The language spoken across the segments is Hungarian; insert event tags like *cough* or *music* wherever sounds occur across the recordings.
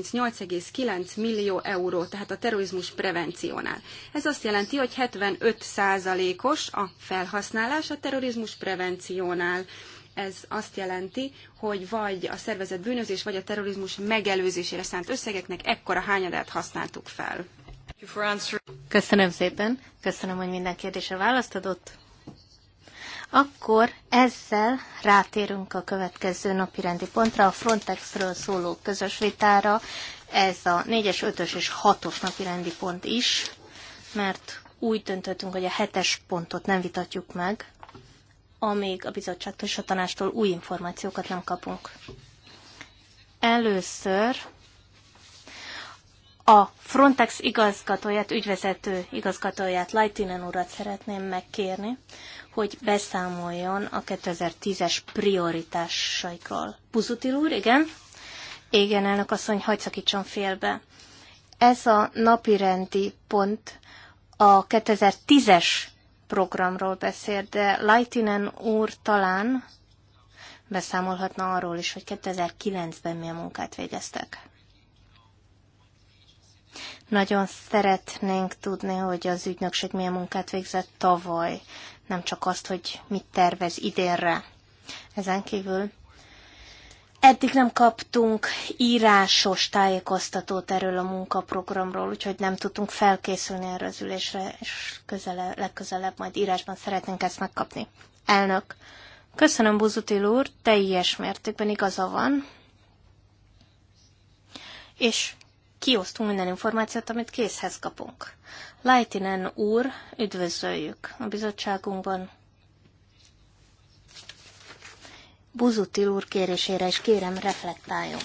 38,9 millió euró, tehát a terrorizmus prevenciónál. Ez azt jelenti, hogy 75%-os a felhasználás a terrorizmus prevenciónál. Ez azt jelenti, hogy vagy a szervezet bűnözés, vagy a terrorizmus megelőzésére szánt összegeknek ekkora hányadát használtuk fel. Köszönöm szépen, köszönöm, hogy minden kérdésre választ adott. Akkor ezzel rátérünk a következő napi rendi pontra, a Frontexről szóló közös vitára. Ez a 4-es, 5-ös és 6-os napi rendi pont is, mert úgy döntöttünk, hogy a 7-es pontot nem vitatjuk meg, amíg a bizottságtól és a tanástól új információkat nem kapunk. Először a Frontex igazgatóját, ügyvezető igazgatóját, Lajtinen urat szeretném megkérni, hogy beszámoljon a 2010-es prioritásaikról. Buzutil úr, igen? Igen, elnök asszony, hagyd szakítson félbe. Ez a napirendi pont a 2010-es programról beszél, de Leitinen úr talán beszámolhatna arról is, hogy 2009-ben milyen munkát végeztek. Nagyon szeretnénk tudni, hogy az ügynökség milyen munkát végzett tavaly nem csak azt, hogy mit tervez idénre. Ezen kívül eddig nem kaptunk írásos tájékoztatót erről a munkaprogramról, úgyhogy nem tudtunk felkészülni erre az ülésre, és közele, legközelebb majd írásban szeretnénk ezt megkapni. Elnök, köszönöm Buzutil úr, teljes mértékben igaza van, és kiosztunk minden információt, amit készhez kapunk. Lightinen úr, üdvözöljük a bizottságunkban. Buzutil úr kérésére is kérem reflektáljon.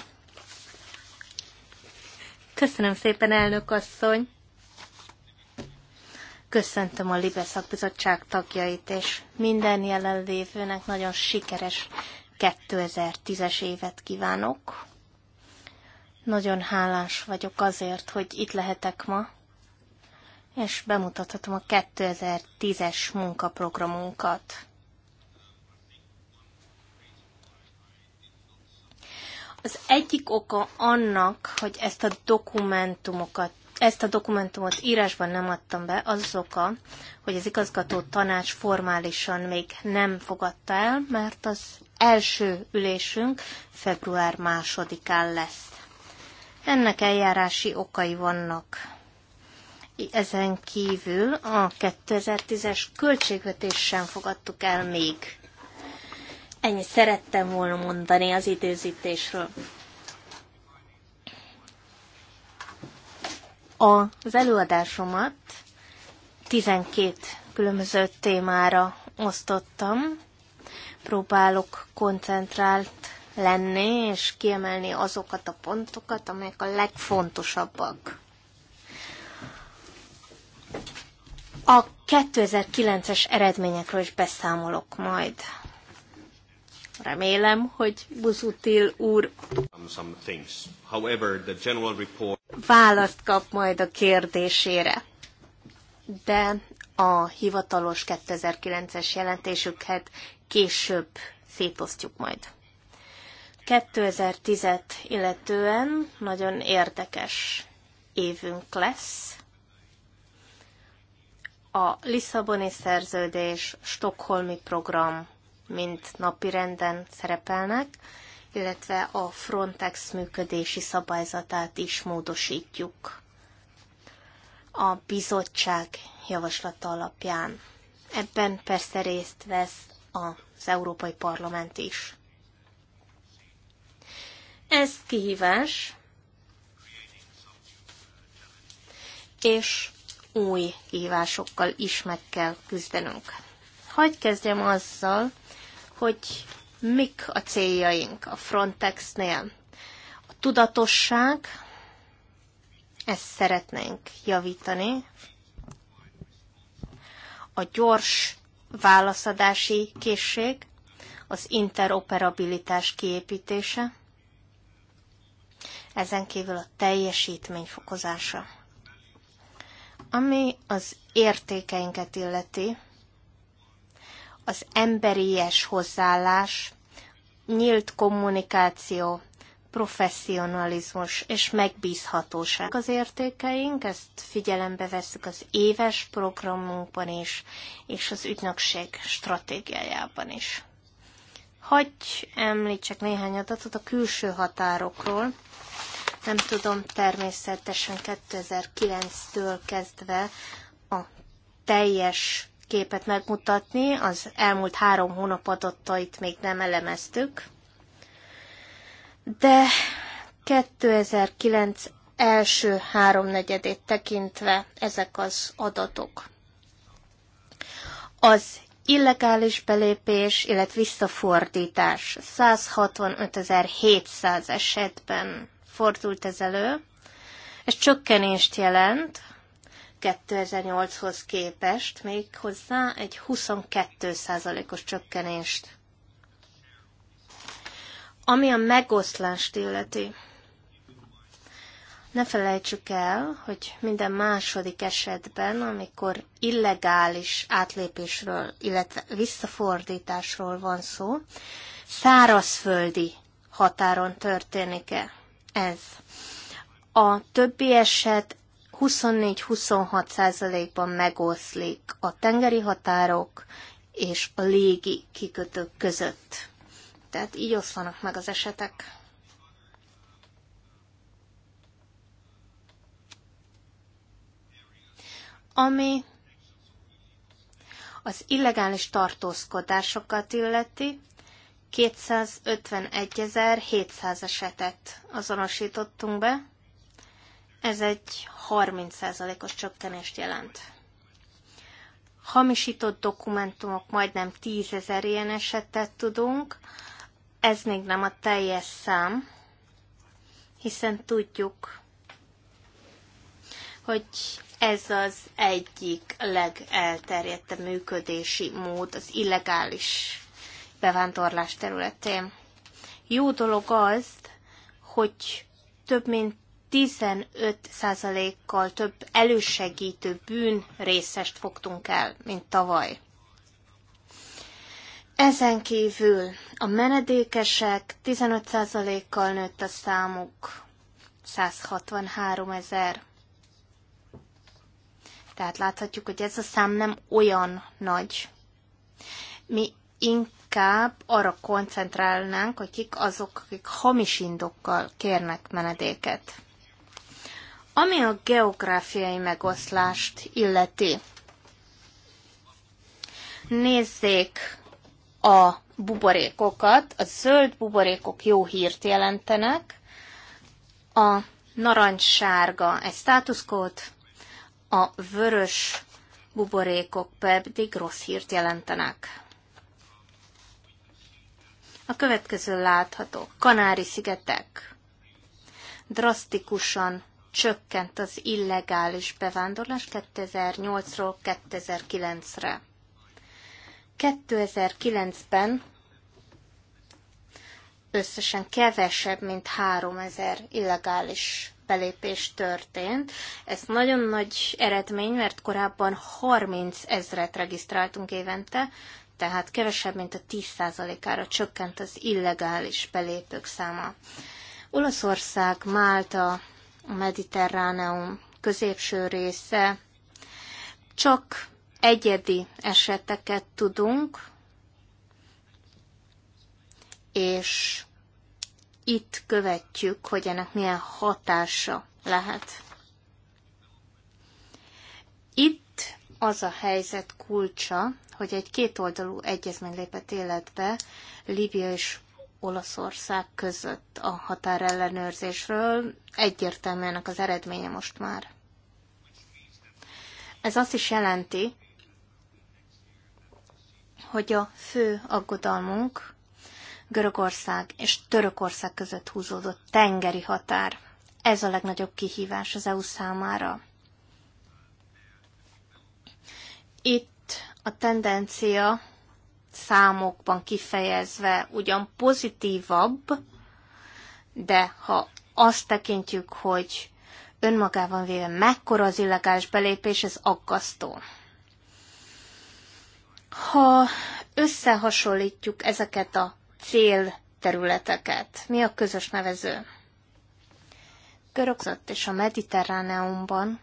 Köszönöm szépen, elnök asszony! Köszöntöm a Libe szakbizottság tagjait, és minden jelenlévőnek nagyon sikeres 2010-es évet kívánok. Nagyon hálás vagyok azért, hogy itt lehetek ma, és bemutathatom a 2010-es munkaprogramunkat. Az egyik oka annak, hogy ezt a dokumentumokat ezt a dokumentumot írásban nem adtam be, az, az oka, hogy az igazgató tanács formálisan még nem fogadta el, mert az első ülésünk február másodikán lesz. Ennek eljárási okai vannak. Ezen kívül a 2010-es költségvetés sem fogadtuk el még. Ennyi szerettem volna mondani az időzítésről. Az előadásomat 12 különböző témára osztottam. Próbálok koncentrált lenni, és kiemelni azokat a pontokat, amelyek a legfontosabbak. A 2009-es eredményekről is beszámolok majd. Remélem, hogy Buzutil úr választ kap majd a kérdésére. De a hivatalos 2009-es jelentésüket később szétosztjuk majd. 2010-et illetően nagyon érdekes évünk lesz. A Lisszaboni szerződés, Stockholmi program mint napirenden szerepelnek, illetve a Frontex működési szabályzatát is módosítjuk a bizottság javaslata alapján. Ebben persze részt vesz az Európai Parlament is. Ez kihívás, és új kihívásokkal is meg kell küzdenünk. Hagy kezdjem azzal, hogy mik a céljaink a Frontexnél. A tudatosság, ezt szeretnénk javítani, a gyors válaszadási készség, az interoperabilitás kiépítése, ezen kívül a teljesítmény fokozása. Ami az értékeinket illeti, az emberies hozzáállás, nyílt kommunikáció, professzionalizmus és megbízhatóság az értékeink, ezt figyelembe veszük az éves programunkban is, és az ügynökség stratégiájában is. Hagy említsek néhány adatot a külső határokról, nem tudom, természetesen 2009-től kezdve a teljes képet megmutatni, az elmúlt három hónap adatait még nem elemeztük, de 2009 első háromnegyedét tekintve ezek az adatok. Az illegális belépés, illetve visszafordítás 165.700 esetben fordult ez elő. Ez csökkenést jelent 2008-hoz képest, még hozzá egy 22%-os csökkenést. Ami a megoszlást illeti. Ne felejtsük el, hogy minden második esetben, amikor illegális átlépésről, illetve visszafordításról van szó, szárazföldi határon történik-e ez. A többi eset 24-26 százalékban megoszlik a tengeri határok és a légi kikötők között. Tehát így oszlanak meg az esetek. Ami az illegális tartózkodásokat illeti, 251.700 esetet azonosítottunk be. Ez egy 30%-os csökkenést jelent. Hamisított dokumentumok majdnem 10.000 ilyen esetet tudunk. Ez még nem a teljes szám, hiszen tudjuk, hogy ez az egyik legelterjedtebb működési mód, az illegális bevándorlás területén. Jó dolog az, hogy több mint 15%-kal több elősegítő bűn részest fogtunk el, mint tavaly. Ezen kívül a menedékesek 15%-kal nőtt a számuk, 163 ezer. Tehát láthatjuk, hogy ez a szám nem olyan nagy. Mi inkább inkább arra koncentrálnánk, hogy kik azok, akik hamis indokkal kérnek menedéket. Ami a geográfiai megoszlást illeti, nézzék a buborékokat. A zöld buborékok jó hírt jelentenek, a narancssárga egy státuszkód, a vörös buborékok pedig rossz hírt jelentenek. A következő látható. Kanári-szigetek. Drasztikusan csökkent az illegális bevándorlás 2008-ról 2009-re. 2009-ben összesen kevesebb, mint 3000 illegális belépés történt. Ez nagyon nagy eredmény, mert korábban 30 ezret regisztráltunk évente, tehát kevesebb, mint a 10%-ára csökkent az illegális belépők száma. Olaszország, Málta, a mediterráneum középső része, csak egyedi eseteket tudunk, és itt követjük, hogy ennek milyen hatása lehet. Itt az a helyzet kulcsa, hogy egy kétoldalú egyezmény lépett életbe Líbia és Olaszország között a határellenőrzésről. Egyértelműen az eredménye most már. Ez azt is jelenti, hogy a fő aggodalmunk Görögország és Törökország között húzódott tengeri határ. Ez a legnagyobb kihívás az EU számára. Itt a tendencia számokban kifejezve ugyan pozitívabb, de ha azt tekintjük, hogy önmagában véve mekkora az illegális belépés, ez aggasztó. Ha összehasonlítjuk ezeket a célterületeket, mi a közös nevező? Görögzött és a Mediterráneumban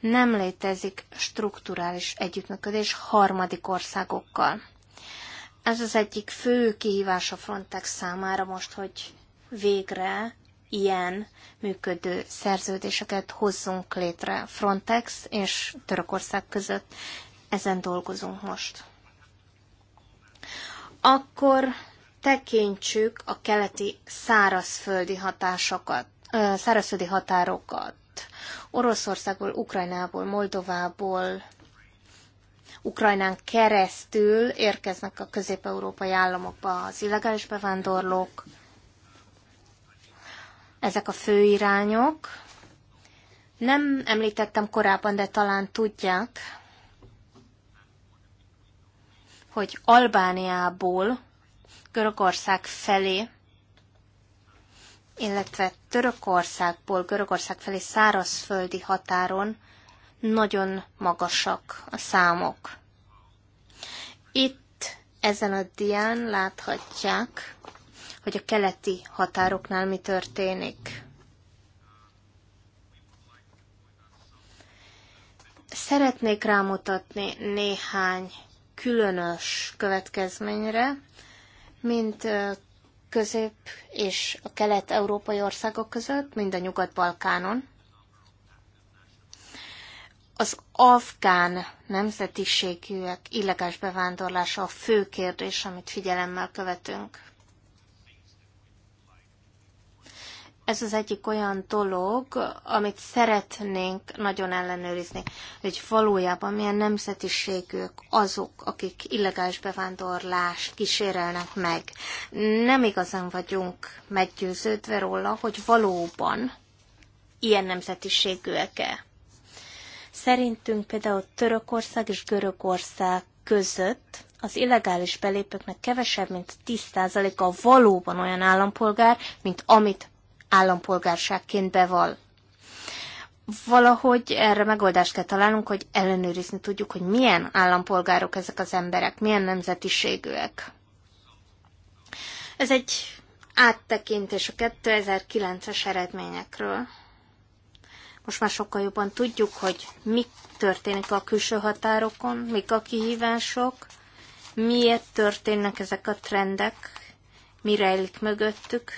nem létezik strukturális együttműködés harmadik országokkal. Ez az egyik fő kihívás a Frontex számára most, hogy végre ilyen működő szerződéseket hozzunk létre Frontex és Törökország között. Ezen dolgozunk most. Akkor tekintsük a keleti szárazföldi hatásokat, szárazföldi határokat. Oroszországból, Ukrajnából, Moldovából, Ukrajnán keresztül érkeznek a közép-európai államokba az illegális bevándorlók. Ezek a fő irányok. Nem említettem korábban, de talán tudják, hogy Albániából Görögország felé illetve Törökországból Görögország felé szárazföldi határon nagyon magasak a számok. Itt ezen a dián láthatják, hogy a keleti határoknál mi történik. Szeretnék rámutatni néhány különös következményre, mint közép- és a kelet-európai országok között, mind a nyugat-balkánon. Az afgán nemzetiségűek illegális bevándorlása a fő kérdés, amit figyelemmel követünk. ez az egyik olyan dolog, amit szeretnénk nagyon ellenőrizni, hogy valójában milyen nemzetiségűek azok, akik illegális bevándorlást kísérelnek meg. Nem igazán vagyunk meggyőződve róla, hogy valóban ilyen nemzetiségűek-e. Szerintünk például Törökország és Görögország között az illegális belépőknek kevesebb, mint 10%-a valóban olyan állampolgár, mint amit állampolgárságként beval. Valahogy erre megoldást kell találnunk, hogy ellenőrizni tudjuk, hogy milyen állampolgárok ezek az emberek, milyen nemzetiségűek. Ez egy áttekintés a 2009-es eredményekről. Most már sokkal jobban tudjuk, hogy mi történik a külső határokon, mik a kihívások, miért történnek ezek a trendek, mi rejlik mögöttük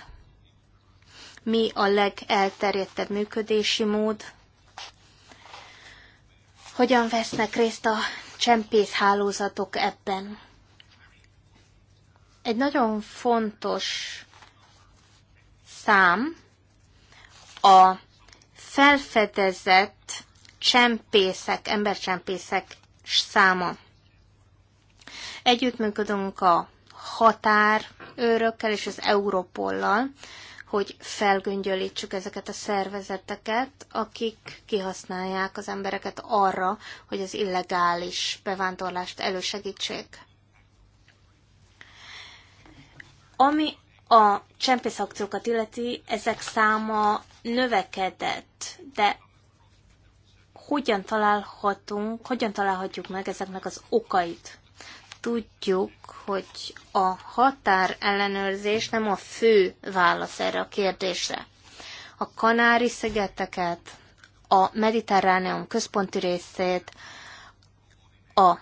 mi a legelterjedtebb működési mód, hogyan vesznek részt a hálózatok ebben. Egy nagyon fontos szám a felfedezett csempészek, embercsempészek száma. Együttműködünk a határőrökkel és az Európollal, hogy felgöngyölítsük ezeket a szervezeteket, akik kihasználják az embereket arra, hogy az illegális bevándorlást elősegítsék. Ami a csempész akciókat illeti, ezek száma növekedett, de hogyan találhatunk, hogyan találhatjuk meg ezeknek az okait? tudjuk, hogy a határellenőrzés nem a fő válasz erre a kérdésre. A Kanári-szigeteket, a Mediterráneum központi részét, a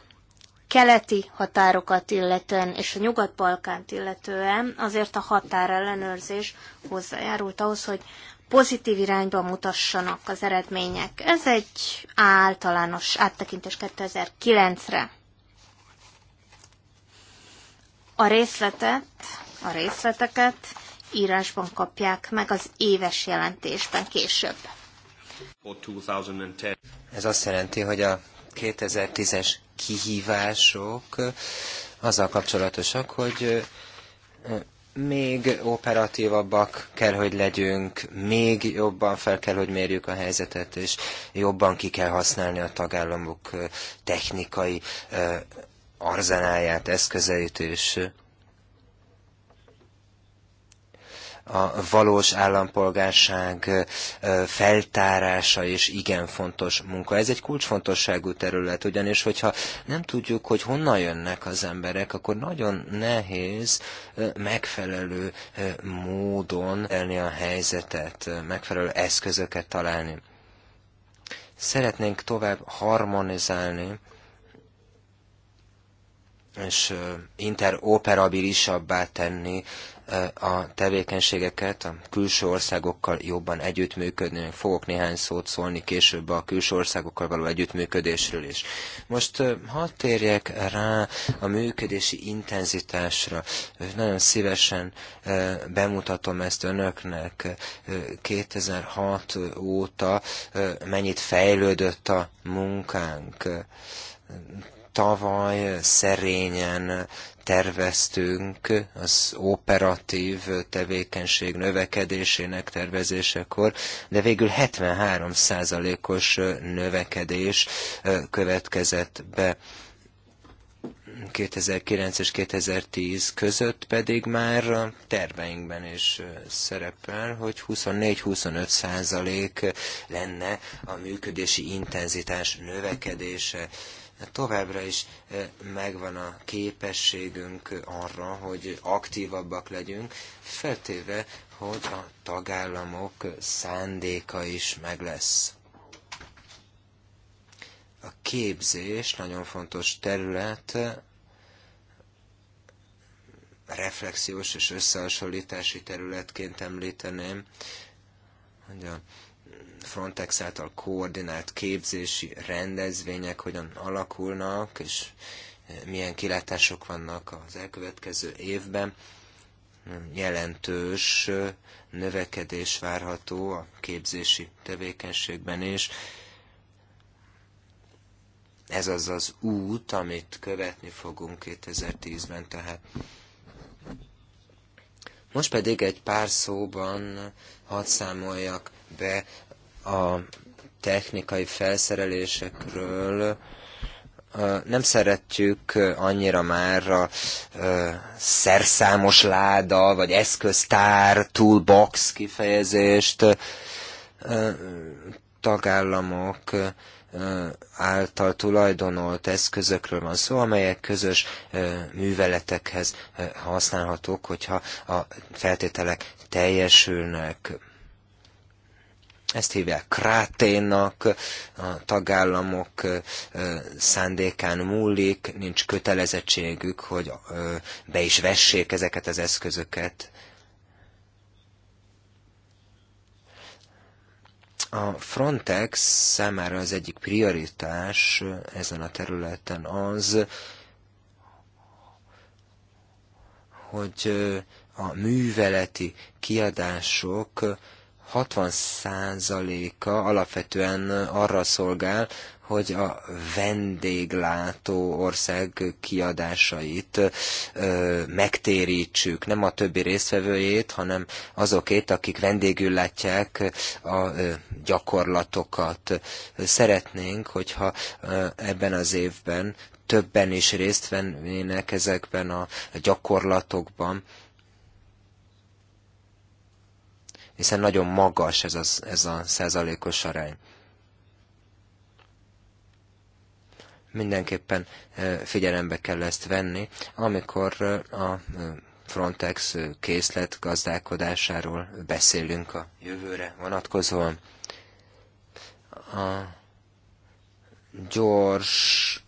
keleti határokat illetően és a Nyugat-Balkánt illetően azért a határellenőrzés hozzájárult ahhoz, hogy pozitív irányba mutassanak az eredmények. Ez egy általános áttekintés 2009-re. A részletet, a részleteket írásban kapják meg az éves jelentésben később. Ez azt jelenti, hogy a 2010-es kihívások azzal kapcsolatosak, hogy még operatívabbak kell, hogy legyünk, még jobban fel kell, hogy mérjük a helyzetet, és jobban ki kell használni a tagállamok technikai arzenáját, eszközeit, és a valós állampolgárság feltárása is igen fontos munka. Ez egy kulcsfontosságú terület, ugyanis hogyha nem tudjuk, hogy honnan jönnek az emberek, akkor nagyon nehéz megfelelő módon elni a helyzetet, megfelelő eszközöket találni. Szeretnénk tovább harmonizálni és interoperabilisabbá tenni a tevékenységeket, a külső országokkal jobban együttműködni. Fogok néhány szót szólni később a külső országokkal való együttműködésről is. Most hadd térjek rá a működési intenzitásra. Nagyon szívesen bemutatom ezt önöknek 2006 óta, mennyit fejlődött a munkánk tavaly szerényen terveztünk az operatív tevékenység növekedésének tervezésekor, de végül 73%-os növekedés következett be. 2009 és 2010 között pedig már a terveinkben is szerepel, hogy 24-25 százalék lenne a működési intenzitás növekedése továbbra is e, megvan a képességünk arra, hogy aktívabbak legyünk, feltéve, hogy a tagállamok szándéka is meg lesz. A képzés nagyon fontos terület, reflexiós és összehasonlítási területként említeném, hogy a Frontex által koordinált képzési rendezvények hogyan alakulnak, és eh, milyen kilátások vannak az elkövetkező évben. Jelentős eh, növekedés várható a képzési tevékenységben is. Ez az az út, amit követni fogunk 2010-ben, tehát most pedig egy pár szóban hadd számoljak be a technikai felszerelésekről nem szeretjük annyira már a szerszámos láda, vagy eszköztár, toolbox kifejezést. Tagállamok által tulajdonolt eszközökről van szó, amelyek közös műveletekhez használhatók, hogyha a feltételek teljesülnek ezt hívják kráténak, a tagállamok szándékán múlik, nincs kötelezettségük, hogy be is vessék ezeket az eszközöket. A Frontex számára az egyik prioritás ezen a területen az, hogy a műveleti kiadások 60%-a alapvetően arra szolgál, hogy a vendéglátó ország kiadásait ö, megtérítsük, nem a többi résztvevőjét, hanem azokét, akik vendégül látják a ö, gyakorlatokat. Szeretnénk, hogyha ö, ebben az évben többen is részt vennének ezekben a gyakorlatokban, hiszen nagyon magas ez a, ez a százalékos arány. Mindenképpen figyelembe kell ezt venni, amikor a Frontex készlet gazdálkodásáról beszélünk a jövőre vonatkozóan. A gyors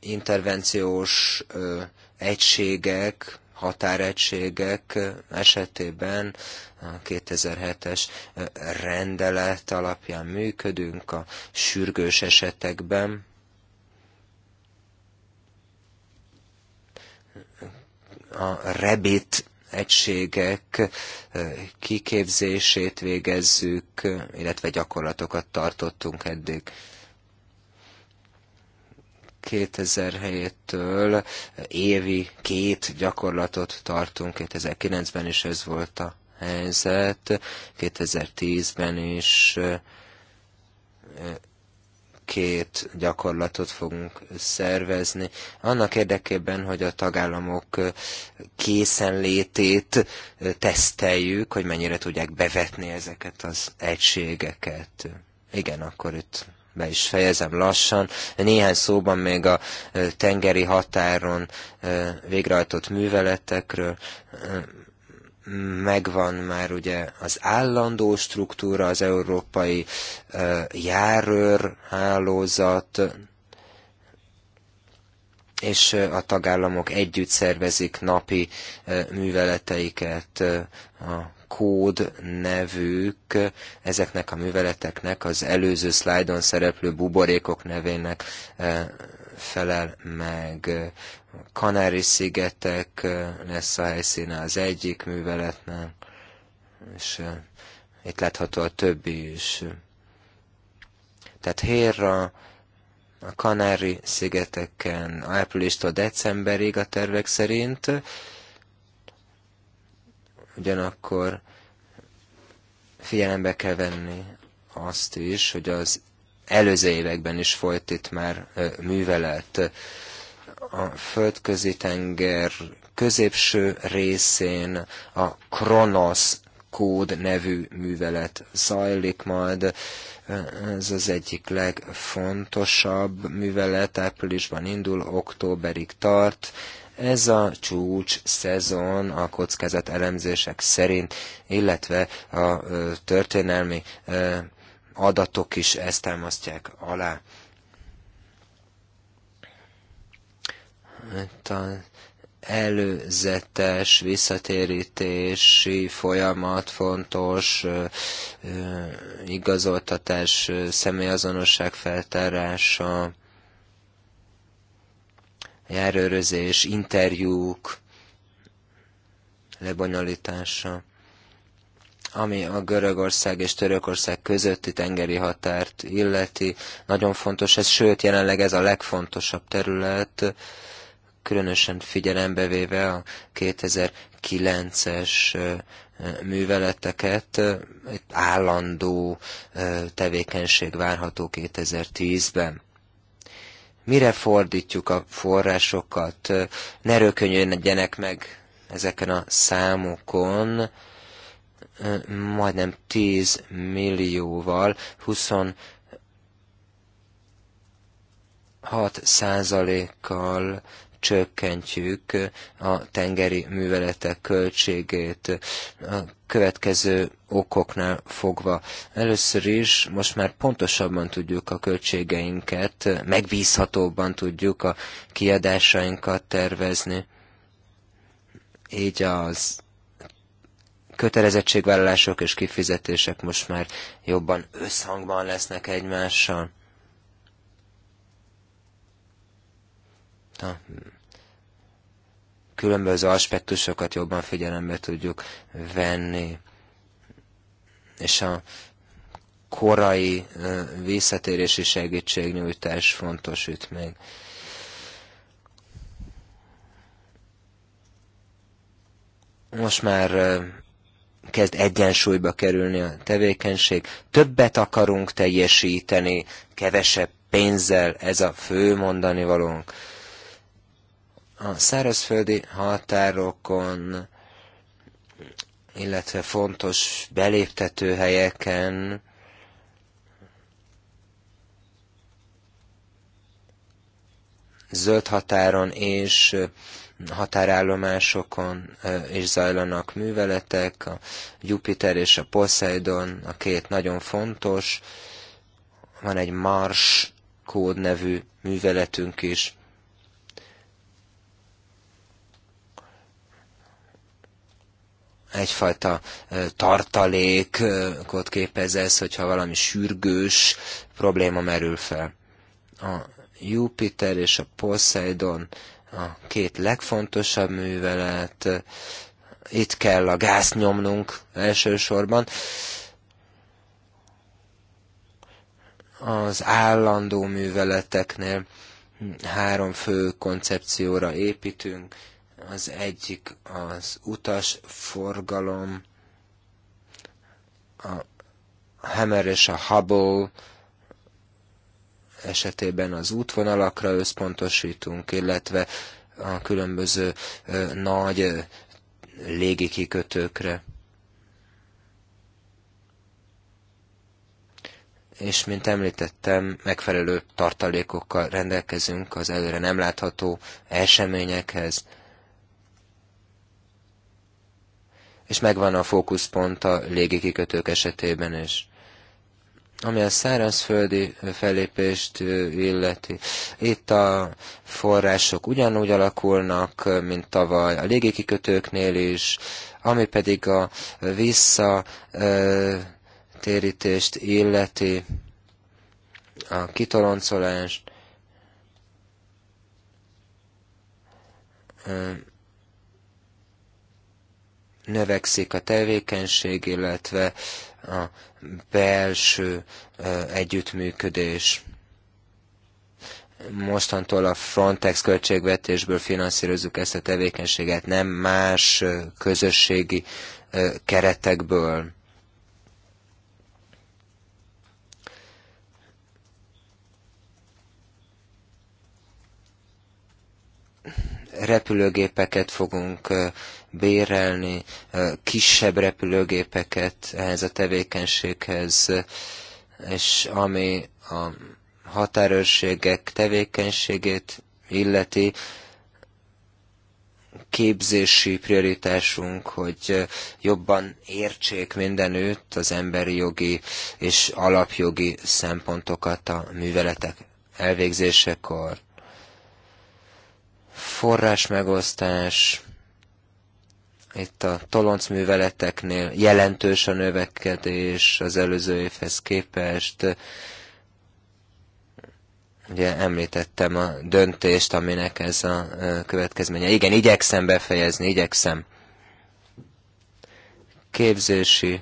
intervenciós egységek, határegységek esetében a 2007-es rendelet alapján működünk a sürgős esetekben. A Rebit egységek kiképzését végezzük, illetve gyakorlatokat tartottunk eddig. 2007-től évi két gyakorlatot tartunk, 2009-ben is ez volt a helyzet. 2010-ben is két gyakorlatot fogunk szervezni. Annak érdekében, hogy a tagállamok készenlétét teszteljük, hogy mennyire tudják bevetni ezeket az egységeket. Igen, akkor itt be is fejezem lassan. Néhány szóban még a tengeri határon végrehajtott műveletekről megvan már ugye az állandó struktúra, az európai járőr hálózat, és a tagállamok együtt szervezik napi műveleteiket, a kód nevük, ezeknek a műveleteknek az előző szlájdon szereplő buborékok nevének felel meg. Kanári-szigetek lesz a helyszíne az egyik műveletnek, és itt látható a többi is. Tehát Héra, a Kanári-szigeteken áprilistól decemberig a tervek szerint, ugyanakkor figyelembe kell venni azt is, hogy az előző években is folyt itt már művelet. A földközi tenger középső részén a Kronosz kód nevű művelet zajlik majd. Ez az egyik legfontosabb művelet, áprilisban indul, októberig tart. Ez a csúcs szezon a kockázat elemzések szerint, illetve a történelmi adatok is ezt támasztják alá. Itt hát a előzetes visszatérítési folyamat fontos, igazoltatás, személyazonosság feltárása, járőrözés, interjúk lebonyolítása. Ami a Görögország és Törökország közötti tengeri határt illeti, nagyon fontos ez, sőt jelenleg ez a legfontosabb terület, különösen figyelembe véve a 2009-es műveleteket, egy állandó tevékenység várható 2010-ben mire fordítjuk a forrásokat, ne rökönyödjenek meg ezeken a számokon, majdnem 10 millióval, 26 százalékkal csökkentjük a tengeri műveletek költségét a következő okoknál fogva. Először is most már pontosabban tudjuk a költségeinket, megbízhatóbban tudjuk a kiadásainkat tervezni. Így az kötelezettségvállalások és kifizetések most már jobban összhangban lesznek egymással. A különböző aspektusokat jobban figyelembe tudjuk venni. És a korai visszatérési segítségnyújtás fontos itt még. Most már kezd egyensúlyba kerülni a tevékenység. Többet akarunk teljesíteni, kevesebb pénzzel, ez a fő mondani valónk. A szárazföldi határokon, illetve fontos beléptető helyeken zöld határon és határállomásokon is zajlanak műveletek, a Jupiter és a Poseidon, a két nagyon fontos, van egy Mars kód nevű műveletünk is, egyfajta tartalékot képez ez, hogyha valami sürgős probléma merül fel. A Jupiter és a Poseidon a két legfontosabb művelet, itt kell a gáz nyomnunk elsősorban. Az állandó műveleteknél három fő koncepcióra építünk. Az egyik az utasforgalom, a Hammer és a Hubble esetében az útvonalakra összpontosítunk, illetve a különböző nagy légikikötőkre. És mint említettem, megfelelő tartalékokkal rendelkezünk az előre nem látható eseményekhez. És megvan a fókuszpont a légikikötők esetében is. Ami a szárazföldi fellépést illeti, itt a források ugyanúgy alakulnak, mint tavaly a légikikötőknél is, ami pedig a visszatérítést illeti, a kitoloncolást, növekszik a tevékenység, illetve a belső együttműködés mostantól a Frontex költségvetésből finanszírozzuk ezt a tevékenységet, nem más közösségi keretekből. Repülőgépeket fogunk bérelni kisebb repülőgépeket ehhez a tevékenységhez, és ami a határőrségek tevékenységét illeti, képzési prioritásunk, hogy jobban értsék mindenütt az emberi jogi és alapjogi szempontokat a műveletek elvégzésekor. Forrásmegosztás, itt a toloncműveleteknél jelentős a növekedés az előző évhez képest. Ugye említettem a döntést, aminek ez a következménye. Igen, igyekszem befejezni, igyekszem. Képzési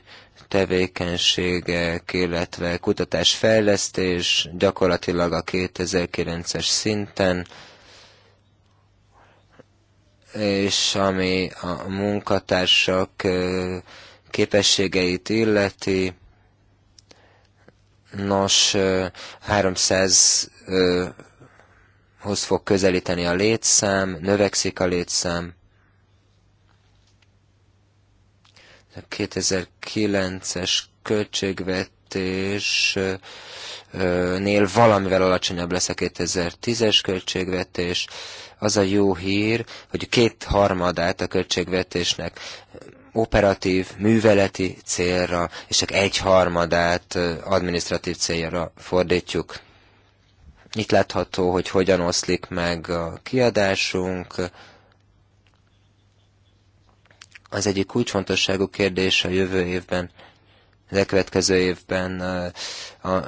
tevékenységek, illetve kutatásfejlesztés gyakorlatilag a 2009-es szinten és ami a munkatársak képességeit illeti, nos, 300-hoz fog közelíteni a létszám, növekszik a létszám. 2009-es költségvetésnél valamivel alacsonyabb lesz a 2010-es költségvetés, az a jó hír, hogy két harmadát a költségvetésnek operatív, műveleti célra, és csak harmadát administratív célra fordítjuk. Itt látható, hogy hogyan oszlik meg a kiadásunk. Az egyik kulcsfontosságú kérdés a jövő évben, de következő évben a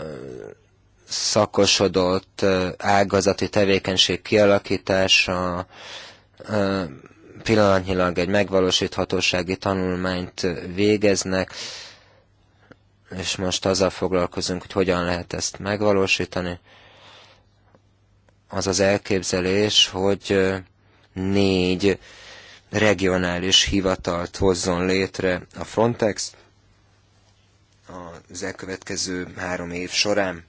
szakosodott ágazati tevékenység kialakítása pillanatnyilag egy megvalósíthatósági tanulmányt végeznek, és most azzal foglalkozunk, hogy hogyan lehet ezt megvalósítani. Az az elképzelés, hogy négy regionális hivatalt hozzon létre a Frontex az elkövetkező három év során.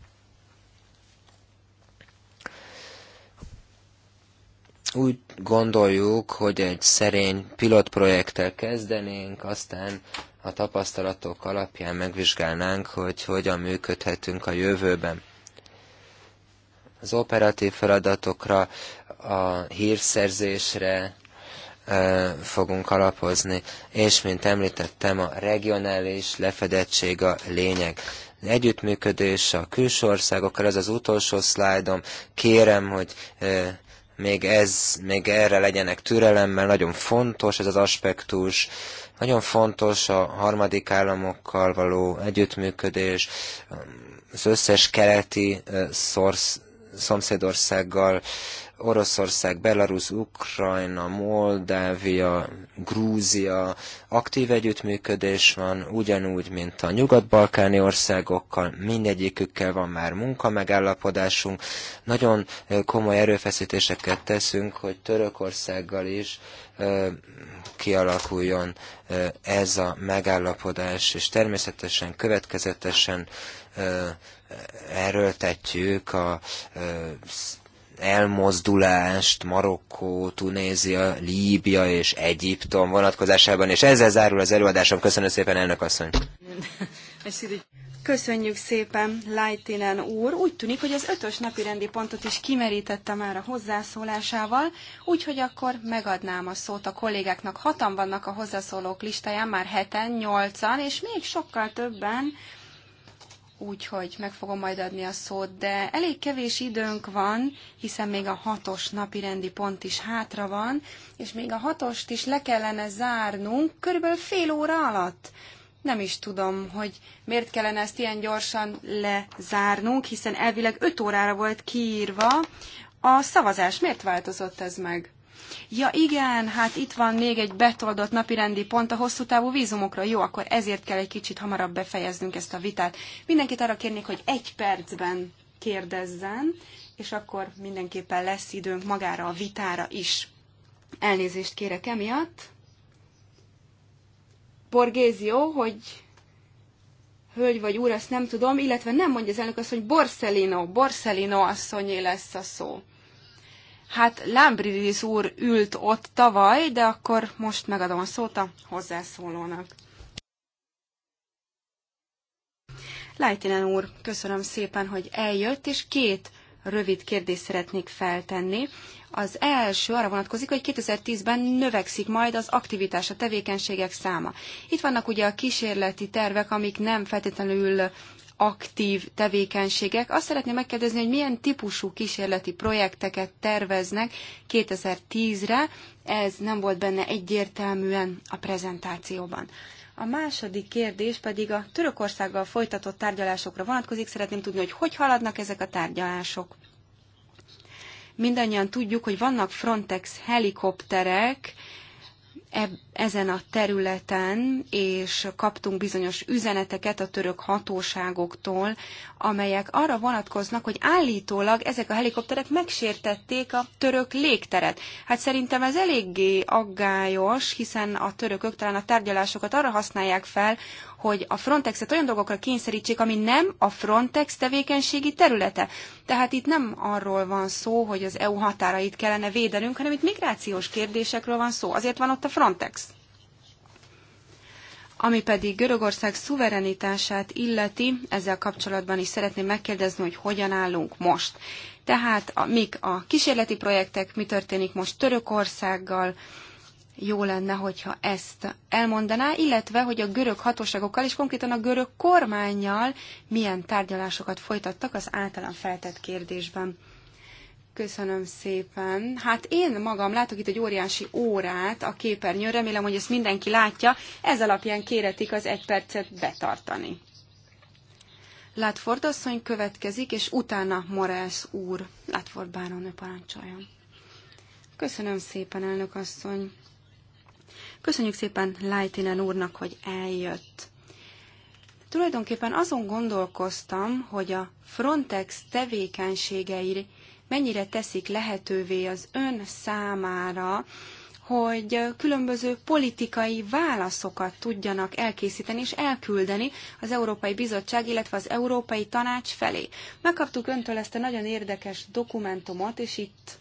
úgy gondoljuk, hogy egy szerény pilotprojekttel kezdenénk, aztán a tapasztalatok alapján megvizsgálnánk, hogy hogyan működhetünk a jövőben. Az operatív feladatokra, a hírszerzésre e, fogunk alapozni, és mint említettem, a regionális lefedettség a lényeg együttműködés a külső országokkal, ez az utolsó szlájdom. Kérem, hogy még, ez, még erre legyenek türelemmel, nagyon fontos ez az aspektus, nagyon fontos a harmadik államokkal való együttműködés, az összes keleti szorsz, szomszédországgal Oroszország, Belarus, Ukrajna, Moldávia, Grúzia aktív együttműködés van, ugyanúgy, mint a nyugat-balkáni országokkal, mindegyikükkel van már munkamegállapodásunk. Nagyon komoly erőfeszítéseket teszünk, hogy Törökországgal is kialakuljon ez a megállapodás, és természetesen, következetesen erőltetjük a elmozdulást Marokkó, Tunézia, Líbia és Egyiptom vonatkozásában, és ezzel zárul az előadásom. Köszönöm szépen, elnök asszony! Köszönjük szépen, Lajtinen úr! Úgy tűnik, hogy az ötös napi rendi pontot is kimerítette már a hozzászólásával, úgyhogy akkor megadnám a szót a kollégáknak. Hatan vannak a hozzászólók listáján, már heten, nyolcan, és még sokkal többen úgyhogy meg fogom majd adni a szót, de elég kevés időnk van, hiszen még a hatos napi rendi pont is hátra van, és még a hatost is le kellene zárnunk körülbelül fél óra alatt. Nem is tudom, hogy miért kellene ezt ilyen gyorsan lezárnunk, hiszen elvileg öt órára volt kiírva. A szavazás miért változott ez meg? Ja igen, hát itt van még egy betoldott napirendi pont a hosszú távú vízumokra. Jó, akkor ezért kell egy kicsit hamarabb befejeznünk ezt a vitát. Mindenkit arra kérnék, hogy egy percben kérdezzen, és akkor mindenképpen lesz időnk magára a vitára is. Elnézést kérek emiatt. Borgézió, hogy hölgy vagy úr, azt nem tudom, illetve nem mondja az elnök azt, hogy Borsellino, Borsellino asszonyé lesz a szó. Hát Lámbridis úr ült ott tavaly, de akkor most megadom a szót a hozzászólónak. Lájtinen úr, köszönöm szépen, hogy eljött, és két rövid kérdést szeretnék feltenni. Az első arra vonatkozik, hogy 2010-ben növekszik majd az aktivitás, a tevékenységek száma. Itt vannak ugye a kísérleti tervek, amik nem feltétlenül aktív tevékenységek. Azt szeretném megkérdezni, hogy milyen típusú kísérleti projekteket terveznek 2010-re. Ez nem volt benne egyértelműen a prezentációban. A második kérdés pedig a Törökországgal folytatott tárgyalásokra vonatkozik. Szeretném tudni, hogy hogy haladnak ezek a tárgyalások. Mindannyian tudjuk, hogy vannak Frontex helikopterek, ezen a területen, és kaptunk bizonyos üzeneteket a török hatóságoktól, amelyek arra vonatkoznak, hogy állítólag ezek a helikopterek megsértették a török légteret. Hát szerintem ez eléggé aggályos, hiszen a törökök talán a tárgyalásokat arra használják fel, hogy a Frontexet olyan dolgokra kényszerítsék, ami nem a Frontex tevékenységi területe. Tehát itt nem arról van szó, hogy az EU határait kellene védenünk, hanem itt migrációs kérdésekről van szó. Azért van ott a Frontex. Ami pedig Görögország szuverenitását illeti, ezzel kapcsolatban is szeretném megkérdezni, hogy hogyan állunk most. Tehát a, mik a kísérleti projektek, mi történik most Törökországgal, jó lenne, hogyha ezt elmondaná, illetve hogy a görög hatóságokkal és konkrétan a görög kormányjal milyen tárgyalásokat folytattak az általán feltett kérdésben. Köszönöm szépen. Hát én magam látok itt egy óriási órát a képernyőn, remélem, hogy ezt mindenki látja. Ez alapján kéretik az egy percet betartani. Látford asszony következik, és utána Morales úr. Látford bárónő parancsoljon. Köszönöm szépen, elnök asszony. Köszönjük szépen Lightinen úrnak, hogy eljött. Tulajdonképpen azon gondolkoztam, hogy a Frontex tevékenységeire mennyire teszik lehetővé az ön számára, hogy különböző politikai válaszokat tudjanak elkészíteni és elküldeni az Európai Bizottság, illetve az Európai Tanács felé. Megkaptuk öntől ezt a nagyon érdekes dokumentumot, és itt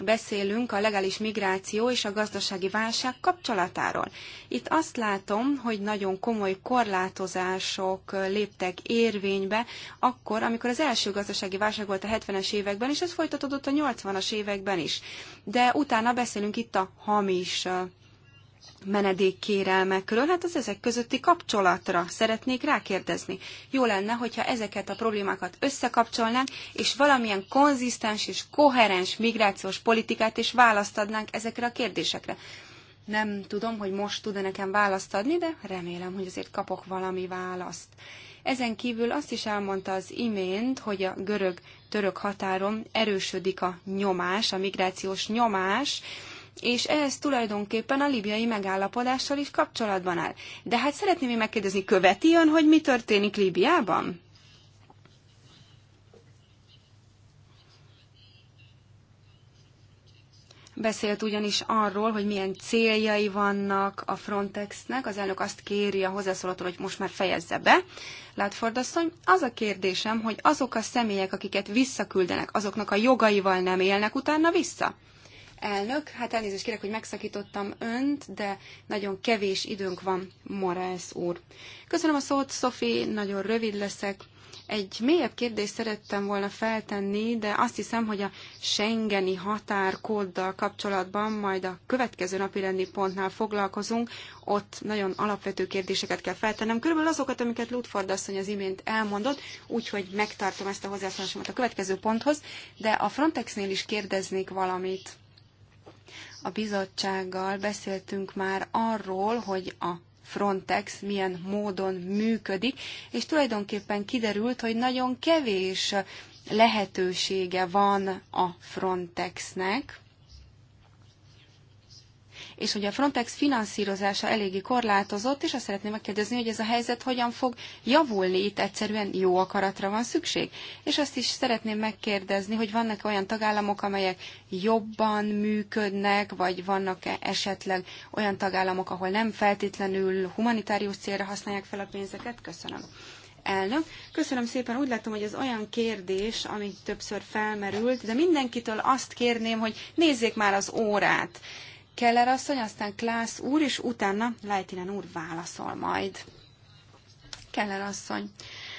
beszélünk a legális migráció és a gazdasági válság kapcsolatáról. Itt azt látom, hogy nagyon komoly korlátozások léptek érvénybe akkor, amikor az első gazdasági válság volt a 70-es években, és ez folytatódott a 80-as években is. De utána beszélünk itt a hamis menedékkérelmekről, hát az ezek közötti kapcsolatra szeretnék rákérdezni. Jó lenne, hogyha ezeket a problémákat összekapcsolnánk, és valamilyen konzisztens és koherens migrációs politikát is választ adnánk ezekre a kérdésekre. Nem tudom, hogy most tud-e nekem választ adni, de remélem, hogy azért kapok valami választ. Ezen kívül azt is elmondta az imént, hogy a görög-török határon erősödik a nyomás, a migrációs nyomás, és ez tulajdonképpen a libiai megállapodással is kapcsolatban áll. De hát szeretném én megkérdezni, követi ön, hogy mi történik Líbiában? Beszélt ugyanis arról, hogy milyen céljai vannak a Frontexnek. Az elnök azt kéri a hozzászólatól, hogy most már fejezze be. Látford asszony, az a kérdésem, hogy azok a személyek, akiket visszaküldenek, azoknak a jogaival nem élnek utána vissza? Elnök, hát elnézést kérek, hogy megszakítottam önt, de nagyon kevés időnk van, Morales úr. Köszönöm a szót, Szofi, nagyon rövid leszek. Egy mélyebb kérdést szerettem volna feltenni, de azt hiszem, hogy a Schengeni határkóddal kapcsolatban majd a következő napi rendi pontnál foglalkozunk. Ott nagyon alapvető kérdéseket kell feltennem. Körülbelül azokat, amiket Ludford asszony az imént elmondott, úgyhogy megtartom ezt a hozzászólásomat a következő ponthoz. De a Frontexnél is kérdeznék valamit. A bizottsággal beszéltünk már arról, hogy a Frontex milyen módon működik, és tulajdonképpen kiderült, hogy nagyon kevés lehetősége van a Frontexnek, és hogy a Frontex finanszírozása eléggé korlátozott, és azt szeretném megkérdezni, hogy ez a helyzet hogyan fog javulni, itt egyszerűen jó akaratra van szükség. És azt is szeretném megkérdezni, hogy vannak olyan tagállamok, amelyek jobban működnek, vagy vannak-e esetleg olyan tagállamok, ahol nem feltétlenül humanitárius célra használják fel a pénzeket? Köszönöm elnök. Köszönöm szépen, úgy látom, hogy ez olyan kérdés, amit többször felmerült, de mindenkitől azt kérném, hogy nézzék már az órát. Keller asszony, aztán Klász úr, és utána Lejtinen úr válaszol majd. Keller asszony.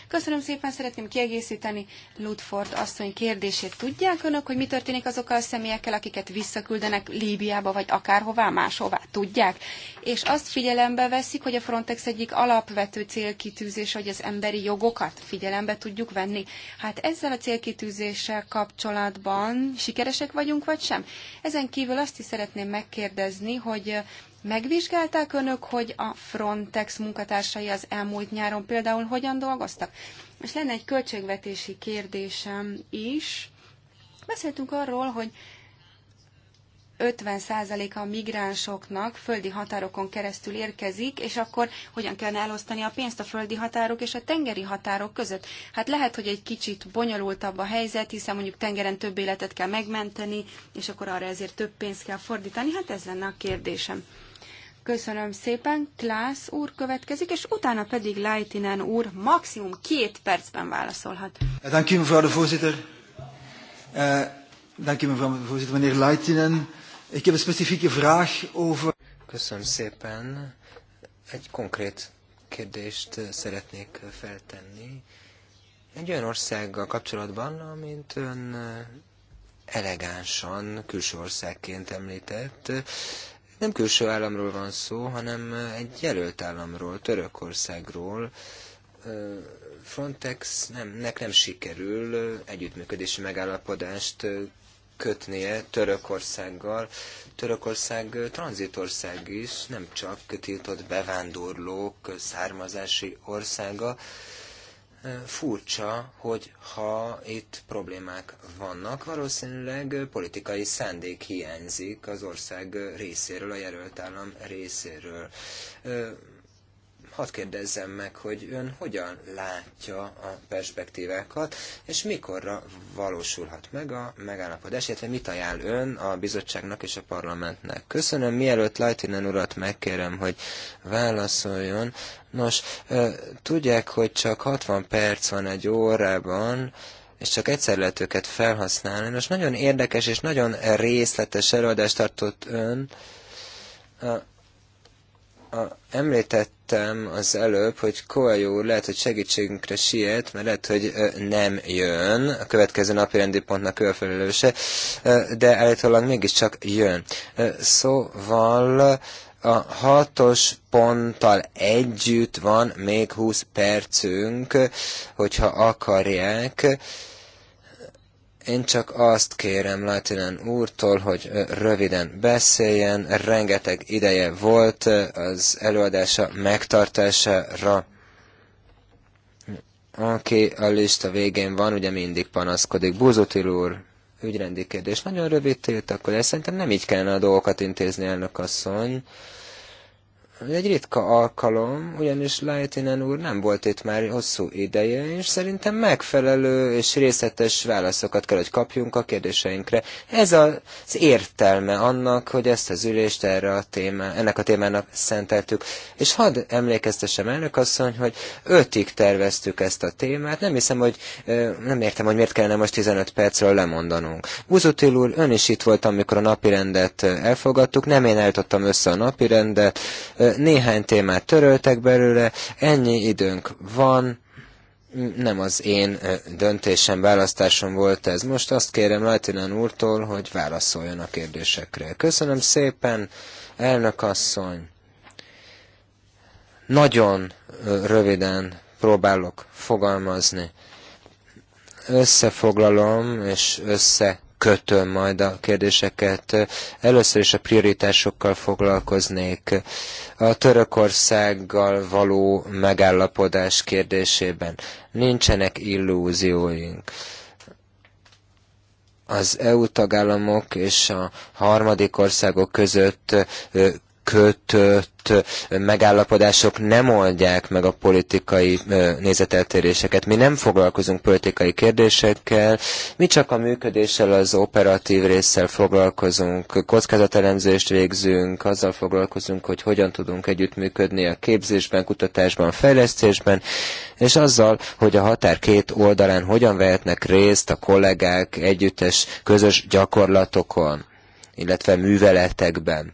Köszönöm szépen, szeretném kiegészíteni Ludford asszony kérdését. Tudják önök, hogy mi történik azokkal a személyekkel, akiket visszaküldenek Líbiába, vagy akárhová máshová? Tudják? És azt figyelembe veszik, hogy a Frontex egyik alapvető célkitűzés, hogy az emberi jogokat figyelembe tudjuk venni. Hát ezzel a célkitűzéssel kapcsolatban sikeresek vagyunk, vagy sem? Ezen kívül azt is szeretném megkérdezni, hogy Megvizsgálták önök, hogy a Frontex munkatársai az elmúlt nyáron például hogyan dolgoztak? És lenne egy költségvetési kérdésem is. Beszéltünk arról, hogy 50%-a a migránsoknak földi határokon keresztül érkezik, és akkor hogyan kell elosztani a pénzt a földi határok és a tengeri határok között? Hát lehet, hogy egy kicsit bonyolultabb a helyzet, hiszen mondjuk tengeren több életet kell megmenteni, és akkor arra ezért több pénzt kell fordítani. Hát ez lenne a kérdésem. Köszönöm szépen, Klász úr következik, és utána pedig Leitinen úr maximum két percben válaszolhat. Dank u, mevrouw de voorzitter. Eh, dank u, mevrouw de voorzitter, meneer Leitinen. Ik heb een specifieke vraag over... Köszönöm szépen. Egy konkrét kérdést eh, szeretnék eh, feltenni. Egy olyan országgal kapcsolatban, amint ön elegánsan külső országként említett, nem külső államról van szó, hanem egy jelölt államról, Törökországról. Frontex nem, nek nem sikerül együttműködési megállapodást kötnie Törökországgal. Törökország tranzitország is, nem csak tiltott bevándorlók származási országa, Furcsa, hogy ha itt problémák vannak, valószínűleg politikai szándék hiányzik az ország részéről, a jelölt állam részéről. Hadd kérdezzem meg, hogy ön hogyan látja a perspektívákat, és mikorra valósulhat meg a megállapodás, illetve mit ajánl ön a bizottságnak és a parlamentnek? Köszönöm, mielőtt Lajtinen urat megkérem, hogy válaszoljon. Nos, tudják, hogy csak 60 perc van egy órában, és csak egyszer lehet őket felhasználni. Most nagyon érdekes és nagyon részletes előadást tartott ön a, említettem az előbb, hogy Koajó lehet, hogy segítségünkre siet, mert lehet, hogy nem jön a következő napi rendi pontnak ő a felelőse, de állítólag mégiscsak jön. Szóval a hatos ponttal együtt van még 20 percünk, hogyha akarják én csak azt kérem Latinen úrtól, hogy röviden beszéljen, rengeteg ideje volt az előadása megtartására. Aki a lista végén van, ugye mindig panaszkodik. Buzutil úr, ügyrendi kérdés. Nagyon rövid tiltakozás. Szerintem nem így kellene a dolgokat intézni, elnök asszony egy ritka alkalom, ugyanis Leitinen úr nem volt itt már hosszú ideje, és szerintem megfelelő és részletes válaszokat kell, hogy kapjunk a kérdéseinkre. Ez az értelme annak, hogy ezt az ülést erre a témá, ennek a témának szenteltük. És hadd emlékeztessem elnök asszony, hogy ötig terveztük ezt a témát. Nem hiszem, hogy nem értem, hogy miért kellene most 15 percről lemondanunk. Buzutil úr, ön is itt volt, amikor a napirendet elfogadtuk. Nem én eltottam össze a napirendet néhány témát töröltek belőle, ennyi időnk van, nem az én döntésem, választásom volt ez. Most azt kérem Lajtinen úrtól, hogy válaszoljon a kérdésekre. Köszönöm szépen, elnök asszony. Nagyon röviden próbálok fogalmazni. Összefoglalom és össze kötöm majd a kérdéseket. Először is a prioritásokkal foglalkoznék. A Törökországgal való megállapodás kérdésében nincsenek illúzióink az EU tagállamok és a harmadik országok között kötött megállapodások nem oldják meg a politikai nézeteltéréseket. Mi nem foglalkozunk politikai kérdésekkel, mi csak a működéssel, az operatív résszel foglalkozunk, kockázatelemzést végzünk, azzal foglalkozunk, hogy hogyan tudunk együttműködni a képzésben, kutatásban, fejlesztésben, és azzal, hogy a határ két oldalán hogyan vehetnek részt a kollégák együttes közös gyakorlatokon illetve műveletekben.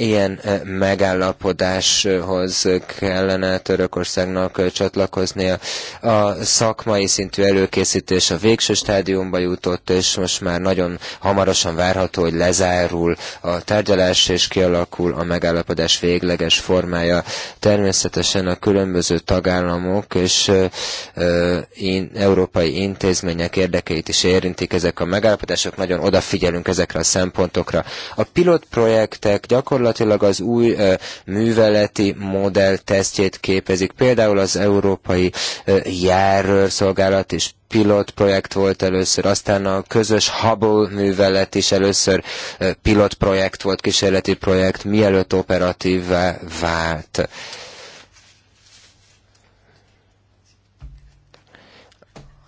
Ilyen megállapodáshoz kellene Törökországnak csatlakoznia. A szakmai szintű előkészítés a végső stádiumba jutott, és most már nagyon hamarosan várható, hogy lezárul a tárgyalás, és kialakul a megállapodás végleges formája. Természetesen a különböző tagállamok és európai intézmények érdekeit is érintik ezek a megállapodások. Nagyon odafigyelünk ezekre a szempontokra. A pilotprojektek gyakorlatilag gyakorlatilag az új műveleti modell tesztjét képezik. Például az Európai Járőrszolgálat és pilotprojekt volt először, aztán a közös Hubble művelet is először pilotprojekt volt, kísérleti projekt, mielőtt operatívvá vált.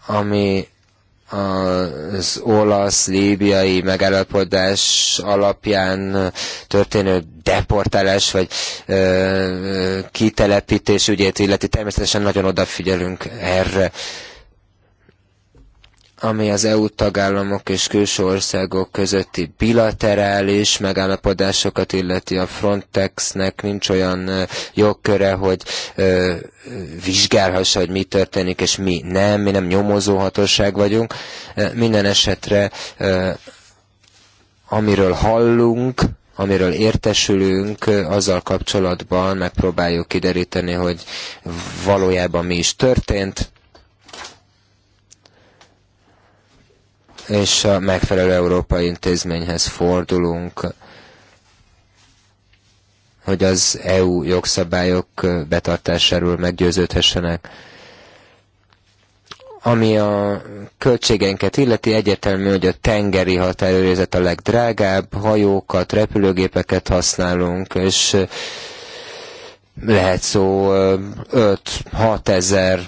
Ami az olasz-líbiai megállapodás alapján történő deportálás vagy ö, ö, kitelepítés ügyét illeti. Természetesen nagyon odafigyelünk erre. Ö, ami az EU tagállamok és külső országok közötti bilaterális megállapodásokat illeti a Frontexnek nincs olyan jogköre, hogy ö, vizsgálhassa, hogy mi történik és mi nem, mi nem nyomozó hatóság vagyunk. Minden esetre ö, amiről hallunk, amiről értesülünk, azzal kapcsolatban megpróbáljuk kideríteni, hogy valójában mi is történt, és a megfelelő európai intézményhez fordulunk, hogy az EU jogszabályok betartásáról meggyőződhessenek. Ami a költségeinket illeti, egyértelmű, hogy a tengeri határőrizet a legdrágább, hajókat, repülőgépeket használunk, és lehet szó 5-6 ezer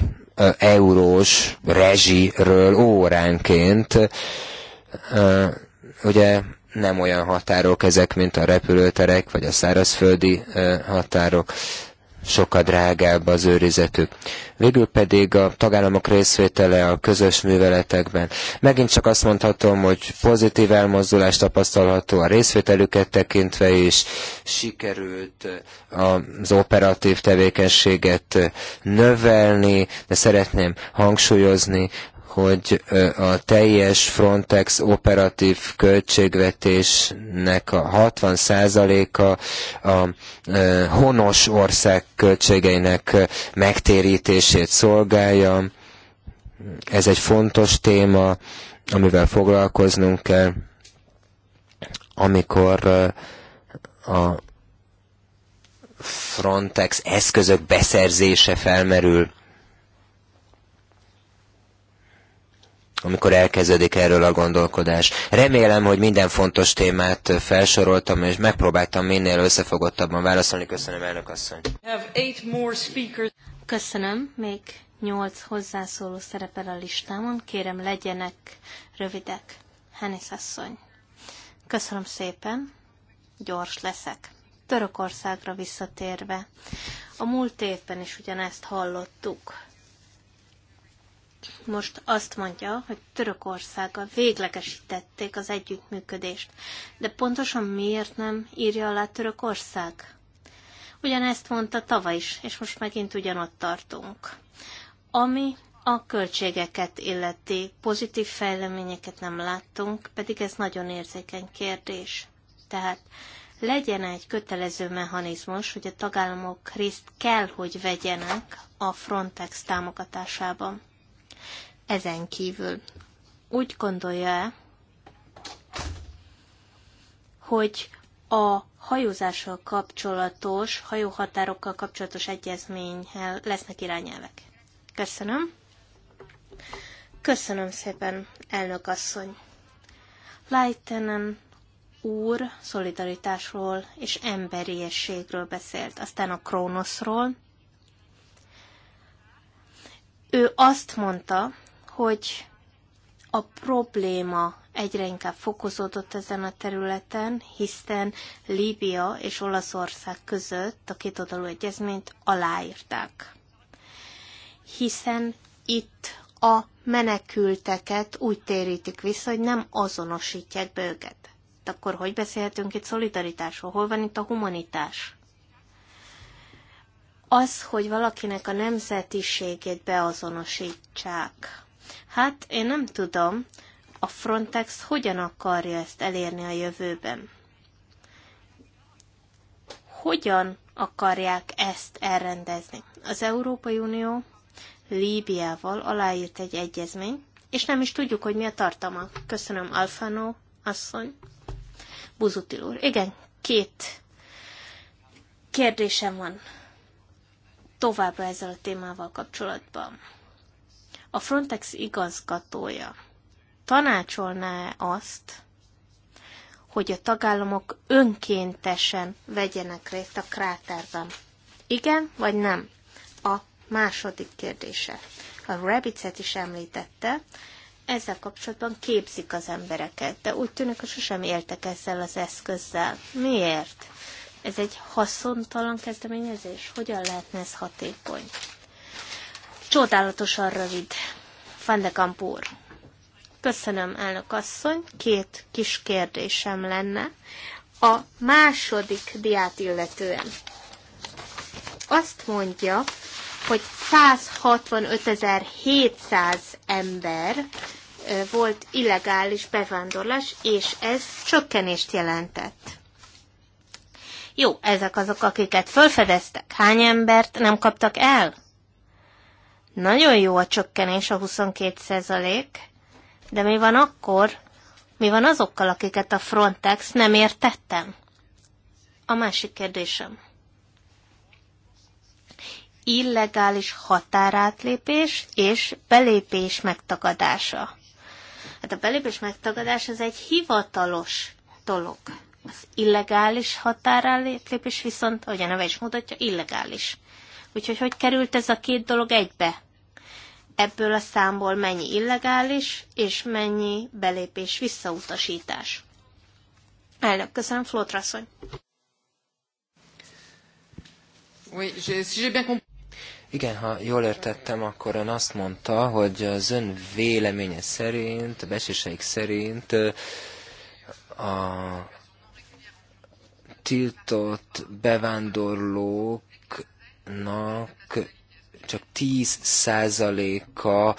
eurós rezsiről óránként. Ugye nem olyan határok ezek, mint a repülőterek, vagy a szárazföldi határok sokkal drágább az őrizetük. Végül pedig a tagállamok részvétele a közös műveletekben. Megint csak azt mondhatom, hogy pozitív elmozdulást tapasztalható a részvételüket tekintve is, sikerült eh, az operatív tevékenységet eh, növelni, de szeretném hangsúlyozni, hogy a teljes Frontex operatív költségvetésnek a 60%-a a honos ország költségeinek megtérítését szolgálja. Ez egy fontos téma, amivel foglalkoznunk kell, amikor a Frontex eszközök beszerzése felmerül. amikor elkezdődik erről a gondolkodás. Remélem, hogy minden fontos témát felsoroltam, és megpróbáltam minél összefogottabban válaszolni. Köszönöm, elnök asszony. Köszönöm, még nyolc hozzászóló szerepel a listámon. Kérem, legyenek rövidek. Hennis asszony. Köszönöm szépen, gyors leszek. Törökországra visszatérve. A múlt évben is ugyanezt hallottuk most azt mondja, hogy Törökországgal véglegesítették az együttműködést. De pontosan miért nem írja alá Törökország? Ugyanezt mondta tavaly is, és most megint ugyanott tartunk. Ami a költségeket illeti pozitív fejleményeket nem láttunk, pedig ez nagyon érzékeny kérdés. Tehát legyen egy kötelező mechanizmus, hogy a tagállamok részt kell, hogy vegyenek a Frontex támogatásában. Ezen kívül úgy gondolja-e, hogy a hajózással kapcsolatos, hajóhatárokkal kapcsolatos egyezményhez lesznek irányelvek? Köszönöm. Köszönöm szépen, elnök asszony. Leitenen úr szolidaritásról és emberiességről beszélt, aztán a Kronoszról. Ő azt mondta, hogy a probléma egyre inkább fokozódott ezen a területen, hiszen Líbia és Olaszország között a kétoldalú egyezményt aláírták. Hiszen itt a menekülteket úgy térítik vissza, hogy nem azonosítják be őket. De akkor hogy beszélhetünk itt szolidaritásról? Hol van itt a humanitás? Az, hogy valakinek a nemzetiségét beazonosítsák, Hát én nem tudom, a Frontex hogyan akarja ezt elérni a jövőben. Hogyan akarják ezt elrendezni? Az Európai Unió Líbiával aláírt egy egyezmény. és nem is tudjuk, hogy mi a tartalma. Köszönöm, Alfano asszony. Buzutil úr. Igen, két kérdésem van továbbra ezzel a témával kapcsolatban a Frontex igazgatója tanácsolná -e azt, hogy a tagállamok önkéntesen vegyenek részt a kráterben? Igen vagy nem? A második kérdése. A Rabbit-et is említette, ezzel kapcsolatban képzik az embereket, de úgy tűnik, hogy sosem éltek ezzel az eszközzel. Miért? Ez egy haszontalan kezdeményezés? Hogyan lehetne ez hatékony? Csodálatosan rövid. Van de Köszönöm, elnök asszony. Két kis kérdésem lenne. A második diát illetően. Azt mondja, hogy 165.700 ember volt illegális bevándorlás, és ez csökkenést jelentett. Jó, ezek azok, akiket felfedeztek. Hány embert nem kaptak el? Nagyon jó a csökkenés, a 22 százalék, de mi van akkor, mi van azokkal, akiket a Frontex nem értettem? A másik kérdésem. Illegális határátlépés és belépés megtagadása. Hát a belépés megtagadás az egy hivatalos dolog. Az illegális határátlépés viszont, ahogy a neve is mutatja, illegális. Úgyhogy hogy került ez a két dolog egybe? Ebből a számból mennyi illegális, és mennyi belépés visszautasítás? Elnök, köszönöm, Flótrasszony. Igen, ha jól értettem, akkor ön azt mondta, hogy az ön véleménye szerint, a beséseik szerint a tiltott bevándorlók Nak csak 10%-a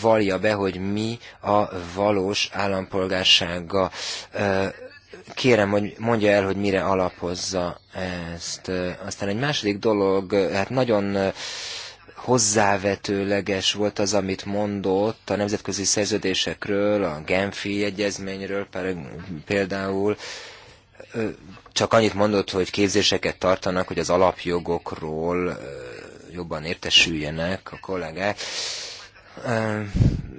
valja be, hogy mi a valós állampolgársága. Ö, kérem, hogy mondja el, hogy mire alapozza ezt. Aztán egy második dolog, hát nagyon hozzávetőleges volt az, amit mondott a nemzetközi szerződésekről, a Genfi egyezményről például csak annyit mondott, hogy képzéseket tartanak, hogy az alapjogokról jobban értesüljenek a kollégák.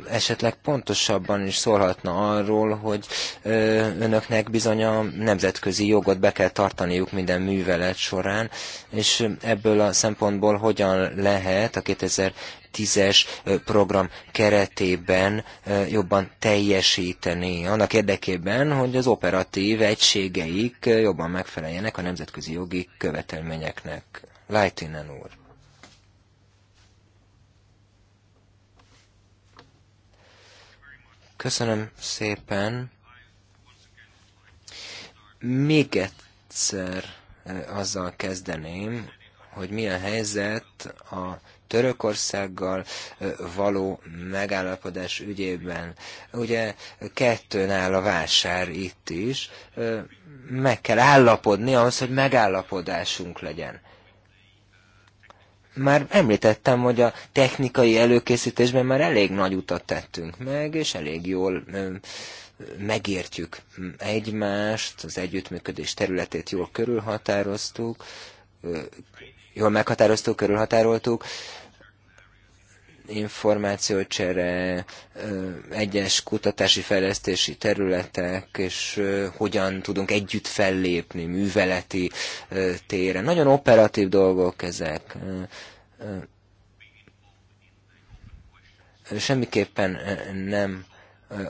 Esetleg pontosabban is szólhatna arról, hogy önöknek bizony a nemzetközi jogot be kell tartaniuk minden művelet során, és ebből a szempontból hogyan lehet a 2000 2010-es program keretében jobban teljesíteni, annak érdekében, hogy az operatív egységeik jobban megfeleljenek a nemzetközi jogi követelményeknek. Lightinen úr. Köszönöm szépen. Még egyszer azzal kezdeném, hogy mi a helyzet a Törökországgal való megállapodás ügyében. Ugye kettőn áll a vásár itt is, meg kell állapodni ahhoz, hogy megállapodásunk legyen már említettem, hogy a technikai előkészítésben már elég nagy utat tettünk meg, és elég jól megértjük egymást, az együttműködés területét jól körülhatároztuk, jól meghatároztuk, körülhatároltuk, információcsere, egyes kutatási fejlesztési területek, és hogyan tudunk együtt fellépni műveleti téren. Nagyon operatív dolgok ezek. Semmiképpen nem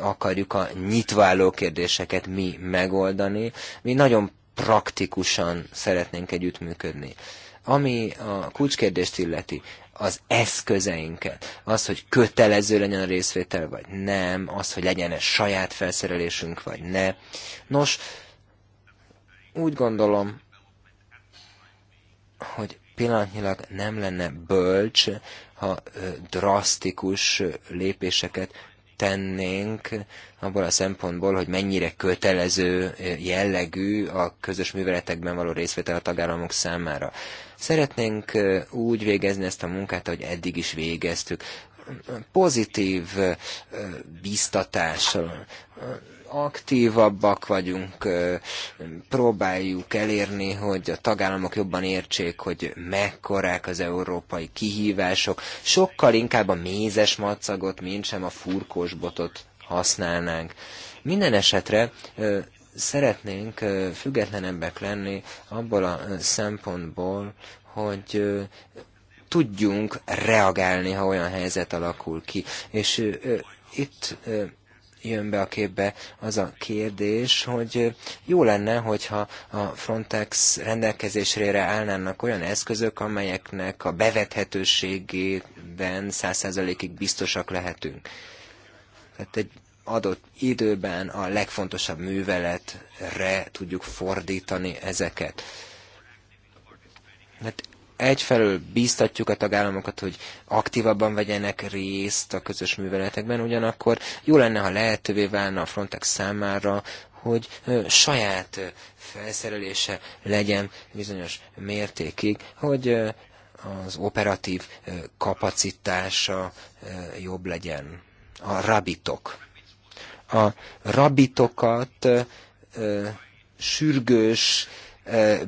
akarjuk a nyitváló kérdéseket mi megoldani. Mi nagyon praktikusan szeretnénk együttműködni. Ami a kulcskérdést illeti, az eszközeinket, az, hogy kötelező legyen a részvétel, vagy nem, az, hogy legyen-e saját felszerelésünk, vagy ne. Nos, úgy gondolom, hogy pillanatnyilag nem lenne bölcs, ha drasztikus lépéseket tennénk abból a szempontból, hogy mennyire kötelező jellegű a közös műveletekben való részvétel a tagállamok számára. Szeretnénk úgy végezni ezt a munkát, ahogy eddig is végeztük pozitív biztatással, aktívabbak vagyunk, próbáljuk elérni, hogy a tagállamok jobban értsék, hogy mekkorák az európai kihívások. Sokkal inkább a mézes macagot, mint sem a furkós botot használnánk. Minden esetre szeretnénk függetlenebbek lenni abból a szempontból, hogy tudjunk reagálni, ha olyan helyzet alakul ki. És itt jön be a képbe az a kérdés, hogy jó lenne, hogyha a Frontex rendelkezésére állnának olyan eszközök, amelyeknek a bevethetőségében százszerzalékig biztosak lehetünk. Tehát egy adott időben a legfontosabb műveletre tudjuk fordítani ezeket. Mert hát egyfelől bíztatjuk a tagállamokat, hogy aktívabban vegyenek részt a közös műveletekben, ugyanakkor jó lenne, ha lehetővé válna a Frontex számára, hogy saját felszerelése legyen bizonyos mértékig, hogy az operatív kapacitása jobb legyen. A rabitok. A rabitokat sürgős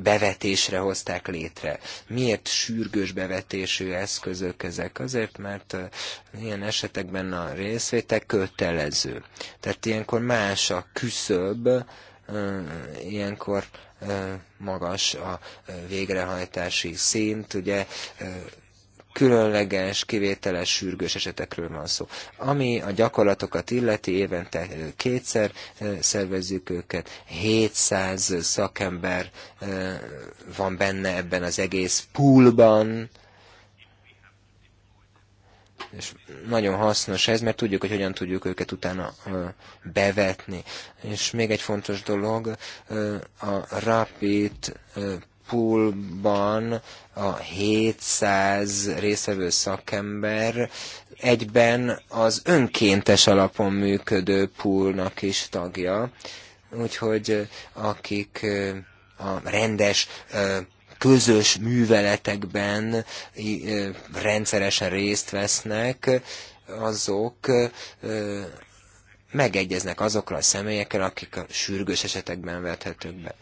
bevetésre hozták létre. Miért sürgős bevetésű eszközök ezek? Azért, mert ilyen esetekben a részvétel kötelező. Tehát ilyenkor más a küszöbb, ilyenkor magas a végrehajtási szint, ugye különleges, kivételes, sürgős esetekről van szó. Ami a gyakorlatokat illeti, évente kétszer szervezzük őket, 700 szakember van benne ebben az egész poolban, és nagyon hasznos ez, mert tudjuk, hogy hogyan tudjuk őket utána bevetni. És még egy fontos dolog, a rapid poolban a 700 részvevő szakember egyben az önkéntes alapon működő poolnak is tagja, úgyhogy akik a rendes közös műveletekben rendszeresen részt vesznek, azok megegyeznek azokra a személyekkel, akik a sürgős esetekben vethetők be.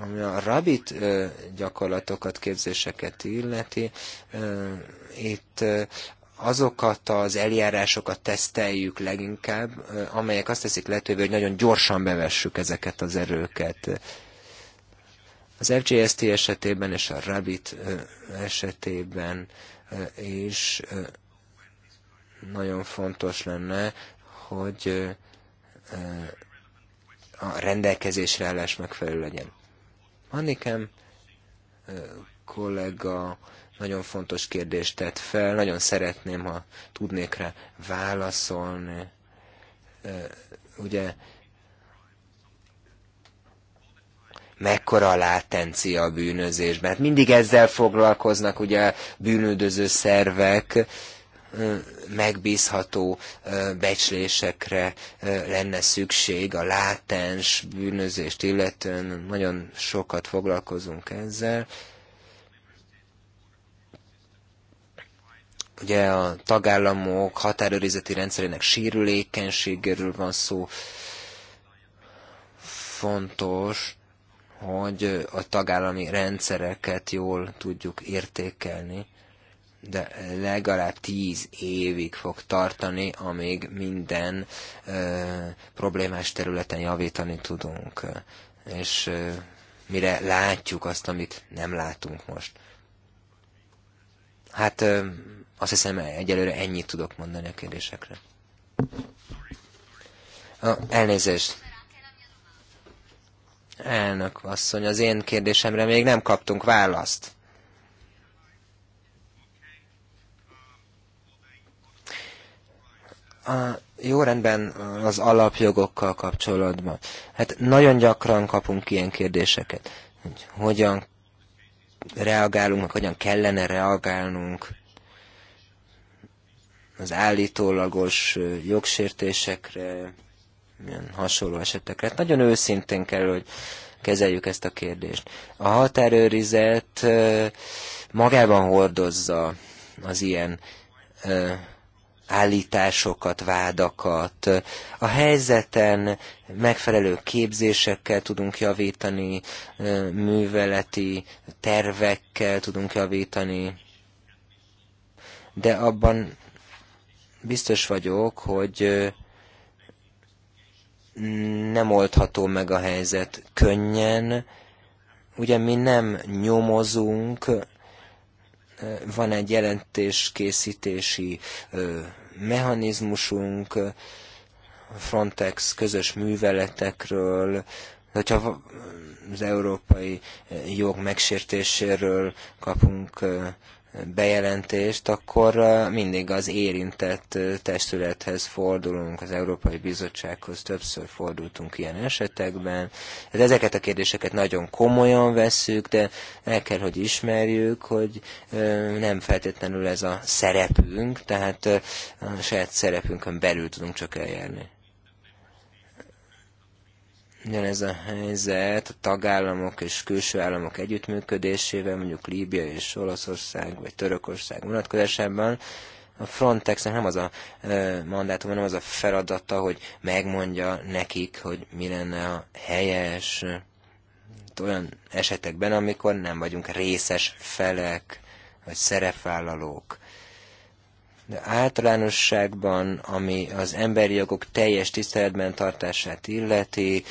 Ami a rabit gyakorlatokat, képzéseket illeti, itt azokat az eljárásokat teszteljük leginkább, amelyek azt teszik lehetővé, hogy nagyon gyorsan bevessük ezeket az erőket. Az FGST esetében és a Rabbit esetében is nagyon fontos lenne, hogy a rendelkezésre állás megfelelő legyen. Annikem kollega nagyon fontos kérdést tett fel, nagyon szeretném, ha tudnék rá válaszolni. Ugye mekkora látencia a bűnözésben? Hát mindig ezzel foglalkoznak ugye bűnöldöző szervek, megbízható becslésekre lenne szükség a látens bűnözést illetően. Nagyon sokat foglalkozunk ezzel. Ugye a tagállamok határőrizeti rendszerének sérülékenységéről van szó. Fontos, hogy a tagállami rendszereket jól tudjuk értékelni de legalább tíz évig fog tartani, amíg minden ö, problémás területen javítani tudunk, és ö, mire látjuk azt, amit nem látunk most. Hát ö, azt hiszem, egyelőre ennyit tudok mondani a kérdésekre. A, elnézést! Elnök asszony, az én kérdésemre még nem kaptunk választ. a jó rendben az alapjogokkal kapcsolatban. Hát nagyon gyakran kapunk ilyen kérdéseket, hogy hogyan reagálunk, meg hogyan kellene reagálnunk az állítólagos jogsértésekre, ilyen hasonló esetekre. Hát nagyon őszintén kell, hogy kezeljük ezt a kérdést. A határőrizet magában hordozza az ilyen állításokat, vádakat. A helyzeten megfelelő képzésekkel tudunk javítani, műveleti tervekkel tudunk javítani, de abban biztos vagyok, hogy nem oldható meg a helyzet könnyen, ugye mi nem nyomozunk, van egy jelentéskészítési mechanizmusunk, Frontex közös műveletekről, hogyha az európai jog megsértéséről kapunk bejelentést, akkor mindig az érintett testülethez fordulunk, az Európai Bizottsághoz többször fordultunk ilyen esetekben. Hát ezeket a kérdéseket nagyon komolyan vesszük, de el kell, hogy ismerjük, hogy nem feltétlenül ez a szerepünk, tehát a saját szerepünkön belül tudunk csak eljárni. Ugyanez a helyzet a tagállamok és külső államok együttműködésével, mondjuk Líbia és Olaszország vagy Törökország vonatkozásában. A Frontexnek nem az a ö, mandátum, hanem az a feladata, hogy megmondja nekik, hogy mi lenne a helyes olyan esetekben, amikor nem vagyunk részes felek vagy szerepvállalók. De általánosságban, ami az emberi jogok teljes tiszteletben tartását illeti,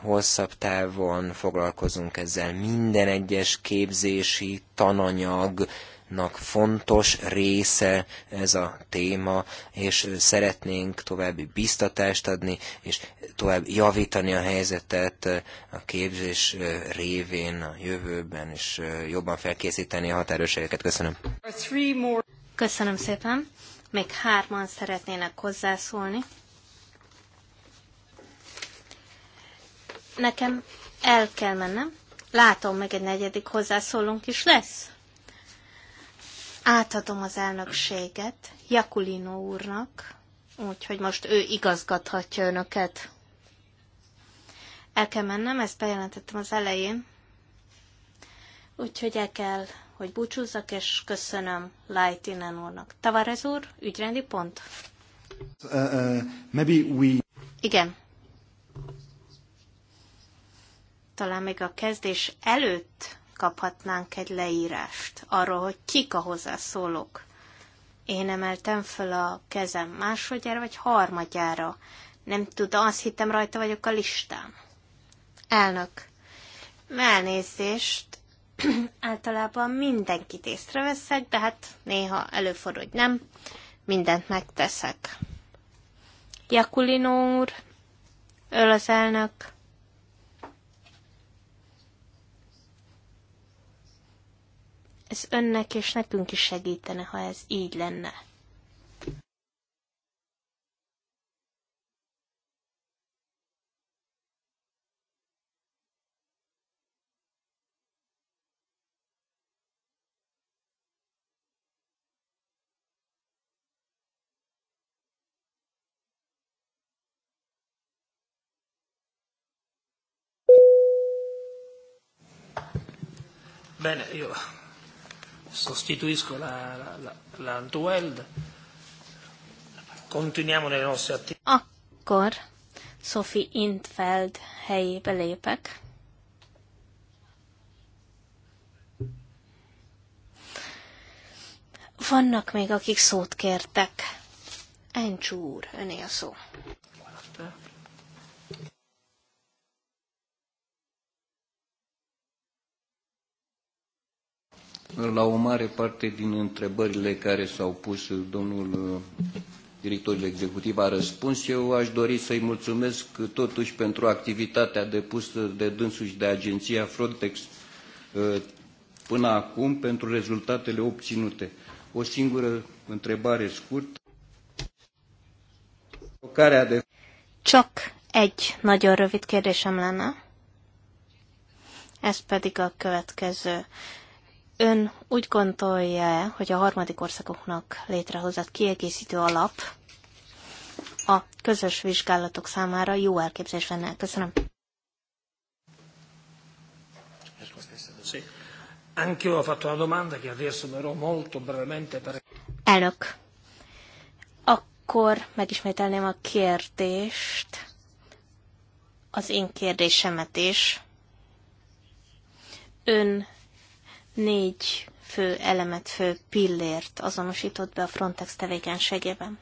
hosszabb távon foglalkozunk ezzel. Minden egyes képzési tananyagnak fontos része ez a téma, és szeretnénk további biztatást adni, és tovább javítani a helyzetet a képzés révén a jövőben, és jobban felkészíteni a határőrségeket. Köszönöm. Köszönöm szépen. Még hárman szeretnének hozzászólni. Nekem el kell mennem. Látom, meg egy negyedik hozzászólónk is lesz. Átadom az elnökséget Jakulino úrnak, úgyhogy most ő igazgathatja önöket. El kell mennem, ezt bejelentettem az elején, úgyhogy el kell hogy búcsúzzak, és köszönöm Lightinen úrnak. Tavares úr, ügyrendi pont? Uh, uh, maybe we... Igen. Talán még a kezdés előtt kaphatnánk egy leírást arról, hogy kik a hozzászólók. Én emeltem föl a kezem másodjára vagy harmadjára. Nem tudom, azt hittem rajta vagyok a listán. Elnök, elnézést, *clears throat* általában mindenkit észreveszek, de hát néha előfordul, hogy nem. Mindent megteszek. Jakulino úr, öl az elnök. Ez önnek és nekünk is segítene, ha ez így lenne. Bene, io sostituisco la, la, la la Antueld. Continuiamo nelle nostre attività. Akkor Sophie Intfeld helyébe lépek. Vannak még, akik szót kértek. Encsúr, öné a szó. la o mare parte din întrebările care s-au pus domnul uh, directorul executiv a răspuns. Eu aș dori să-i mulțumesc totuși pentru activitatea depusă de dânsul și de agenția Frontex uh, până acum pentru rezultatele obținute. O singură întrebare scurtă. Csak egy nagyon rövid kérdésem lenne, ez pedig a következő. Ön úgy gondolja, hogy a harmadik országoknak létrehozott kiegészítő alap a közös vizsgálatok számára jó elképzelés lenne? Köszönöm. Elnök, akkor megismételném a kérdést, az én kérdésemet is. Ön négy fő elemet, fő pillért azonosított be a Frontex tevékenységében.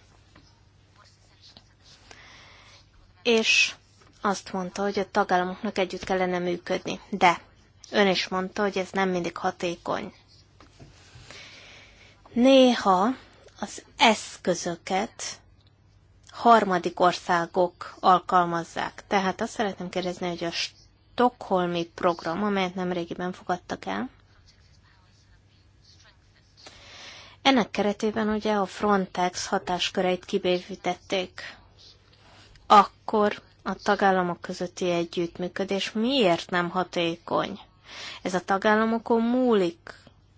És azt mondta, hogy a tagállamoknak együtt kellene működni. De ön is mondta, hogy ez nem mindig hatékony. Néha az eszközöket harmadik országok alkalmazzák. Tehát azt szeretném kérdezni, hogy a stokholmi program, amelyet nemrégiben fogadtak el, Ennek keretében ugye a Frontex hatásköreit kibővítették. Akkor a tagállamok közötti együttműködés miért nem hatékony? Ez a tagállamokon múlik,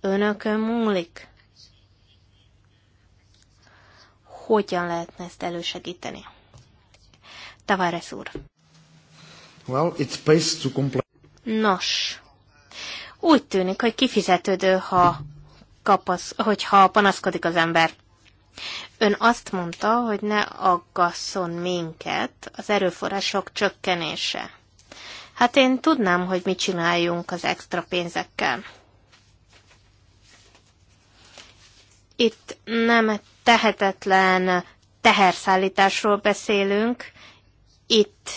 önökön múlik. Hogyan lehetne ezt elősegíteni? Tavares úr. Well, it's based to comply. Nos, úgy tűnik, hogy kifizetődő, ha kapasz, hogyha panaszkodik az ember. Ön azt mondta, hogy ne aggasszon minket az erőforrások csökkenése. Hát én tudnám, hogy mit csináljunk az extra pénzekkel. Itt nem tehetetlen teherszállításról beszélünk, itt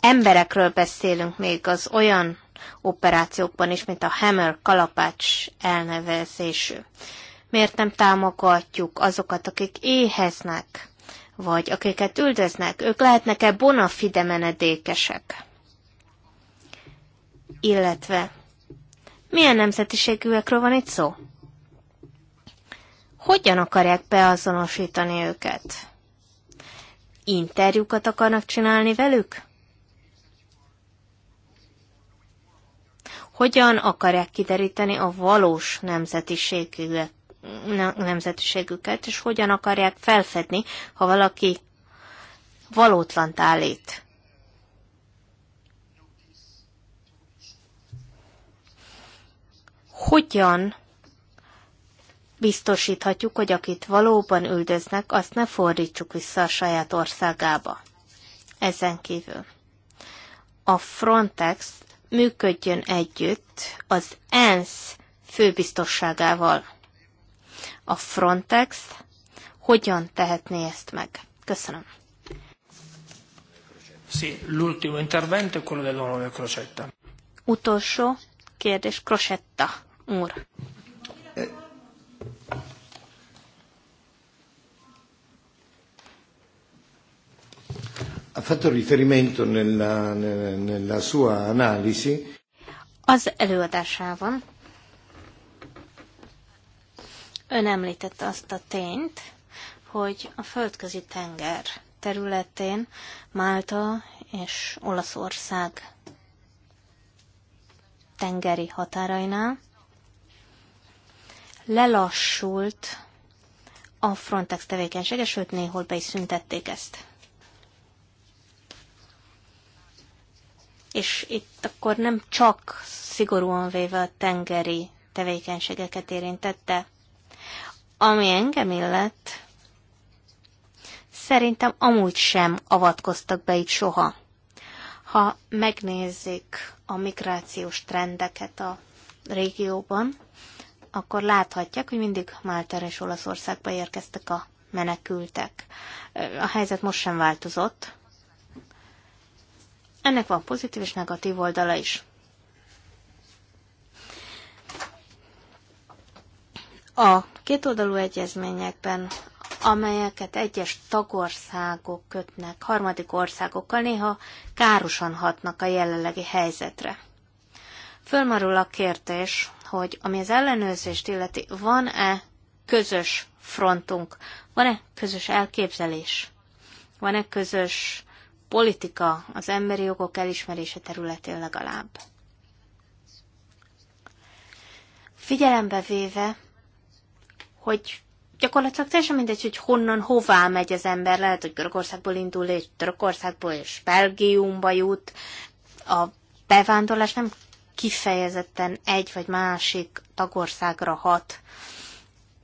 emberekről beszélünk még, az olyan operációkban is, mint a Hammer kalapács elnevezésű. Miért nem támogatjuk azokat, akik éheznek, vagy akiket üldöznek? Ők lehetnek-e bona fide menedékesek? Illetve milyen nemzetiségűekről van itt szó? Hogyan akarják beazonosítani őket? Interjúkat akarnak csinálni velük? hogyan akarják kideríteni a valós nemzetiségüket, nemzetiségüket, és hogyan akarják felfedni, ha valaki valótlant állít. Hogyan biztosíthatjuk, hogy akit valóban üldöznek, azt ne fordítsuk vissza a saját országába. Ezen kívül a Frontex működjön együtt az ENSZ főbiztosságával. A Frontex hogyan tehetné ezt meg? Köszönöm. Sì, l'ultimo intervento è quello dell'onorevole Crocetta. Utolsó kérdés, Crocetta úr. Eh, ha fatto riferimento nella, nella sua analisi. Az előadásában ön említette azt a tényt, hogy a földközi tenger területén Málta és Olaszország tengeri határainál lelassult a Frontex tevékenysége, sőt néhol be is szüntették ezt. és itt akkor nem csak szigorúan véve a tengeri tevékenységeket érintette. Ami engem illet, szerintem amúgy sem avatkoztak be itt soha. Ha megnézzük a migrációs trendeket a régióban, akkor láthatják, hogy mindig Máltára és Olaszországba érkeztek a menekültek. A helyzet most sem változott, ennek van pozitív és negatív oldala is. A kétoldalú egyezményekben, amelyeket egyes tagországok kötnek harmadik országokkal, néha károsan hatnak a jelenlegi helyzetre. Fölmarul a kérdés, hogy ami az ellenőrzést illeti, van-e közös frontunk, van-e közös elképzelés, van-e közös politika az emberi jogok elismerése területén legalább. Figyelembe véve, hogy gyakorlatilag teljesen mindegy, hogy honnan, hová megy az ember, lehet, hogy Görögországból indul, és Törökországból, és Belgiumba jut. A bevándorlás nem kifejezetten egy vagy másik tagországra hat.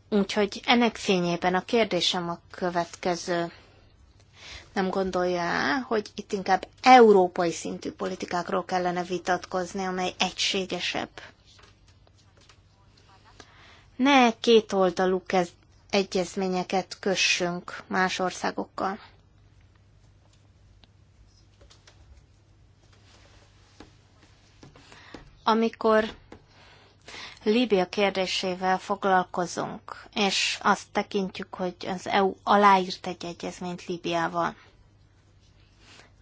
Úgyhogy ennek fényében a kérdésem a következő nem gondolja -e, hogy itt inkább európai szintű politikákról kellene vitatkozni, amely egységesebb? Ne kétoldalú egyezményeket kössünk más országokkal. Amikor Líbia kérdésével foglalkozunk, és azt tekintjük, hogy az EU aláírt egy egyezményt Líbiával,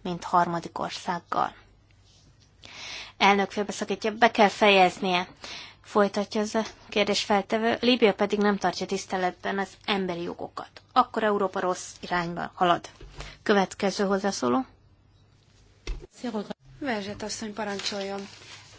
mint harmadik országgal. Elnök félbeszakítja, be kell fejeznie. Folytatja az a kérdésfeltevő, Líbia pedig nem tartja tiszteletben az emberi jogokat. Akkor Európa rossz irányba halad. Következő hozzászóló. Verzset asszony, parancsoljon.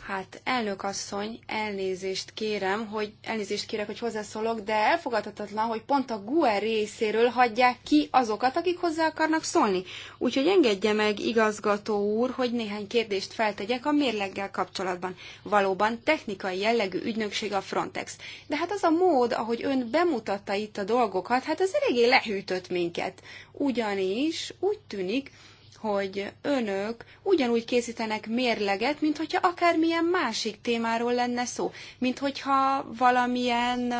Hát, elnök asszony, elnézést kérem, hogy elnézést kérek, hogy hozzászólok, de elfogadhatatlan, hogy pont a GUE részéről hagyják ki azokat, akik hozzá akarnak szólni. Úgyhogy engedje meg, igazgató úr, hogy néhány kérdést feltegyek a mérleggel kapcsolatban. Valóban technikai jellegű ügynökség a Frontex. De hát az a mód, ahogy ön bemutatta itt a dolgokat, hát az eléggé lehűtött minket. Ugyanis úgy tűnik, hogy önök ugyanúgy készítenek mérleget, mint hogyha akármilyen másik témáról lenne szó, mint hogyha valamilyen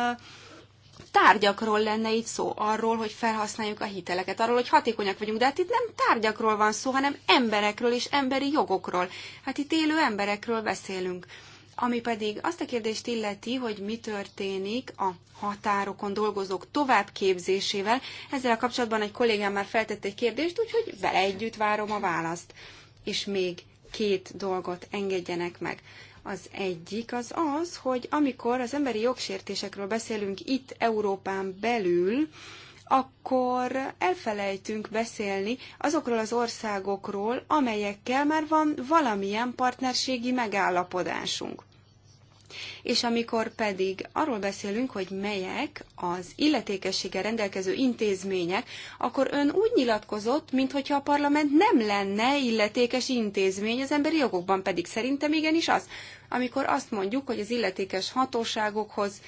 tárgyakról lenne itt szó, arról, hogy felhasználjuk a hiteleket, arról, hogy hatékonyak vagyunk, de hát itt nem tárgyakról van szó, hanem emberekről és emberi jogokról. Hát itt élő emberekről beszélünk. Ami pedig azt a kérdést illeti, hogy mi történik a határokon dolgozók továbbképzésével, ezzel a kapcsolatban egy kollégám már feltett egy kérdést, úgyhogy vele együtt várom a választ. És még két dolgot engedjenek meg. Az egyik az az, hogy amikor az emberi jogsértésekről beszélünk itt Európán belül, akkor elfelejtünk beszélni azokról az országokról, amelyekkel már van valamilyen partnerségi megállapodásunk. És amikor pedig arról beszélünk, hogy melyek az illetékessége rendelkező intézmények, akkor ön úgy nyilatkozott, mintha a parlament nem lenne illetékes intézmény, az emberi jogokban pedig szerintem igenis az. Amikor azt mondjuk, hogy az illetékes hatóságokhoz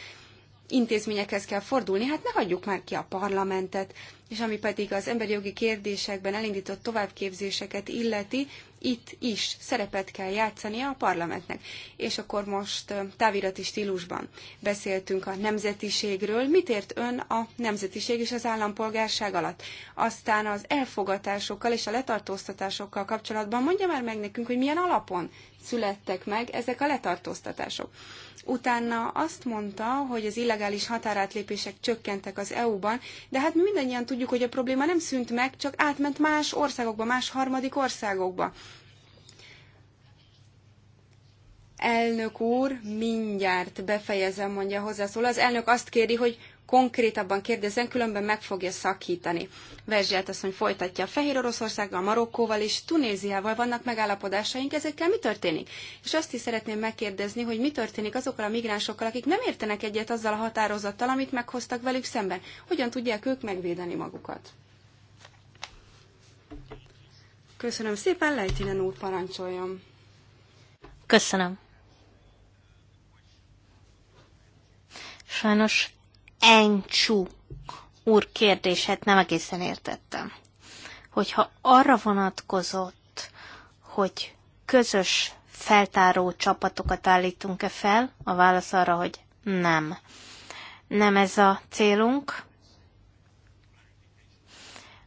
intézményekhez kell fordulni, hát ne hagyjuk már ki a parlamentet, és ami pedig az emberi jogi kérdésekben elindított továbbképzéseket illeti, itt is szerepet kell játszania a parlamentnek. És akkor most távirati stílusban beszéltünk a nemzetiségről. Mit ért ön a nemzetiség és az állampolgárság alatt? Aztán az elfogatásokkal és a letartóztatásokkal kapcsolatban mondja már meg nekünk, hogy milyen alapon születtek meg ezek a letartóztatások. Utána azt mondta, hogy az illegális határátlépések csökkentek az EU-ban, de hát mi mindannyian tudjuk, hogy a probléma nem szűnt meg, csak átment más országokba, más harmadik országokba. Elnök úr, mindjárt befejezem, mondja hozzászól. Az elnök azt kéri, hogy konkrétabban kérdezzen, különben meg fogja szakítani. Verzsiát azt, hogy folytatja a Fehér Oroszországgal, Marokkóval és Tunéziával vannak megállapodásaink, ezekkel mi történik? És azt is szeretném megkérdezni, hogy mi történik azokkal a migránsokkal, akik nem értenek egyet azzal a határozattal, amit meghoztak velük szemben. Hogyan tudják ők megvédeni magukat? Köszönöm szépen, Lejtinen úr, parancsoljon. Köszönöm. Sajnos Encsú úr kérdését hát nem egészen értettem. Hogyha arra vonatkozott, hogy közös feltáró csapatokat állítunk-e fel, a válasz arra, hogy nem. Nem ez a célunk.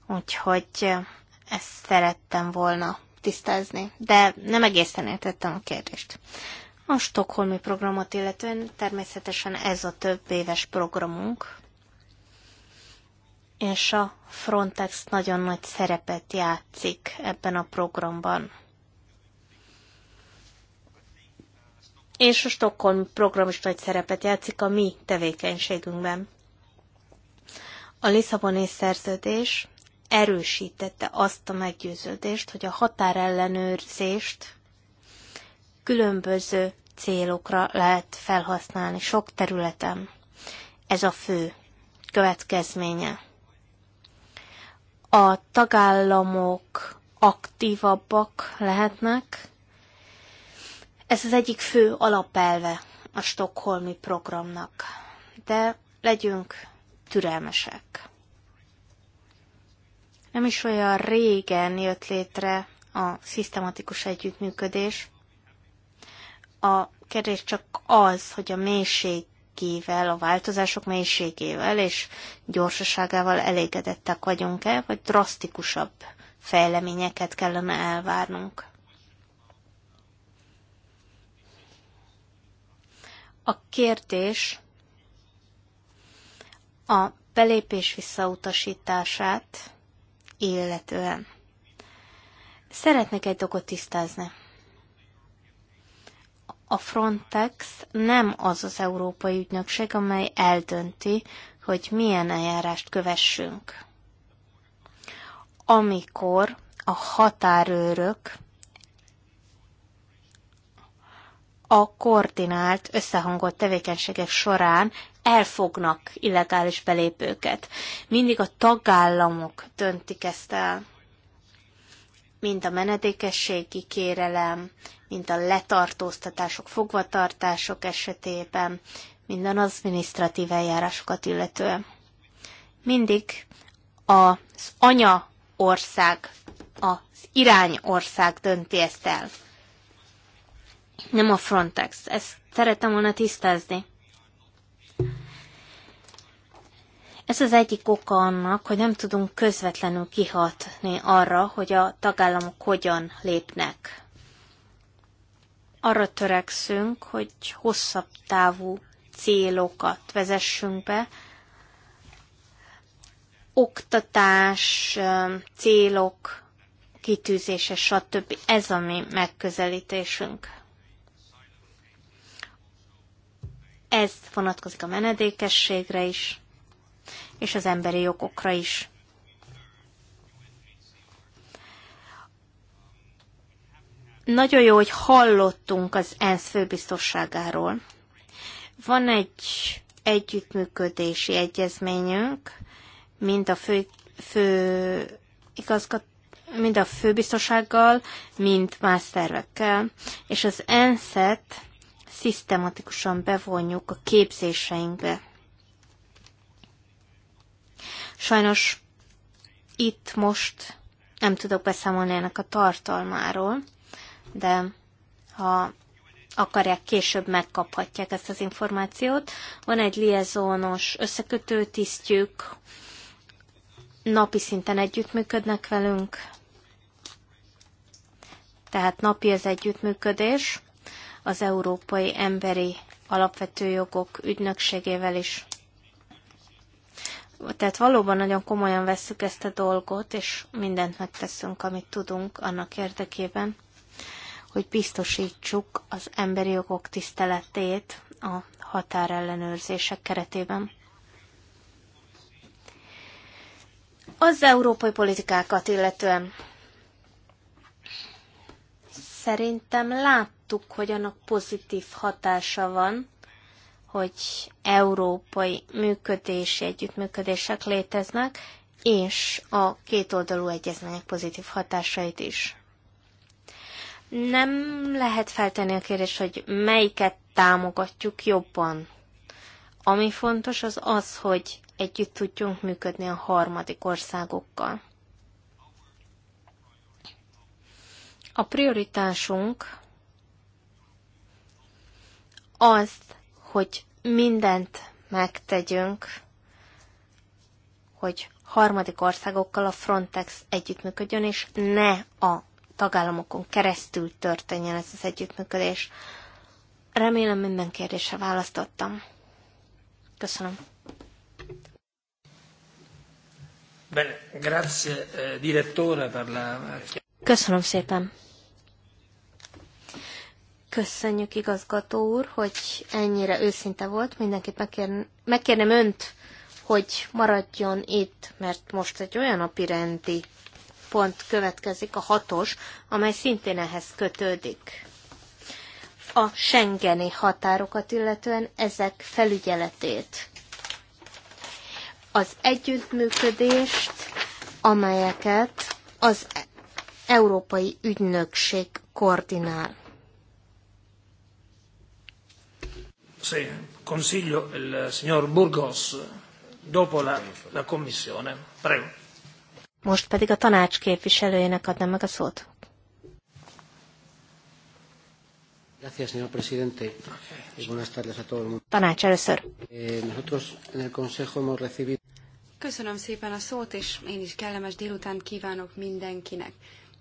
Úgyhogy ezt szerettem volna tisztázni, de nem egészen értettem a kérdést. A stokholmi programot illetően természetesen ez a több éves programunk, és a Frontex nagyon nagy szerepet játszik ebben a programban. És a stokholmi program is nagy szerepet játszik a mi tevékenységünkben. A Lisszaboni szerződés erősítette azt a meggyőződést, hogy a határellenőrzést különböző célokra lehet felhasználni sok területen. Ez a fő következménye. A tagállamok aktívabbak lehetnek. Ez az egyik fő alapelve a Stockholmi programnak. De legyünk türelmesek. Nem is olyan régen jött létre a szisztematikus együttműködés, a kérdés csak az, hogy a mélységével, a változások mélységével és gyorsaságával elégedettek vagyunk-e, vagy drasztikusabb fejleményeket kellene elvárnunk. A kérdés a belépés visszautasítását illetően. Szeretnék egy dolgot tisztázni a Frontex nem az az európai ügynökség, amely eldönti, hogy milyen eljárást kövessünk. Amikor a határőrök a koordinált, összehangolt tevékenységek során elfognak illegális belépőket. Mindig a tagállamok döntik ezt el. mint a menedékességi kérelem, mint a letartóztatások, fogvatartások esetében, minden az adminisztratív eljárásokat illetően. Mindig az anya ország, az irány ország dönti ezt el. Nem a Frontex. Ezt szeretem volna tisztázni. Ez az egyik oka annak, hogy nem tudunk közvetlenül kihatni arra, hogy a tagállamok hogyan lépnek arra törekszünk, hogy hosszabb távú célokat vezessünk be, oktatás, célok, kitűzése, stb. Ez a mi megközelítésünk. Ez vonatkozik a menedékességre is, és az emberi jogokra is. Nagyon jó, hogy hallottunk az ENSZ főbiztosságáról. Van egy együttműködési egyezményünk, mind a fő, fő igazgat, mind a főbiztosággal, mind más szervekkel, és az ENSZ-et szisztematikusan bevonjuk a képzéseinkbe. Sajnos itt most nem tudok beszámolni ennek a tartalmáról, de ha akarják, később megkaphatják ezt az információt. Van egy liazonos összekötő tisztjük, napi szinten együttműködnek velünk, tehát napi az együttműködés az Európai Emberi Alapvető Jogok Ügynökségével is. Tehát valóban nagyon komolyan vesszük ezt a dolgot, és mindent megteszünk, amit tudunk annak érdekében, hogy biztosítsuk az emberi jogok tiszteletét a határellenőrzések keretében. Az európai politikákat illetően szerintem láttuk, hogy annak pozitív hatása van, hogy európai működési együttműködések léteznek, és a kétoldalú egyezmények pozitív hatásait is. Nem lehet feltenni a kérdést, hogy melyiket támogatjuk jobban. Ami fontos az az, hogy együtt tudjunk működni a harmadik országokkal. A prioritásunk az, hogy mindent megtegyünk, hogy harmadik országokkal a Frontex együttműködjön, és ne a tagállamokon keresztül történjen ez az együttműködés. Remélem minden kérdésre választottam. Köszönöm. Bene, grazie, eh, direttore, per la... Köszönöm szépen. Köszönjük, igazgató úr, hogy ennyire őszinte volt. Mindenkit megkérn- megkérném önt, hogy maradjon itt, mert most egy olyan napi rendi pont következik, a hatos, amely szintén ehhez kötődik. A Schengeni határokat illetően ezek felügyeletét. Az együttműködést, amelyeket az Európai Ügynökség koordinál. Sì, consiglio il signor Burgos dopo la, la commissione. Prego. Most pedig a tanács képviselőjének adnám meg a szót. Gracias, señor presidente. Buenas tardes a todo el mundo. Tanács először. Eh, nosotros en el Consejo hemos recibido... Köszönöm szépen a szót, és én is kellemes délután kívánok mindenkinek.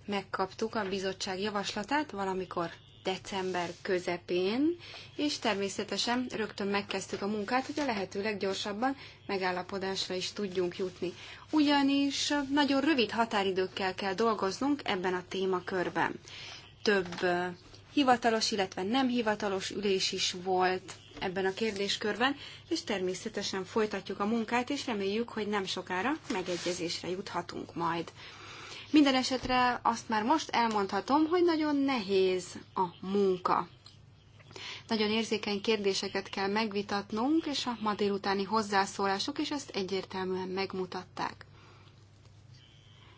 Megkaptuk a bizottság javaslatát valamikor december közepén, és természetesen rögtön megkezdtük a munkát, hogy a lehető leggyorsabban megállapodásra is tudjunk jutni. Ugyanis nagyon rövid határidőkkel kell dolgoznunk ebben a témakörben. Több hivatalos, illetve nem hivatalos ülés is volt ebben a kérdéskörben, és természetesen folytatjuk a munkát, és reméljük, hogy nem sokára megegyezésre juthatunk majd. Minden esetre azt már most elmondhatom, hogy nagyon nehéz a munka. Nagyon érzékeny kérdéseket kell megvitatnunk, és a ma délutáni hozzászólások is ezt egyértelműen megmutatták.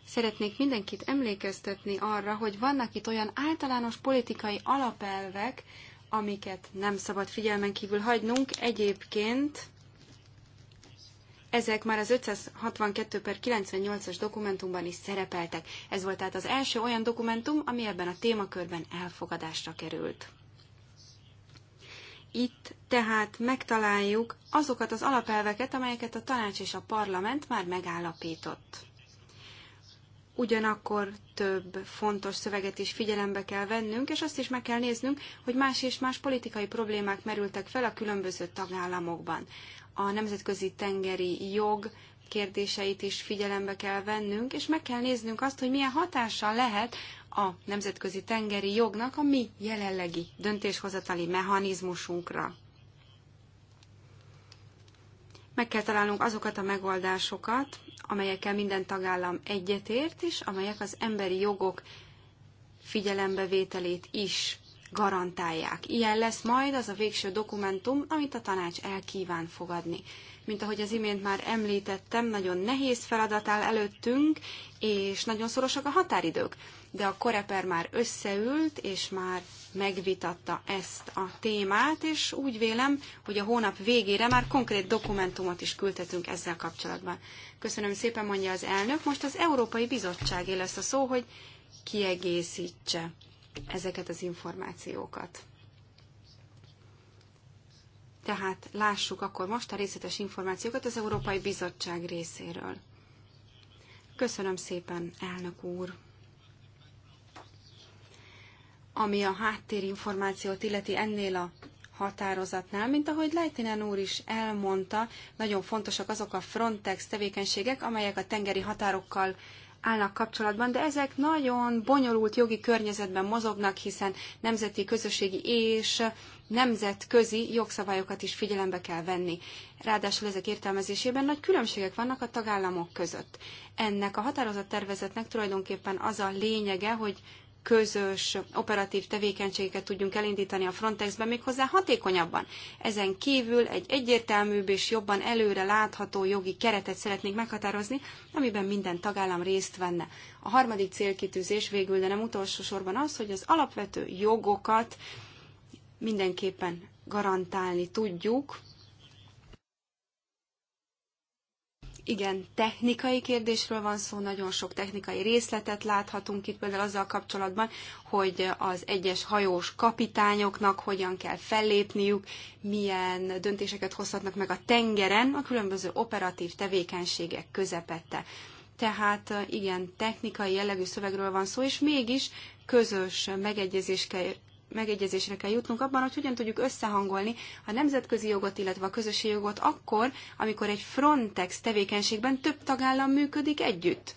Szeretnék mindenkit emlékeztetni arra, hogy vannak itt olyan általános politikai alapelvek, amiket nem szabad figyelmen kívül hagynunk. Egyébként ezek már az 562 per 98-as dokumentumban is szerepeltek. Ez volt tehát az első olyan dokumentum, ami ebben a témakörben elfogadásra került. Itt tehát megtaláljuk azokat az alapelveket, amelyeket a tanács és a parlament már megállapított. Ugyanakkor több fontos szöveget is figyelembe kell vennünk, és azt is meg kell néznünk, hogy más és más politikai problémák merültek fel a különböző tagállamokban a nemzetközi tengeri jog kérdéseit is figyelembe kell vennünk, és meg kell néznünk azt, hogy milyen hatása lehet a nemzetközi tengeri jognak a mi jelenlegi döntéshozatali mechanizmusunkra. Meg kell találnunk azokat a megoldásokat, amelyekkel minden tagállam egyetért, és amelyek az emberi jogok figyelembevételét is garantálják. Ilyen lesz majd az a végső dokumentum, amit a tanács elkíván fogadni. Mint ahogy az imént már említettem, nagyon nehéz feladat áll előttünk, és nagyon szorosak a határidők. De a Koreper már összeült, és már megvitatta ezt a témát, és úgy vélem, hogy a hónap végére már konkrét dokumentumot is küldhetünk ezzel kapcsolatban. Köszönöm szépen, mondja az elnök. Most az Európai Bizottságé lesz a szó, hogy kiegészítse ezeket az információkat. Tehát lássuk akkor most a részletes információkat az Európai Bizottság részéről. Köszönöm szépen, elnök úr! Ami a háttérinformációt illeti ennél a határozatnál, mint ahogy Leitinen úr is elmondta, nagyon fontosak azok a Frontex tevékenységek, amelyek a tengeri határokkal állnak kapcsolatban, de ezek nagyon bonyolult jogi környezetben mozognak, hiszen nemzeti, közösségi és nemzetközi jogszabályokat is figyelembe kell venni. Ráadásul ezek értelmezésében nagy különbségek vannak a tagállamok között. Ennek a határozattervezetnek tulajdonképpen az a lényege, hogy közös operatív tevékenységeket tudjunk elindítani a Frontexben méghozzá hatékonyabban. Ezen kívül egy egyértelműbb és jobban előre látható jogi keretet szeretnék meghatározni, amiben minden tagállam részt venne. A harmadik célkitűzés végül, de nem utolsó sorban az, hogy az alapvető jogokat mindenképpen garantálni tudjuk, igen technikai kérdésről van szó, nagyon sok technikai részletet láthatunk itt például azzal kapcsolatban, hogy az egyes hajós kapitányoknak hogyan kell fellépniük, milyen döntéseket hozhatnak meg a tengeren a különböző operatív tevékenységek közepette. Tehát igen, technikai jellegű szövegről van szó, és mégis közös megegyezés kell megegyezésre kell jutnunk abban, hogy hogyan tudjuk összehangolni a nemzetközi jogot, illetve a közösségi jogot akkor, amikor egy Frontex tevékenységben több tagállam működik együtt.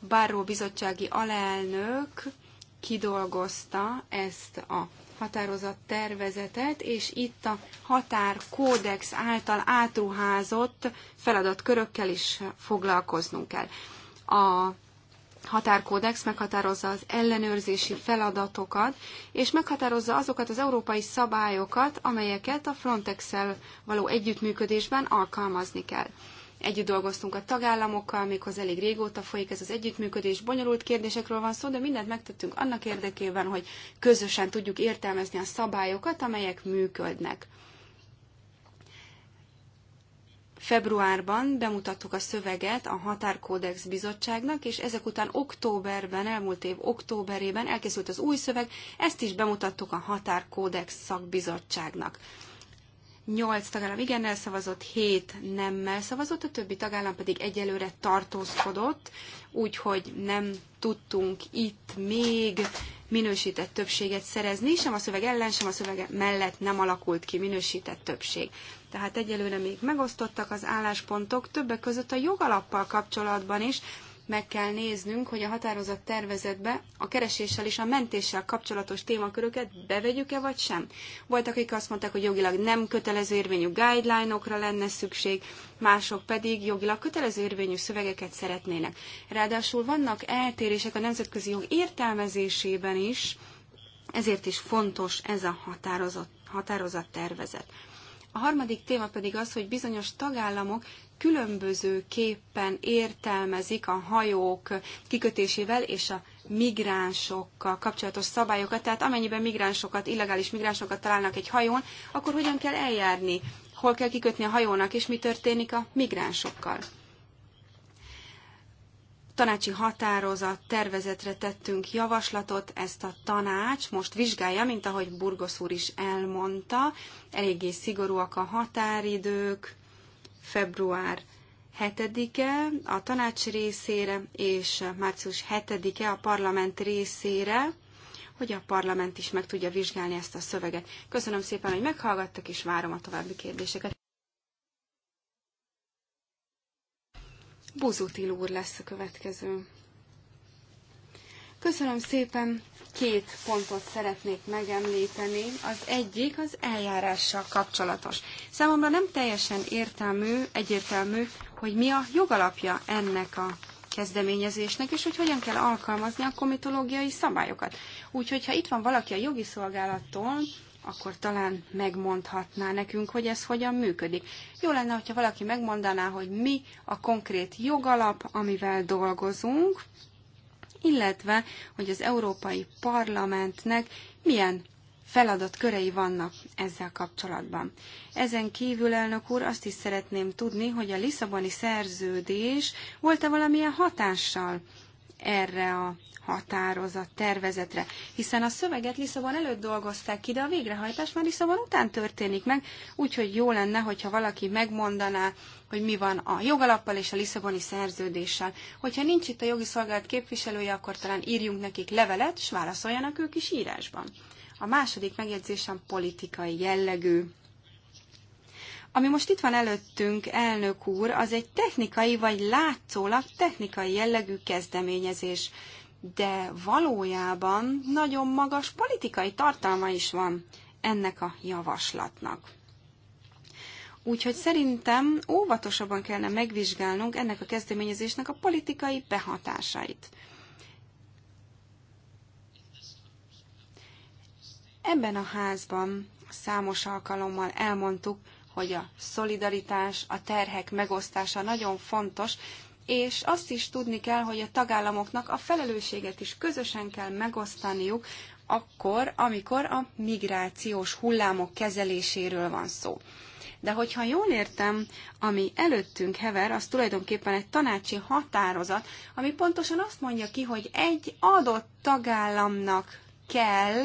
Báró bizottsági alelnök kidolgozta ezt a határozat tervezetet, és itt a határkódex által átruházott feladatkörökkel is foglalkoznunk kell. A határkódex meghatározza az ellenőrzési feladatokat, és meghatározza azokat az európai szabályokat, amelyeket a Frontex-el való együttműködésben alkalmazni kell. Együtt dolgoztunk a tagállamokkal, méghozzá elég régóta folyik ez az együttműködés. Bonyolult kérdésekről van szó, de mindent megtettünk annak érdekében, hogy közösen tudjuk értelmezni a szabályokat, amelyek működnek. Februárban bemutattuk a szöveget a Határkódex Bizottságnak, és ezek után októberben, elmúlt év októberében elkészült az új szöveg, ezt is bemutattuk a Határkódex Szakbizottságnak. 8 tagállam igennel szavazott, 7 nemmel szavazott, a többi tagállam pedig egyelőre tartózkodott, úgyhogy nem tudtunk itt még minősített többséget szerezni, sem a szöveg ellen, sem a szöveg mellett nem alakult ki minősített többség. Tehát egyelőre még megosztottak az álláspontok, többek között a jogalappal kapcsolatban is, meg kell néznünk, hogy a határozat tervezetbe a kereséssel és a mentéssel kapcsolatos témaköröket bevegyük-e vagy sem. Voltak, akik azt mondták, hogy jogilag nem kötelező érvényű guideline-okra lenne szükség, mások pedig jogilag kötelező érvényű szövegeket szeretnének. Ráadásul vannak eltérések a nemzetközi jog értelmezésében is, ezért is fontos ez a határozat, határozat tervezet. A harmadik téma pedig az, hogy bizonyos tagállamok különbözőképpen értelmezik a hajók kikötésével és a migránsokkal kapcsolatos szabályokat, tehát amennyiben migránsokat, illegális migránsokat találnak egy hajón, akkor hogyan kell eljárni, hol kell kikötni a hajónak, és mi történik a migránsokkal. Tanácsi határozat tervezetre tettünk javaslatot, ezt a tanács most vizsgálja, mint ahogy Burgos úr is elmondta, eléggé szigorúak a határidők, február 7-e a tanács részére, és március 7-e a parlament részére, hogy a parlament is meg tudja vizsgálni ezt a szöveget. Köszönöm szépen, hogy meghallgattak, és várom a további kérdéseket. Buzutil úr lesz a következő. Köszönöm szépen, két pontot szeretnék megemlíteni. Az egyik az eljárással kapcsolatos. Számomra nem teljesen értelmű, egyértelmű, hogy mi a jogalapja ennek a kezdeményezésnek, és hogy hogyan kell alkalmazni a komitológiai szabályokat. Úgyhogy, ha itt van valaki a jogi szolgálattól, akkor talán megmondhatná nekünk, hogy ez hogyan működik. Jó lenne, hogyha valaki megmondaná, hogy mi a konkrét jogalap, amivel dolgozunk, illetve hogy az Európai Parlamentnek milyen feladatkörei vannak ezzel kapcsolatban. Ezen kívül, elnök úr, azt is szeretném tudni, hogy a Lisszaboni szerződés volt-e valamilyen hatással erre a határozat tervezetre, hiszen a szöveget Lisszabon előtt dolgozták ki, de a végrehajtás már Lisszabon után történik meg, úgyhogy jó lenne, hogyha valaki megmondaná, hogy mi van a jogalappal és a Lisszaboni szerződéssel. Hogyha nincs itt a jogi szolgálat képviselője, akkor talán írjunk nekik levelet, és válaszoljanak ők is írásban. A második megjegyzésem politikai jellegű. Ami most itt van előttünk, elnök úr, az egy technikai vagy látszólag technikai jellegű kezdeményezés, de valójában nagyon magas politikai tartalma is van ennek a javaslatnak. Úgyhogy szerintem óvatosabban kellene megvizsgálnunk ennek a kezdeményezésnek a politikai behatásait. Ebben a házban számos alkalommal elmondtuk, hogy a szolidaritás, a terhek megosztása nagyon fontos, és azt is tudni kell, hogy a tagállamoknak a felelősséget is közösen kell megosztaniuk, akkor, amikor a migrációs hullámok kezeléséről van szó. De hogyha jól értem, ami előttünk hever, az tulajdonképpen egy tanácsi határozat, ami pontosan azt mondja ki, hogy egy adott tagállamnak kell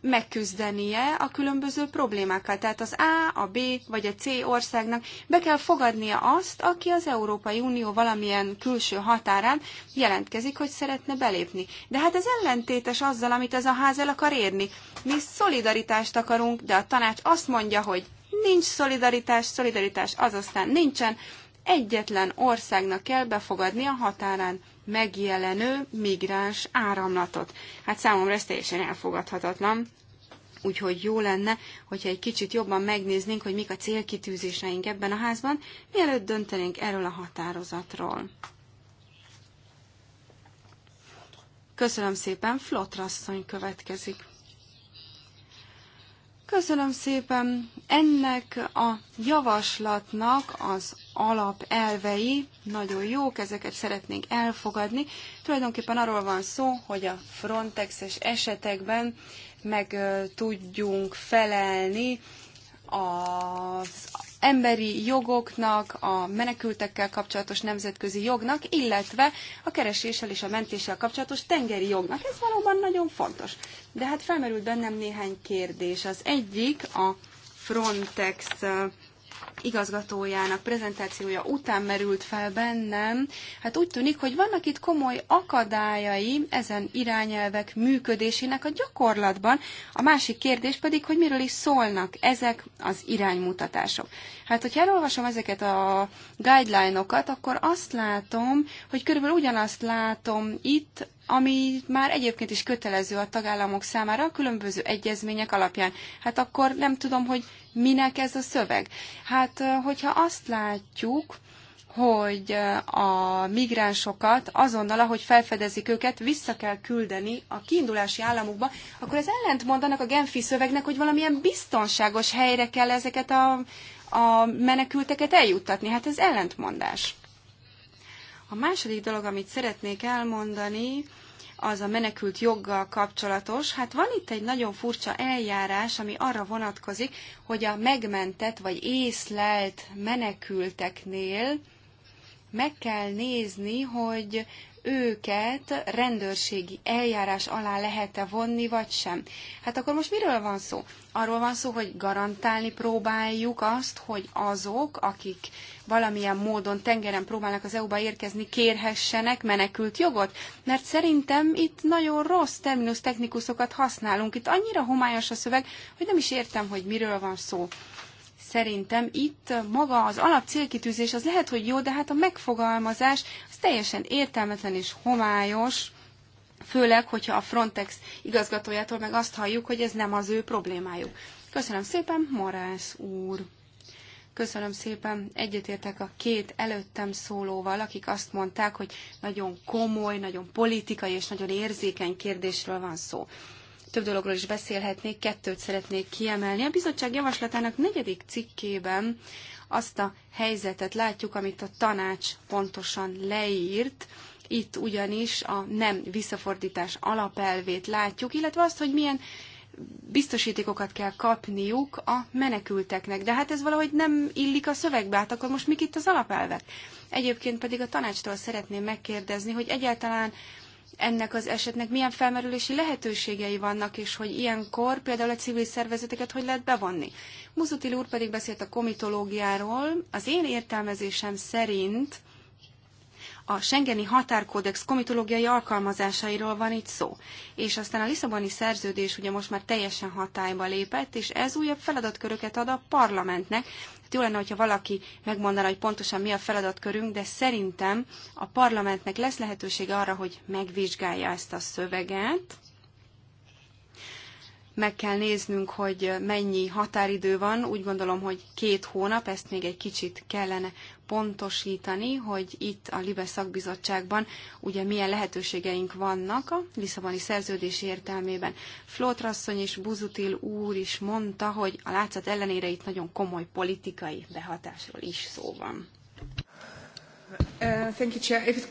megküzdenie a különböző problémákkal. Tehát az A, a B vagy a C országnak be kell fogadnia azt, aki az Európai Unió valamilyen külső határán jelentkezik, hogy szeretne belépni. De hát ez ellentétes azzal, amit ez a ház el akar érni. Mi szolidaritást akarunk, de a tanács azt mondja, hogy nincs szolidaritás, szolidaritás az aztán nincsen, egyetlen országnak kell befogadni a határán megjelenő migráns áramlatot. Hát számomra ez teljesen elfogadhatatlan. Úgyhogy jó lenne, hogyha egy kicsit jobban megnéznénk, hogy mik a célkitűzéseink ebben a házban, mielőtt döntenénk erről a határozatról. Köszönöm szépen, Flotrasszony következik. Köszönöm szépen. Ennek a javaslatnak az alapelvei nagyon jók, ezeket szeretnénk elfogadni. Tulajdonképpen arról van szó, hogy a Frontexes esetekben meg tudjunk felelni az emberi jogoknak, a menekültekkel kapcsolatos nemzetközi jognak, illetve a kereséssel és a mentéssel kapcsolatos tengeri jognak. Ez valóban nagyon fontos. De hát felmerült bennem néhány kérdés. Az egyik a Frontex igazgatójának prezentációja után merült fel bennem, hát úgy tűnik, hogy vannak itt komoly akadályai ezen irányelvek működésének a gyakorlatban. A másik kérdés pedig, hogy miről is szólnak ezek az iránymutatások. Hát, hogyha elolvasom ezeket a guideline-okat, akkor azt látom, hogy körülbelül ugyanazt látom itt, ami már egyébként is kötelező a tagállamok számára a különböző egyezmények alapján. Hát akkor nem tudom, hogy minek ez a szöveg. Hát, hogyha azt látjuk, hogy a migránsokat azonnal, ahogy felfedezik őket, vissza kell küldeni a kiindulási államukba, akkor ez ellent mondanak a Genfi szövegnek, hogy valamilyen biztonságos helyre kell ezeket a, a menekülteket eljuttatni. Hát ez ellentmondás. A második dolog, amit szeretnék elmondani, az a menekült joggal kapcsolatos. Hát van itt egy nagyon furcsa eljárás, ami arra vonatkozik, hogy a megmentett vagy észlelt menekülteknél meg kell nézni, hogy őket rendőrségi eljárás alá lehet-e vonni, vagy sem. Hát akkor most miről van szó? Arról van szó, hogy garantálni próbáljuk azt, hogy azok, akik valamilyen módon tengeren próbálnak az EU-ba érkezni, kérhessenek menekült jogot? Mert szerintem itt nagyon rossz terminus technikusokat használunk. Itt annyira homályos a szöveg, hogy nem is értem, hogy miről van szó. Szerintem itt maga az alapcélkitűzés az lehet, hogy jó, de hát a megfogalmazás az teljesen értelmetlen és homályos, főleg, hogyha a Frontex igazgatójától meg azt halljuk, hogy ez nem az ő problémájuk. Köszönöm szépen, Morász úr! Köszönöm szépen, egyetértek a két előttem szólóval, akik azt mondták, hogy nagyon komoly, nagyon politikai és nagyon érzékeny kérdésről van szó. Több dologról is beszélhetnék, kettőt szeretnék kiemelni. A bizottság javaslatának negyedik cikkében azt a helyzetet látjuk, amit a tanács pontosan leírt, itt ugyanis a nem visszafordítás alapelvét látjuk, illetve azt, hogy milyen biztosítékokat kell kapniuk a menekülteknek. De hát ez valahogy nem illik a szövegbe, hát akkor most mik itt az alapelvek? Egyébként pedig a tanácstól szeretném megkérdezni, hogy egyáltalán ennek az esetnek milyen felmerülési lehetőségei vannak, és hogy ilyenkor például a civil szervezeteket hogy lehet bevonni. Muzutil úr pedig beszélt a komitológiáról. Az én értelmezésem szerint a Schengeni Határkódex komitológiai alkalmazásairól van itt szó. És aztán a Lisszaboni szerződés ugye most már teljesen hatályba lépett, és ez újabb feladatköröket ad a parlamentnek, Hát jó lenne, hogyha valaki megmondaná, hogy pontosan mi a feladatkörünk, de szerintem a parlamentnek lesz lehetősége arra, hogy megvizsgálja ezt a szöveget, meg kell néznünk, hogy mennyi határidő van. Úgy gondolom, hogy két hónap, ezt még egy kicsit kellene pontosítani, hogy itt a Libe szakbizottságban ugye milyen lehetőségeink vannak a Lisszaboni szerződés értelmében. Flótrasszony és Buzutil úr is mondta, hogy a látszat ellenére itt nagyon komoly politikai behatásról is szó van. Uh, thank you, Chair. If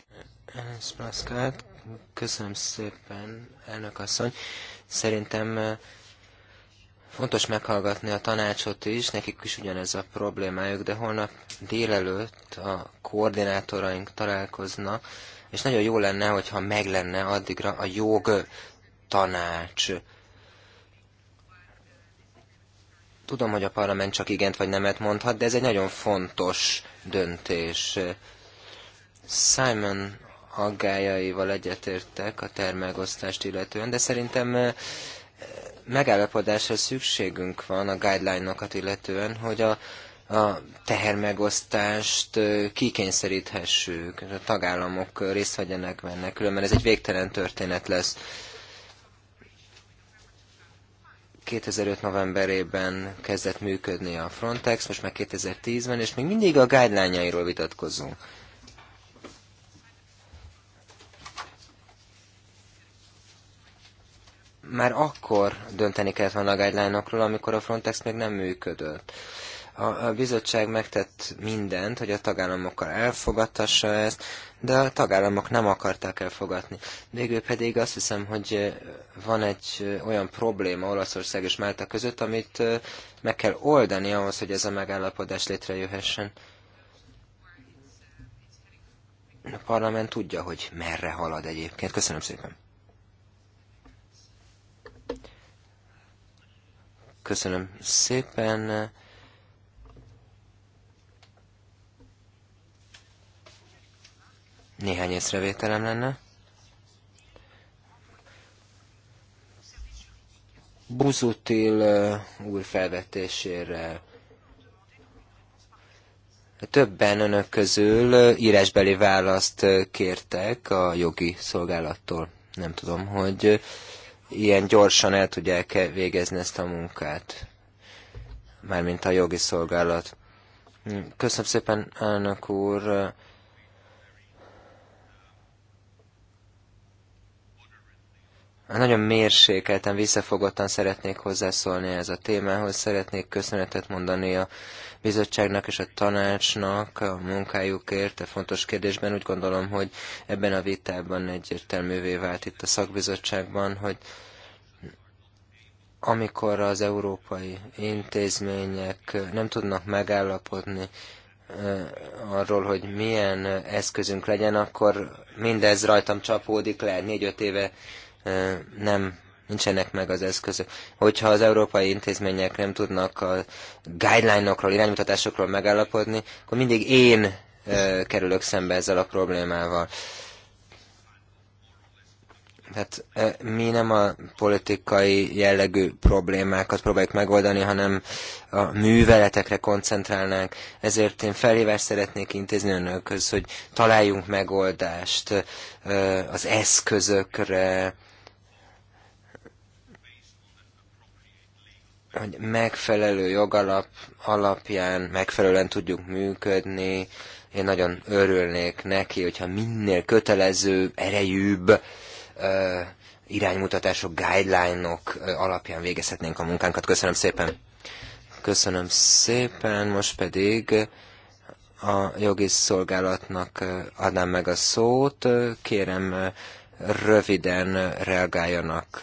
Köszönöm szépen, elnök asszony. Szerintem uh, Fontos meghallgatni a tanácsot is, nekik is ugyanez a problémájuk, de holnap délelőtt a koordinátoraink találkoznak, és nagyon jó lenne, hogyha meg lenne addigra a jog tanács. Tudom, hogy a parlament csak igent vagy nemet mondhat, de ez egy nagyon fontos döntés. Simon aggájaival egyetértek a termelgoztást illetően, de szerintem megállapodásra szükségünk van a guideline-okat illetően, hogy a, a tehermegosztást kikényszeríthessük, a tagállamok részt vegyenek benne, különben ez egy végtelen történet lesz. 2005 novemberében kezdett működni a Frontex, most már 2010-ben, és még mindig a guideline-jairól vitatkozunk. már akkor dönteni kellett volna a guideline amikor a Frontex még nem működött. A bizottság megtett mindent, hogy a tagállamokkal elfogadtassa ezt, de a tagállamok nem akarták elfogadni. Végül pedig azt hiszem, hogy eh, van egy eh, olyan probléma Olaszország és Málta között, amit eh, meg kell oldani ahhoz, hogy ez a megállapodás létrejöhessen. A parlament tudja, hogy merre halad egyébként. Köszönöm szépen. Köszönöm szépen. Néhány észrevételem lenne. Buzutil uh, úr felvetésére Többen önök közül uh, írásbeli választ uh, kértek a jogi szolgálattól. Nem tudom, hogy ilyen gyorsan el tudják -e végezni ezt a munkát, mármint a jogi szolgálat. Köszönöm szépen, elnök úr. Nagyon mérsékelten, visszafogottan szeretnék hozzászólni ez a témához, szeretnék köszönetet mondani a bizottságnak és a tanácsnak a munkájukért a e fontos kérdésben. Úgy gondolom, hogy ebben a vitában egyértelművé vált itt a szakbizottságban, hogy amikor az európai intézmények nem tudnak megállapodni arról, hogy milyen eszközünk legyen, akkor mindez rajtam csapódik le. Négy-öt éve nem nincsenek meg az eszközök. Hogyha az európai intézmények nem tudnak a guideline-okról, iránymutatásokról megállapodni, akkor mindig én kerülök szembe ezzel a problémával. Tehát mi nem a politikai jellegű problémákat próbáljuk megoldani, hanem a műveletekre koncentrálnánk. Ezért én felhívást szeretnék intézni önökhöz, hogy találjunk megoldást az eszközökre, hogy megfelelő jogalap alapján megfelelően tudjuk működni. Én nagyon örülnék neki, hogyha minél kötelező, erejűbb ö, iránymutatások, guideline-ok -ok, alapján végezhetnénk a munkánkat. Köszönöm szépen! Köszönöm szépen, most pedig a jogi szolgálatnak adnám meg a szót. Kérem, röviden reagáljanak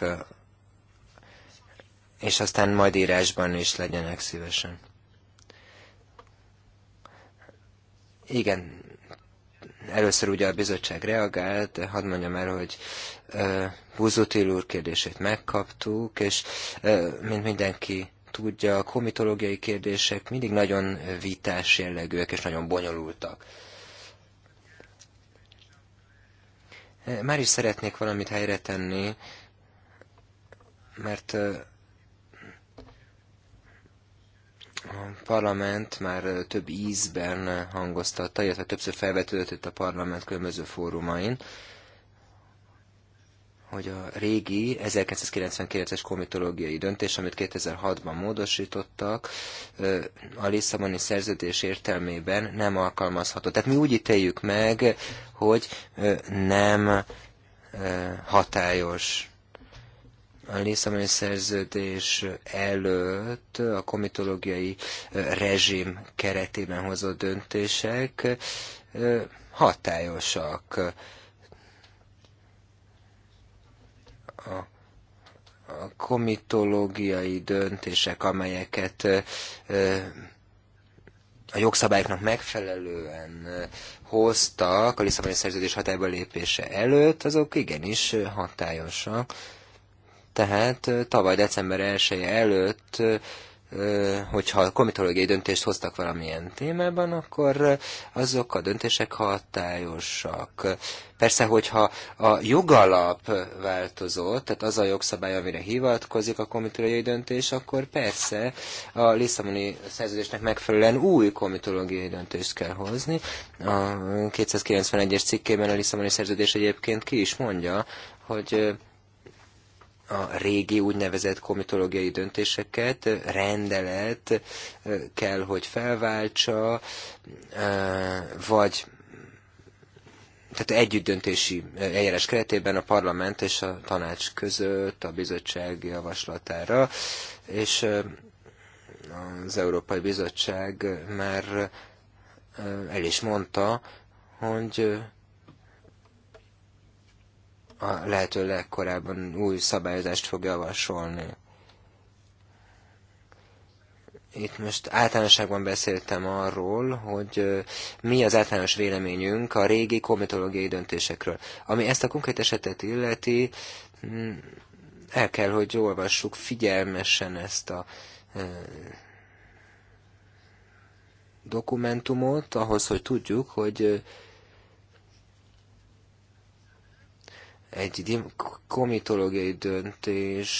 és aztán majd írásban is legyenek szívesen. Igen, először ugye a bizottság reagált, de hadd mondjam el, hogy Buzutil úr kérdését megkaptuk, és mint mindenki tudja, a komitológiai kérdések mindig nagyon vitás jellegűek és nagyon bonyolultak. Már is szeretnék valamit helyre tenni, mert A parlament már több ízben hangoztatta, illetve többször felvetődött a parlament különböző fórumain, hogy a régi 1999-es komitológiai döntés, amit 2006-ban módosítottak, a Lisszaboni szerződés értelmében nem alkalmazható. Tehát mi úgy ítéljük meg, hogy nem hatályos a Lisszaboni szerződés előtt a komitológiai rezsim keretében hozott döntések hatályosak. A a komitológiai döntések, amelyeket a jogszabályoknak megfelelően hoztak a Lisszaboni szerződés hatályba lépése előtt, azok igenis hatályosak. Tehát tavaly december 1 -e előtt hogyha a komitológiai döntést hoztak valamilyen témában, akkor azok a döntések hatályosak. Persze, hogyha a jogalap változott, tehát az a jogszabály, amire hivatkozik a komitológiai döntés, akkor persze a Lisszaboni szerződésnek megfelelően új komitológiai döntést kell hozni. A 291-es cikkében a Lisszaboni szerződés egyébként ki is mondja, hogy a régi úgynevezett komitológiai döntéseket rendelet kell, hogy felváltsa, vagy tehát együttdöntési eljárás keretében a parlament és a tanács között a bizottság javaslatára, és az Európai Bizottság már el is mondta, hogy a lehető legkorábban új szabályozást fog javasolni. Itt most általánosságban beszéltem arról, hogy mi az általános véleményünk a régi komitológiai döntésekről. Ami ezt a konkrét esetet illeti, mm, el kell, hogy olvassuk figyelmesen ezt a dokumentumot, ahhoz, hogy tudjuk, hogy egy komitológiai döntés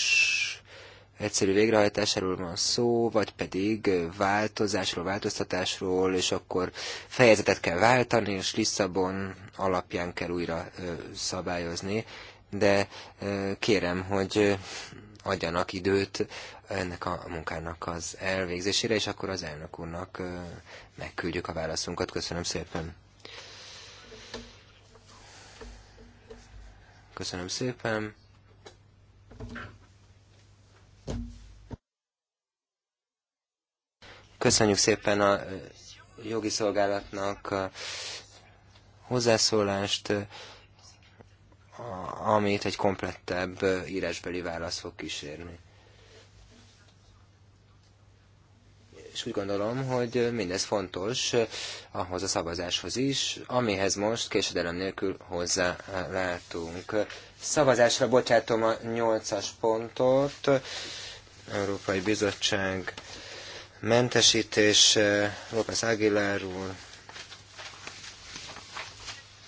egyszerű végrehajtásáról van szó, vagy pedig változásról, változtatásról, és akkor fejezetet kell váltani, és Lisszabon alapján kell újra szabályozni, de kérem, hogy adjanak időt ennek a munkának az elvégzésére, és akkor az elnök úrnak megküldjük a válaszunkat. Köszönöm szépen! Köszönöm szépen. Köszönjük szépen a jogi szolgálatnak a hozzászólást, amit egy komplettebb írásbeli válasz fog kísérni. és úgy gondolom, hogy mindez fontos eh, ahhoz a szavazáshoz is, amihez most késedelem nélkül hozzálátunk. Eh, Szavazásra bocsátom a nyolcas pontot, Európai Bizottság mentesítés, López Aguilar úr.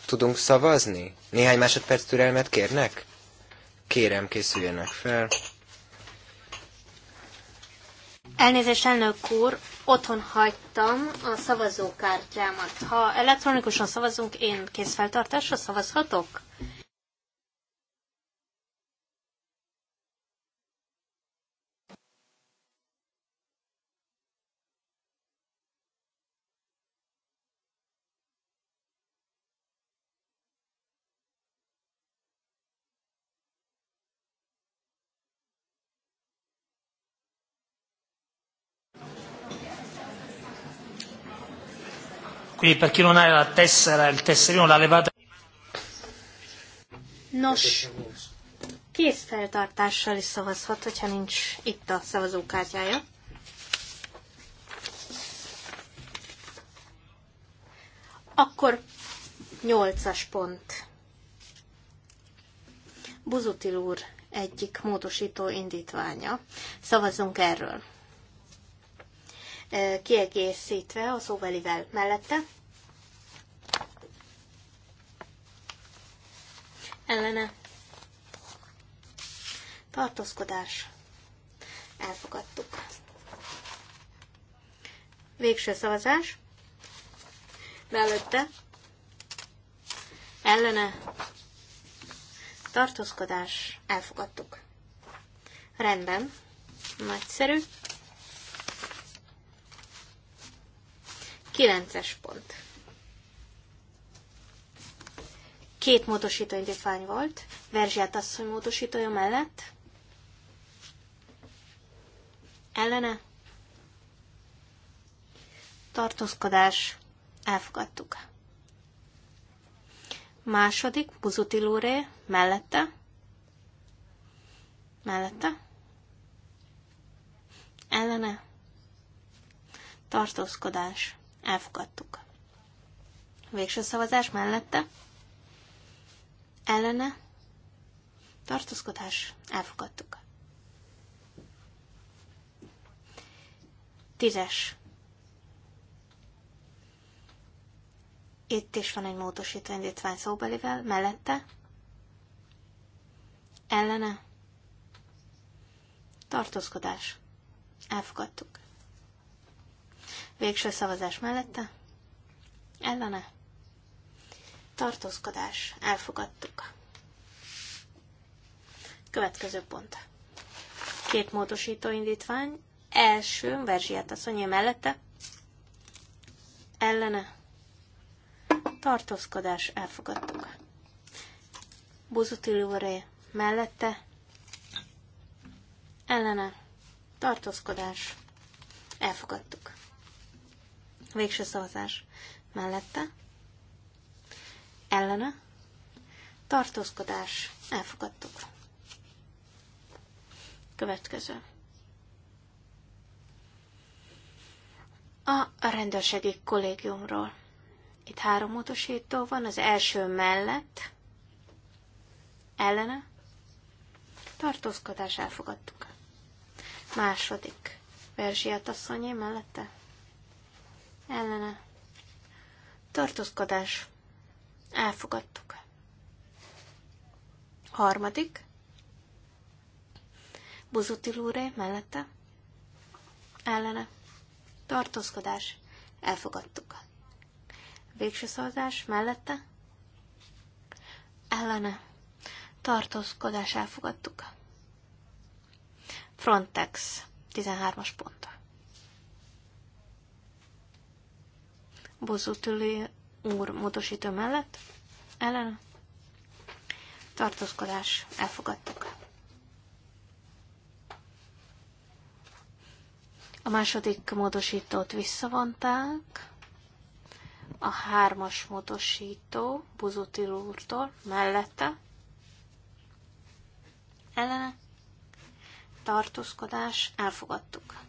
Tudunk szavazni? Néhány másodperc türelmet kérnek? Kérem, készüljenek fel. Elnézést, elnök úr, otthon hagytam a szavazókártyámat. Ha elektronikusan szavazunk, én készfeltartásra szavazhatok? Quindi per chi non ha la tessera, il tesserino, la levata... Nos, kész feltartással is szavazhat, hogyha nincs itt a szavazókártyája. Akkor nyolcas pont. Buzutil úr egyik módosító indítványa. Szavazzunk erről kiegészítve a szóvelivel mellette. Ellene. Tartózkodás. Elfogadtuk. Végső szavazás. Mellette. Ellene. Tartózkodás. Elfogadtuk. Rendben. Nagyszerű. 9-es pont. Két módosító indítvány volt, Verzsiát asszony módosítója mellett. Ellene. Tartózkodás. Elfogadtuk. Második, Buzutilúré, mellette. Mellette. Ellene. Tartózkodás. Elfogadtuk. Végső szavazás mellette. Ellene. Tartózkodás. Elfogadtuk. Tízes. Itt is van egy módosító indítvány szóbelivel, mellette. Ellene. Tartózkodás. Elfogadtuk. Végső szavazás mellette? Ellene? Tartózkodás. Elfogadtuk. Következő pont. Két módosító indítvány. Első, Verzsiát asszonyé mellette. Ellene. Tartózkodás. Elfogadtuk. Buzutilúré mellette. Ellene. Tartózkodás. Elfogadtuk. Végső szavazás. Mellette. Ellene. Tartózkodás. Elfogadtuk. Következő. A rendőrségi kollégiumról. Itt három módosító van, az első mellett, ellene, tartózkodás elfogadtuk. Második, Verziát asszonyé mellette, ellene tartózkodás elfogadtuk. Harmadik buzutilúré mellette ellene tartózkodás elfogadtuk. Végső szavazás mellette ellene tartózkodás elfogadtuk. Frontex 13-as pont. Bozutülé úr módosító mellett, ellen tartózkodás elfogadtuk. A második módosítót visszavonták, a hármas módosító Buzutil úrtól mellette ellene tartózkodás elfogadtuk.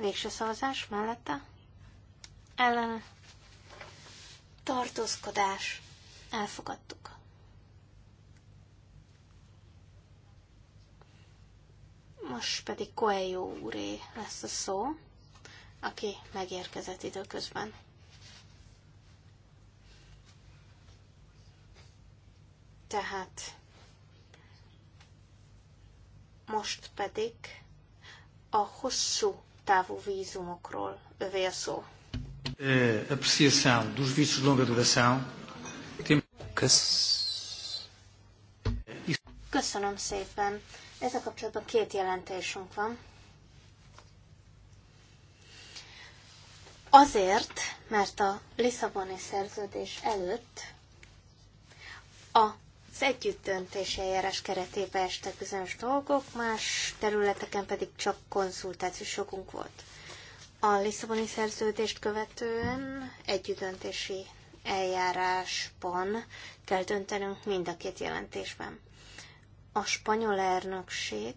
Végső szavazás mellette. Ellene. Tartózkodás. Elfogadtuk. Most pedig Coelho úré lesz a szó, aki megérkezett időközben. Tehát most pedig a hosszú távú vízumokról övé a szó. Köszönöm szépen. Ezzel kapcsolatban két jelentésünk van. Azért, mert a Lisszaboni szerződés előtt a az együttdöntés eljárás keretében estek bizonyos dolgok, más területeken pedig csak konzultációs jogunk volt. A Lisszaboni szerződést követően együttdöntési eljárásban kell döntenünk mind a két jelentésben. A spanyol elnökség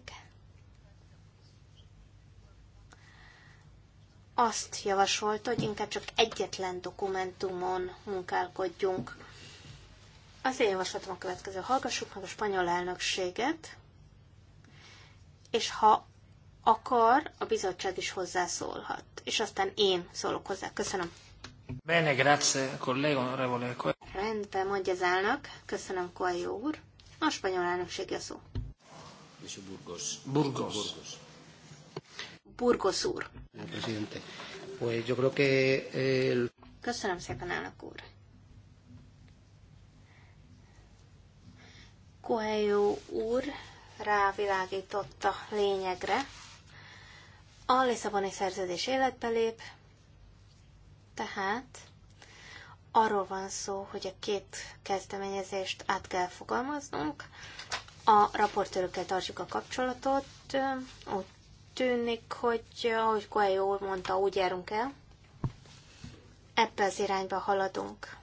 azt javasolta, hogy inkább csak egyetlen dokumentumon munkálkodjunk. Az én javaslatom a következő. Hallgassuk meg a spanyol elnökséget, és ha akar, a bizottság is hozzászólhat. És aztán én szólok hozzá. Köszönöm. Bene, grazie, collega onorevole. Rendben, mondja az elnök. Köszönöm, Koajó úr. A spanyol elnökség a szó. És Burgos. Burgos. Burgos. Burgos úr. Eh, Köszönöm szépen, elnök úr. Coelho úr rávilágított a lényegre. A Lisszaboni szerződés életbe lép, tehát arról van szó, hogy a két kezdeményezést át kell fogalmaznunk. A raportőrökkel tartjuk a kapcsolatot. Úgy tűnik, hogy ahogy Coelho úr mondta, úgy járunk el. Ebbe az irányba haladunk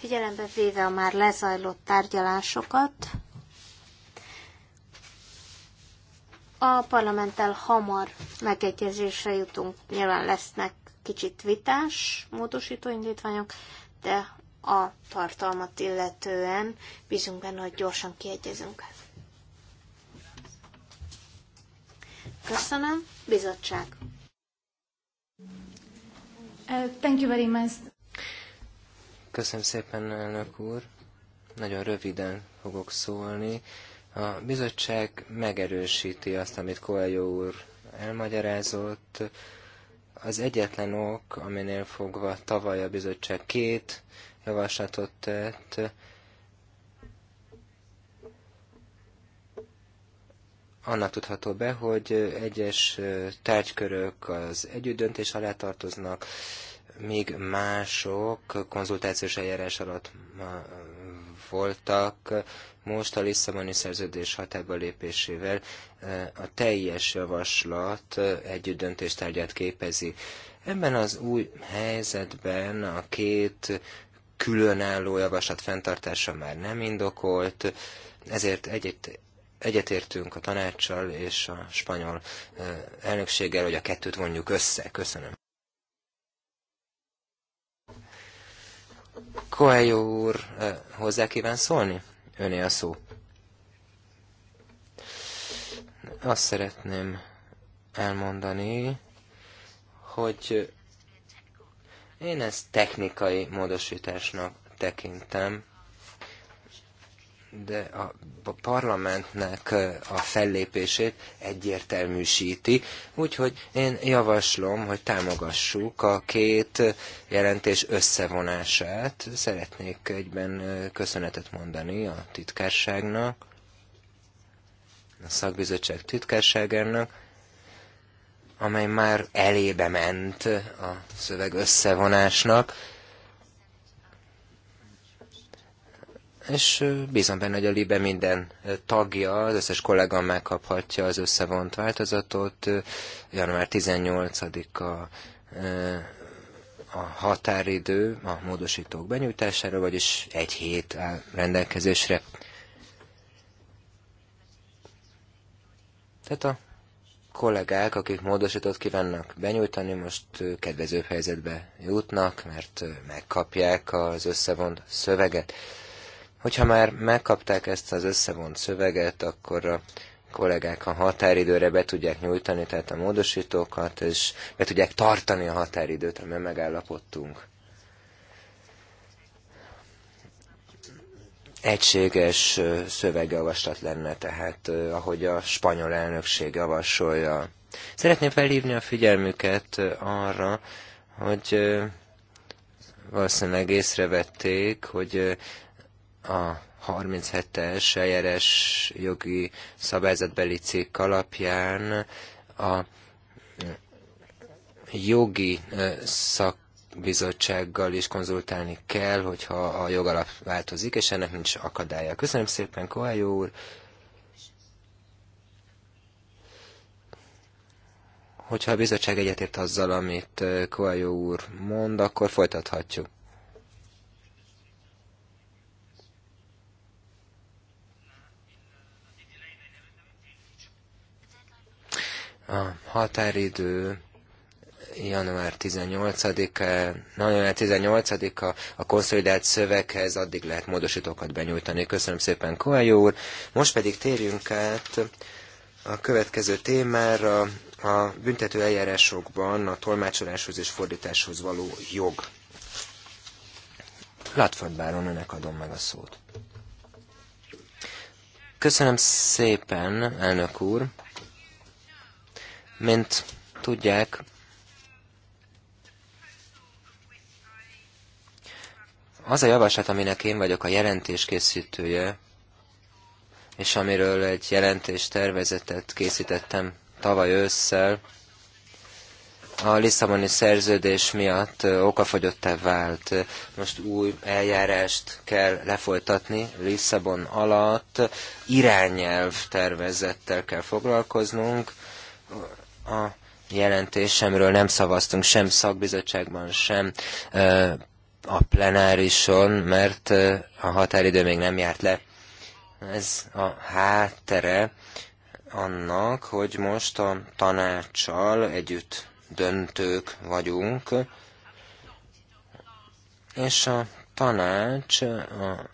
figyelembe véve a már lezajlott tárgyalásokat, a parlamenttel hamar megegyezésre jutunk. Nyilván lesznek kicsit vitás módosító indítványok, de a tartalmat illetően bízunk benne, hogy gyorsan kiegyezünk. Köszönöm, bizottság. Uh, thank you very much. Köszönöm szépen, elnök úr. Nagyon röviden fogok szólni. A bizottság megerősíti azt, amit Koeljó úr elmagyarázott. Az egyetlen ok, aminél fogva tavaly a bizottság két javaslatot tett, annak tudható be, hogy egyes tárgykörök az együttdöntés alá tartoznak, míg mások konzultációs eljárás alatt voltak, most a Lisszaboni szerződés hatába lépésével eh, a teljes javaslat eh, együtt döntéstárgyát képezi. Ebben az új helyzetben a két különálló javaslat fenntartása már nem indokolt, ezért egyet, egyetértünk a tanácssal és a spanyol eh, elnökséggel, hogy a kettőt vonjuk össze. Köszönöm. Koelyó úr eh, hozzá kíván szólni? Öné a szó. Azt szeretném elmondani, hogy eh, én ezt technikai módosításnak tekintem, de a parlamentnek a fellépését egyértelműsíti, úgyhogy én javaslom, hogy támogassuk a két jelentés összevonását. Szeretnék egyben köszönetet mondani a titkárságnak, a szakbizottság titkárságának, amely már elébe ment a szöveg összevonásnak, és bízom benne, hogy a LIBE minden tagja, az összes kollega megkaphatja az összevont változatot. Január 18-a a határidő a módosítók benyújtására, vagyis egy hét áll rendelkezésre. Tehát a kollégák, akik módosítót kívánnak benyújtani, most kedvezőbb helyzetbe jutnak, mert megkapják az összevont szöveget. Hogyha már megkapták ezt az összevont szöveget, akkor a kollégák a határidőre be tudják nyújtani, tehát a módosítókat, és be tudják tartani a határidőt, amely megállapodtunk. Egységes szövegjavaslat lenne tehát, ahogy a spanyol elnökség javasolja. Szeretném felhívni a figyelmüket arra, hogy valószínűleg észrevették, hogy a 37-es eljárás jogi szabályzatbeli cikk alapján a jogi szakbizottsággal is konzultálni kell, hogyha a jogalap változik, és ennek nincs akadálya. Köszönöm szépen, Koályó úr! Hogyha a bizottság egyetért azzal, amit Koályó úr mond, akkor folytathatjuk. A határidő január 18-a, január 18-a a konszolidált szöveghez addig lehet módosítókat benyújtani. Köszönöm szépen, Koályó úr. Most pedig térjünk át a következő témára, a büntető eljárásokban a tolmácsoláshoz és fordításhoz való jog. Latford Báron, önnek adom meg a szót. Köszönöm szépen, elnök úr. Mint tudják, az a javaslat, aminek én vagyok a jelentés készítője, és amiről egy jelentés tervezetet készítettem tavaly ősszel, a Lisszaboni szerződés miatt okafogyottá vált. Most új eljárást kell lefolytatni Lisszabon alatt, irányelv tervezettel kell foglalkoznunk, a jelentésemről nem szavaztunk sem szakbizottságban, sem a plenárison, mert a határidő még nem járt le. Ez a háttere annak, hogy most a tanácssal együtt döntők vagyunk, és a tanács a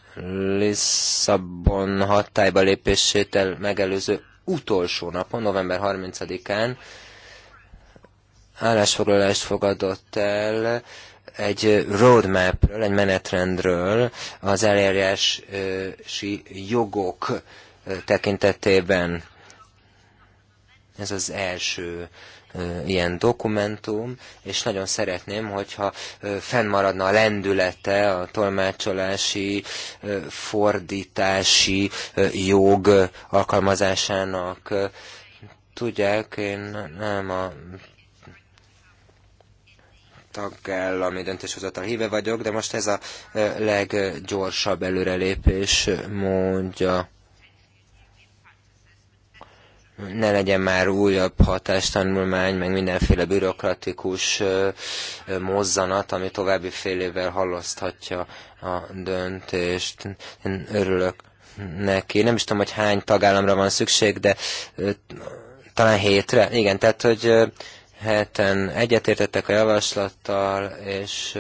Lisszabon hatályba lépését megelőző utolsó napon, november 30-án állásfoglalást fogadott el egy roadmapről, egy menetrendről az eljárási jogok tekintetében. Ez az első ilyen dokumentum, és nagyon szeretném, hogyha fennmaradna a lendülete a tolmácsolási, fordítási jog alkalmazásának. Tudják, én nem a ami döntéshozatal híve vagyok, de most ez a leggyorsabb előrelépés módja. Ne legyen már újabb hatástanulmány, meg mindenféle bürokratikus mozzanat, ami további fél évvel halaszthatja a döntést. Én örülök neki. Nem is tudom, hogy hány tagállamra van szükség, de talán hétre. Igen, tehát, hogy heten egyetértettek a javaslattal, és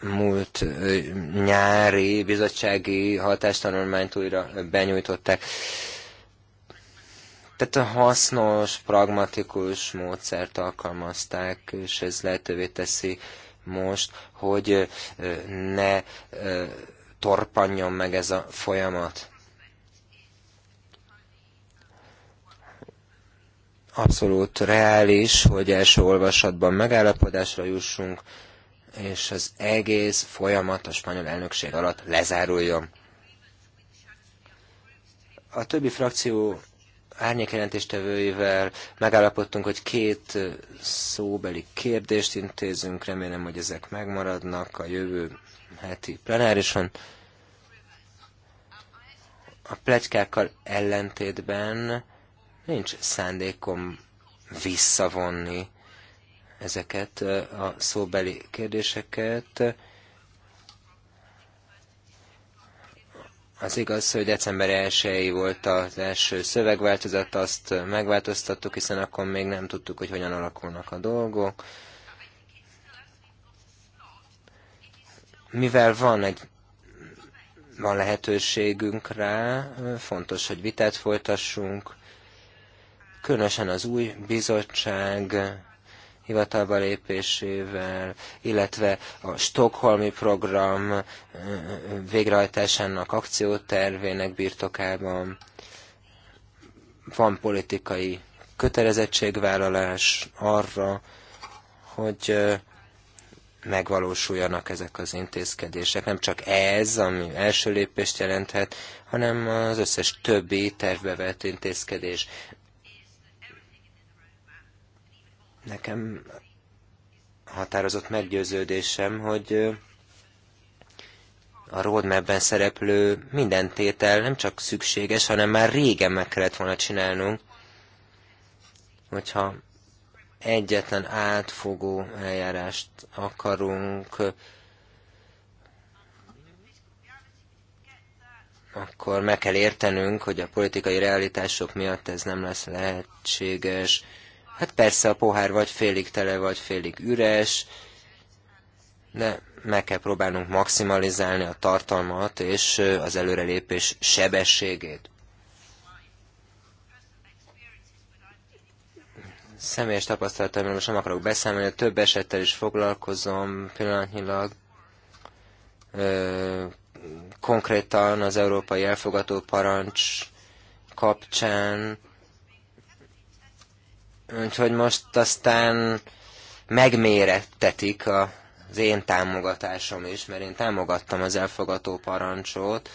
múlt nyári bizottsági hatástanulmányt újra benyújtották. Tehát a hasznos, pragmatikus módszert alkalmazták, és ez lehetővé teszi most, hogy ne torpanjon meg ez a folyamat. abszolút reális, hogy első olvasatban megállapodásra jussunk, és az egész folyamat a spanyol elnökség alatt lezáruljon. A többi frakció árnyékjelentéstevőivel megállapodtunk, hogy két szóbeli kérdést intézünk, remélem, hogy ezek megmaradnak a jövő heti plenárison. A plegykákkal ellentétben Nincs szándékom visszavonni ezeket a szóbeli kérdéseket. Az igaz, hogy december 1 volt az első szövegváltozat, azt megváltoztattuk, hiszen akkor még nem tudtuk, hogy hogyan alakulnak a dolgok. Mivel van egy van lehetőségünk rá, fontos, hogy vitát folytassunk, különösen az új bizottság hivatalba lépésével, illetve a Stockholmi program végrehajtásának akciótervének birtokában van politikai kötelezettségvállalás arra, hogy megvalósuljanak ezek az intézkedések. Nem csak ez, ami első lépést jelenthet, hanem az összes többi tervbe vett intézkedés. Nekem határozott meggyőződésem, hogy a roadmap-ben szereplő minden tétel nem csak szükséges, hanem már régen meg kellett volna csinálnunk, hogyha egyetlen átfogó eljárást akarunk, akkor meg kell értenünk, hogy a politikai realitások miatt ez nem lesz lehetséges, Hát persze a pohár vagy félig tele, vagy félig üres, de meg kell próbálnunk maximalizálni a tartalmat és az előrelépés sebességét. Személyes tapasztalatomról most nem akarok beszámolni, több esettel is foglalkozom pillanatnyilag. Ö, konkrétan az európai elfogató parancs kapcsán Úgyhogy most aztán megmérettetik a, az én támogatásom is, mert én támogattam az elfogató parancsot.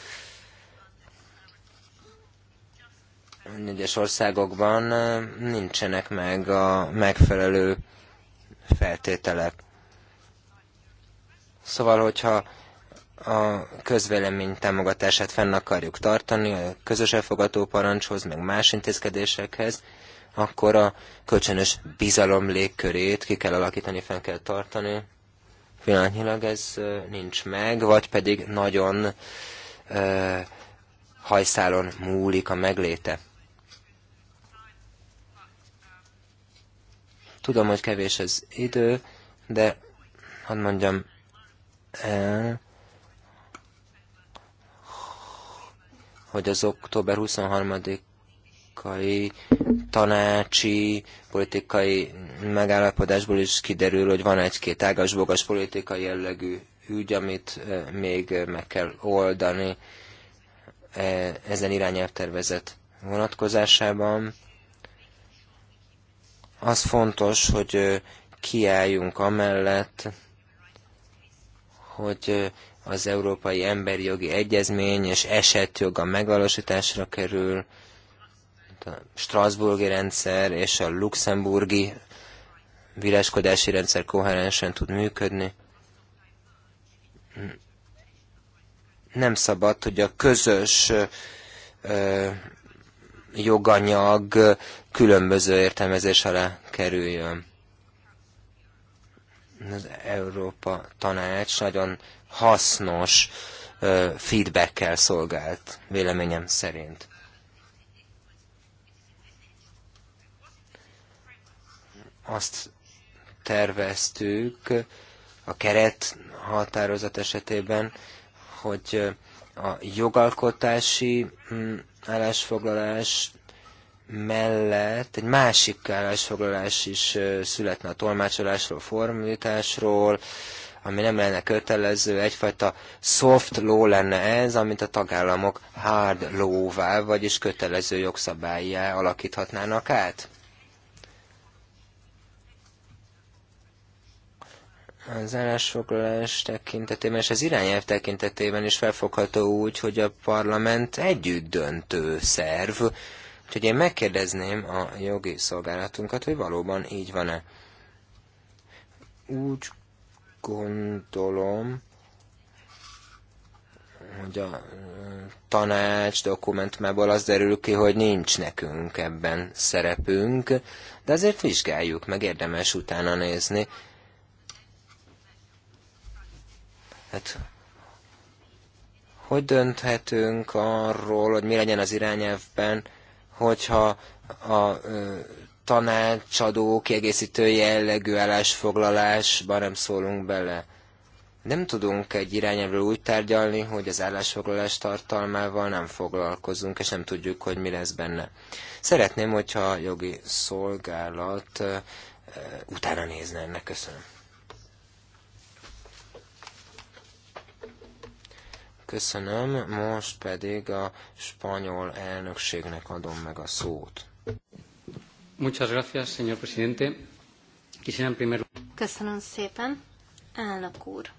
Egyes országokban nincsenek meg a megfelelő feltételek. Szóval, hogyha a közvélemény támogatását fenn akarjuk tartani, a közös elfogató parancshoz, meg más intézkedésekhez, akkor a kölcsönös bizalom légkörét ki kell alakítani, fenn kell tartani. Pillanatnyilag ez nincs meg, vagy pedig nagyon ö, hajszálon múlik a megléte. Tudom, hogy kevés az idő, de hadd mondjam el, hogy az október 23 politikai, tanácsi, politikai megállapodásból is kiderül, hogy van egy-két ágas-bogas politikai jellegű ügy, amit eh, még meg kell oldani eh, ezen irányelvtervezet vonatkozásában. Az fontos, hogy eh, kiálljunk amellett, hogy az Európai Emberi Jogi Egyezmény és esetjog a megvalósításra kerül, a Strasburgi rendszer és a luxemburgi bíráskodási rendszer koherensen tud működni. Nem szabad, hogy a közös ö, joganyag különböző értelmezés alá kerüljön. Az Európa Tanács nagyon hasznos feedback feedback-kel szolgált, véleményem szerint. azt terveztük a keret határozat esetében, hogy a jogalkotási mm, állásfoglalás mellett egy másik állásfoglalás is születne a tolmácsolásról, formításról, ami nem lenne kötelező, egyfajta soft law lenne ez, amit a tagállamok hard law-vá, vagyis kötelező jogszabályjá alakíthatnának át. az állásfoglalás tekintetében és az irányelv tekintetében is felfogható úgy, hogy a parlament együtt döntő szerv. Úgyhogy én megkérdezném a jogi szolgálatunkat, hogy valóban így van-e. Úgy gondolom, hogy a tanács dokumentumából az derül ki, hogy nincs nekünk ebben szerepünk, de azért vizsgáljuk, meg érdemes utána nézni Hát hogy dönthetünk arról, hogy mi legyen az irányelvben, hogyha a ö, tanácsadó, kiegészítő jellegű állásfoglalásban nem szólunk bele. Nem tudunk egy irányelvről úgy tárgyalni, hogy az állásfoglalás tartalmával nem foglalkozunk, és nem tudjuk, hogy mi lesz benne. Szeretném, hogyha a jogi szolgálat utána nézne ennek. Köszönöm. Köszönöm, most pedig a spanyol elnökségnek adom meg a szót. Muchas gracias, señor presidente. Köszönöm szépen, elnök úr.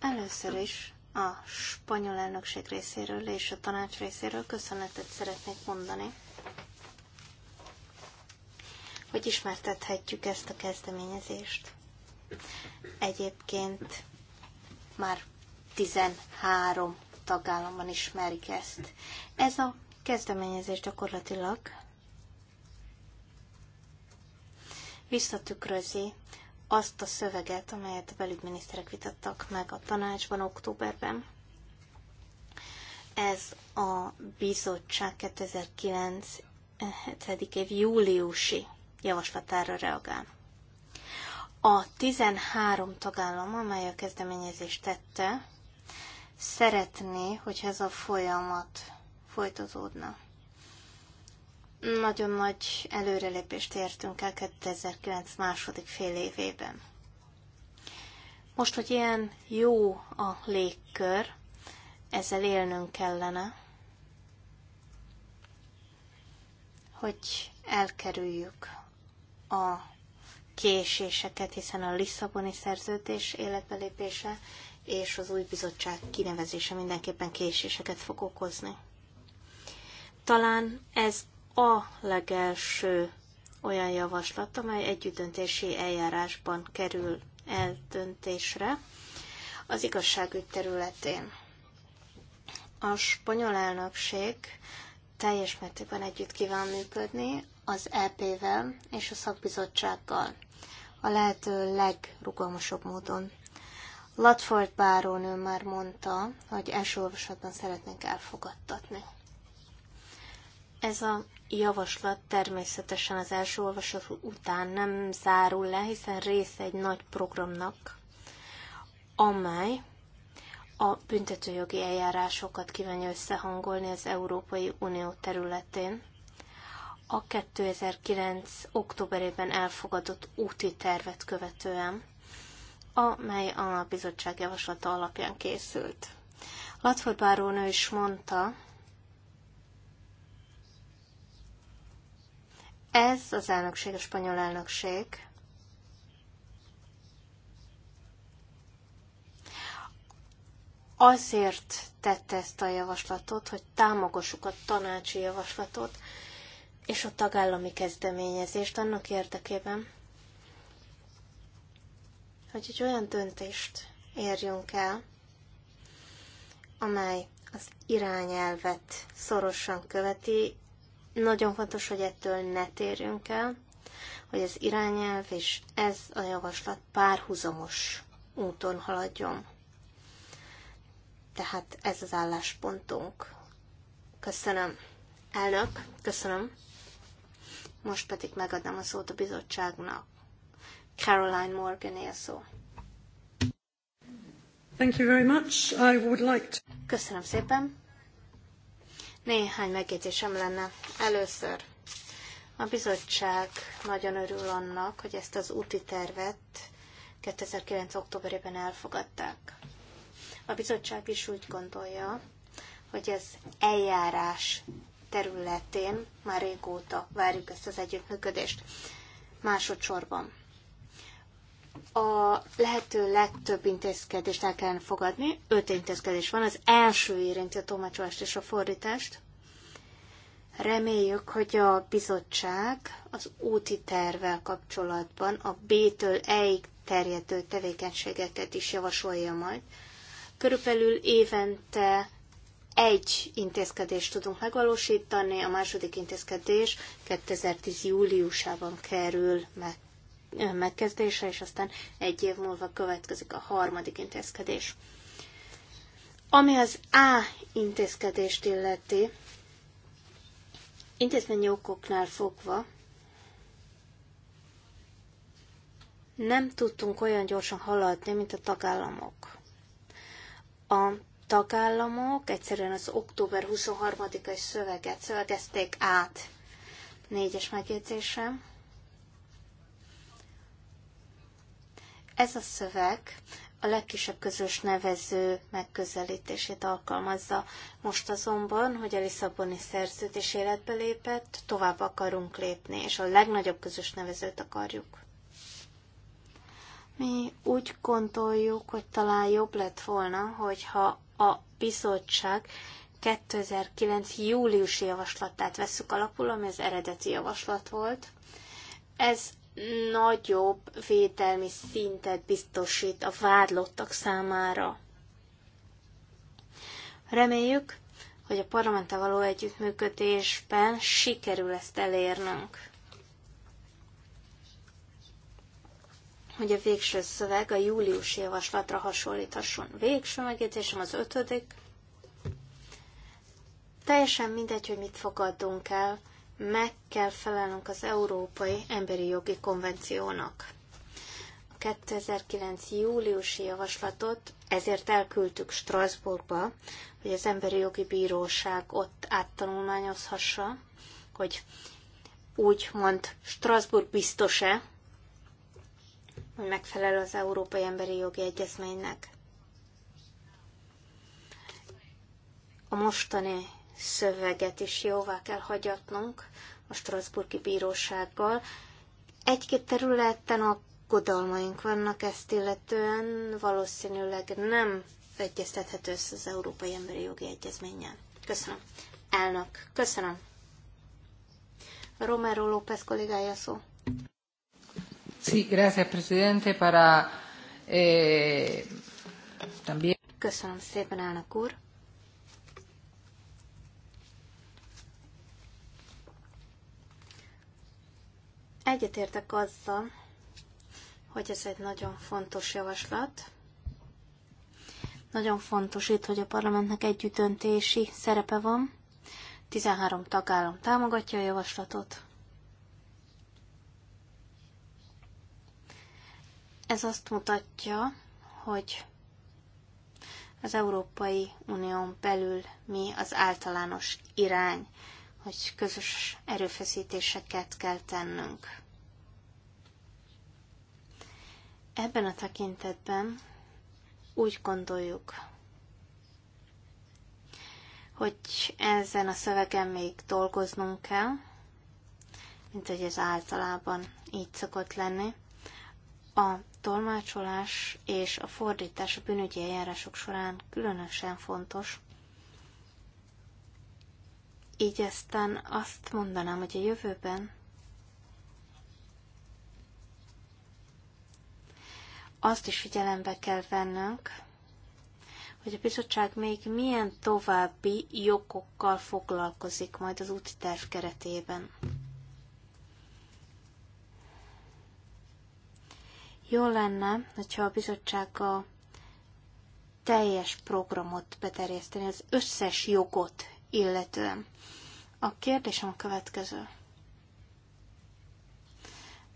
Először is a spanyol elnökség részéről és a tanács részéről köszönetet szeretnék mondani, hogy ismertethetjük ezt a kezdeményezést. Egyébként már 13 tagállamban ismerik ezt. Ez a kezdeményezés gyakorlatilag visszatükrözi azt a szöveget, amelyet a belügyminiszterek vitattak meg a tanácsban októberben. Ez a bizottság 2009. év júliusi javaslatára reagál. A 13 tagállam, amely a kezdeményezést tette, szeretné, hogy ez a folyamat folytatódna. Nagyon nagy előrelépést értünk el 2009 második fél évében. Most, hogy ilyen jó a légkör, ezzel élnünk kellene, hogy elkerüljük a késéseket, hiszen a Lisszaboni szerződés életbelépése és az új bizottság kinevezése mindenképpen késéseket fog okozni. Talán ez a legelső olyan javaslat, amely együttdöntési eljárásban kerül eldöntésre az igazságügy területén. A spanyol elnökség teljes mértékben együtt kíván működni az EP-vel és a szakbizottsággal a lehető legrugalmasabb módon. Latford bárónő már mondta, hogy első olvasatban szeretnénk elfogadtatni. Ez a javaslat természetesen az első olvasat után nem zárul le, hiszen része egy nagy programnak, amely a büntetőjogi eljárásokat kívánja összehangolni az Európai Unió területén, a 2009. októberében elfogadott úti tervet követően, amely a bizottság javaslata alapján készült. Latford Bárónő is mondta, ez az elnökség, a spanyol elnökség, azért tette ezt a javaslatot, hogy támogassuk a tanácsi javaslatot, és a tagállami kezdeményezést annak érdekében, hogy egy olyan döntést érjünk el, amely az irányelvet szorosan követi. Nagyon fontos, hogy ettől ne térjünk el, hogy az irányelv és ez a javaslat párhuzamos úton haladjon. Tehát ez az álláspontunk. Köszönöm. Elnök, köszönöm. Most pedig megadnám a szót a bizottságnak. Caroline Morgan él szó. Thank you very much. I would like to... Köszönöm szépen. Néhány megjegyzésem lenne. Először a bizottság nagyon örül annak, hogy ezt az úti tervet 2009. októberében elfogadták. A bizottság is úgy gondolja, hogy ez eljárás területén már régóta várjuk ezt az együttműködést. Másodszorban a lehető legtöbb intézkedést el kellene fogadni. Öt intézkedés van. Az első érinti a tolmácsolást és a fordítást. Reméljük, hogy a bizottság az úti tervvel kapcsolatban a B-től E-ig terjedő tevékenységeket is javasolja majd. Körülbelül évente egy intézkedést tudunk megvalósítani, a második intézkedés 2010. júliusában kerül meg, megkezdése, és aztán egy év múlva következik a harmadik intézkedés. Ami az A intézkedést illeti, intézményi okoknál fogva nem tudtunk olyan gyorsan haladni, mint a tagállamok. A tagállamok egyszerűen az október 23-ai szöveget szövegezték át. Négyes megjegyzésem. Ez a szöveg a legkisebb közös nevező megközelítését alkalmazza. Most azonban, hogy a Lisszaboni szerződés életbe lépett, tovább akarunk lépni, és a legnagyobb közös nevezőt akarjuk. Mi úgy gondoljuk, hogy talán jobb lett volna, hogyha a bizottság 2009. júliusi javaslatát veszük alapul, ami az eredeti javaslat volt. Ez nagyobb védelmi szintet biztosít a vádlottak számára. Reméljük, hogy a parlamenttel való együttműködésben sikerül ezt elérnünk. hogy a végső szöveg a júliusi javaslatra hasonlíthasson. Végső megjegyzésem az ötödik. Teljesen mindegy, hogy mit fogadunk el, meg kell felelnünk az Európai Emberi Jogi Konvenciónak. A 2009. júliusi javaslatot ezért elküldtük Strasbourgba, hogy az Emberi Jogi Bíróság ott áttanulmányozhassa, hogy úgy mond Strasbourg biztos-e, hogy megfelel az Európai Emberi Jogi Egyezménynek. A mostani szöveget is jóvá kell hagyatnunk a Strasburgi Bírósággal. Egy-két területen a aggodalmaink vannak ezt illetően, valószínűleg nem egyeztethető össze az Európai Emberi Jogi Egyezménnyel. Köszönöm. Elnök, köszönöm. Romero López kollégája szó. Sí, gracias, presidente, para eh, también. Köszönöm szépen, elnök úr. Egyetértek azzal, hogy ez egy nagyon fontos javaslat. Nagyon fontos itt, hogy a parlamentnek együttöntési szerepe van. 13 tagállam támogatja a javaslatot. Ez azt mutatja, hogy az Európai Unión belül mi az általános irány, hogy közös erőfeszítéseket kell tennünk. Ebben a tekintetben úgy gondoljuk, hogy ezen a szövegen még dolgoznunk kell, mint hogy ez általában így szokott lenni. A tolmácsolás és a fordítás a bűnügyi eljárások során különösen fontos. Így aztán azt mondanám, hogy a jövőben azt is figyelembe kell vennünk, hogy a bizottság még milyen további jogokkal foglalkozik majd az úti terv keretében. Jó lenne, hogyha a bizottság a teljes programot beterjeszteni, az összes jogot illetően. A kérdésem a következő.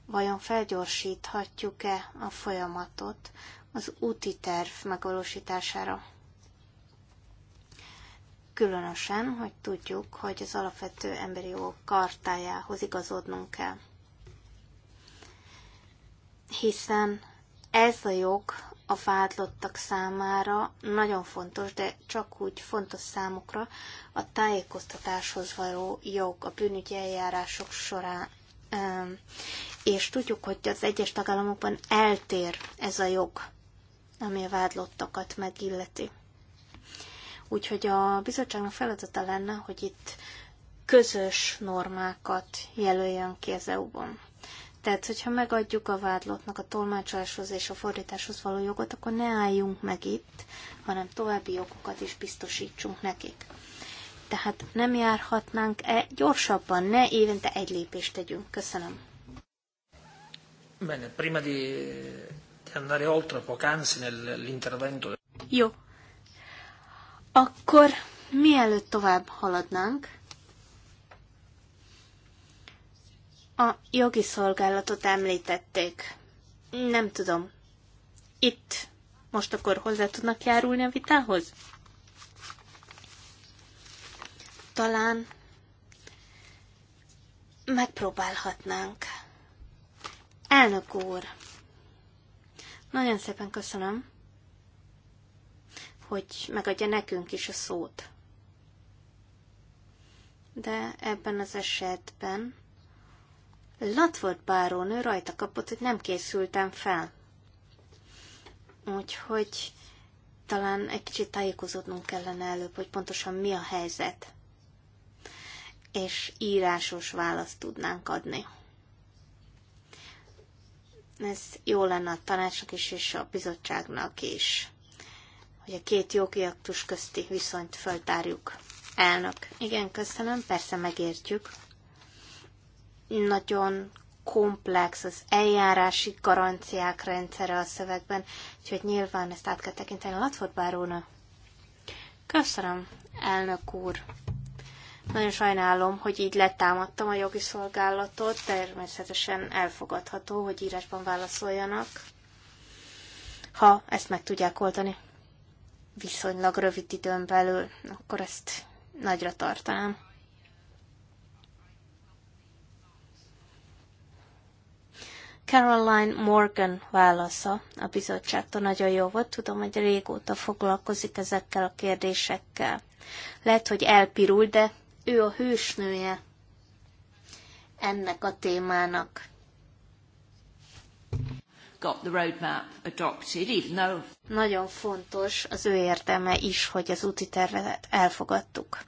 Vajon felgyorsíthatjuk-e a folyamatot az úti terv megvalósítására? Különösen, hogy tudjuk, hogy az alapvető emberi jogok kartájához igazodnunk kell hiszen ez a jog a vádlottak számára nagyon fontos, de csak úgy fontos számukra a tájékoztatáshoz való jog a bűnügyi eljárások során. És tudjuk, hogy az egyes tagállamokban eltér ez a jog, ami a vádlottakat megilleti. Úgyhogy a bizottságnak feladata lenne, hogy itt közös normákat jelöljön ki az EU-ban. Tehát, hogyha megadjuk a vádlottnak a tolmácsoláshoz és a fordításhoz való jogot, akkor ne álljunk meg itt, hanem további jogokat is biztosítsunk nekik. Tehát nem járhatnánk-e gyorsabban, ne évente egy lépést tegyünk. Köszönöm. Bene, prima di, di andare oltre poc'anzi nell'intervento. Jó. Akkor mielőtt tovább haladnánk, A jogi szolgálatot említették. Nem tudom. Itt most akkor hozzá tudnak járulni a vitához? Talán megpróbálhatnánk. Elnök úr, nagyon szépen köszönöm, hogy megadja nekünk is a szót. De ebben az esetben Latvolt bárónő rajta kapott, hogy nem készültem fel. Úgyhogy talán egy kicsit tájékozódnunk kellene előbb, hogy pontosan mi a helyzet. És írásos választ tudnánk adni. Ez jó lenne a tanácsnak is, és a bizottságnak is, hogy a két jogi aktus közti viszonyt föltárjuk. Elnök. Igen, köszönöm, persze megértjük nagyon komplex az eljárási garanciák rendszere a szövegben, úgyhogy nyilván ezt át kell tekinteni a Latford báróna. Köszönöm, elnök úr. Nagyon sajnálom, hogy így letámadtam a jogi szolgálatot, természetesen elfogadható, hogy írásban válaszoljanak, ha ezt meg tudják oldani viszonylag rövid időn belül, akkor ezt nagyra tartanám. Caroline Morgan válasza a bizottságtól nagyon jó volt. Tudom, hogy régóta foglalkozik ezekkel a kérdésekkel. Lehet, hogy elpirul, de ő a hősnője ennek a témának. Got the roadmap adopted, even though... Nagyon fontos az ő érdeme is, hogy az úti tervet elfogadtuk.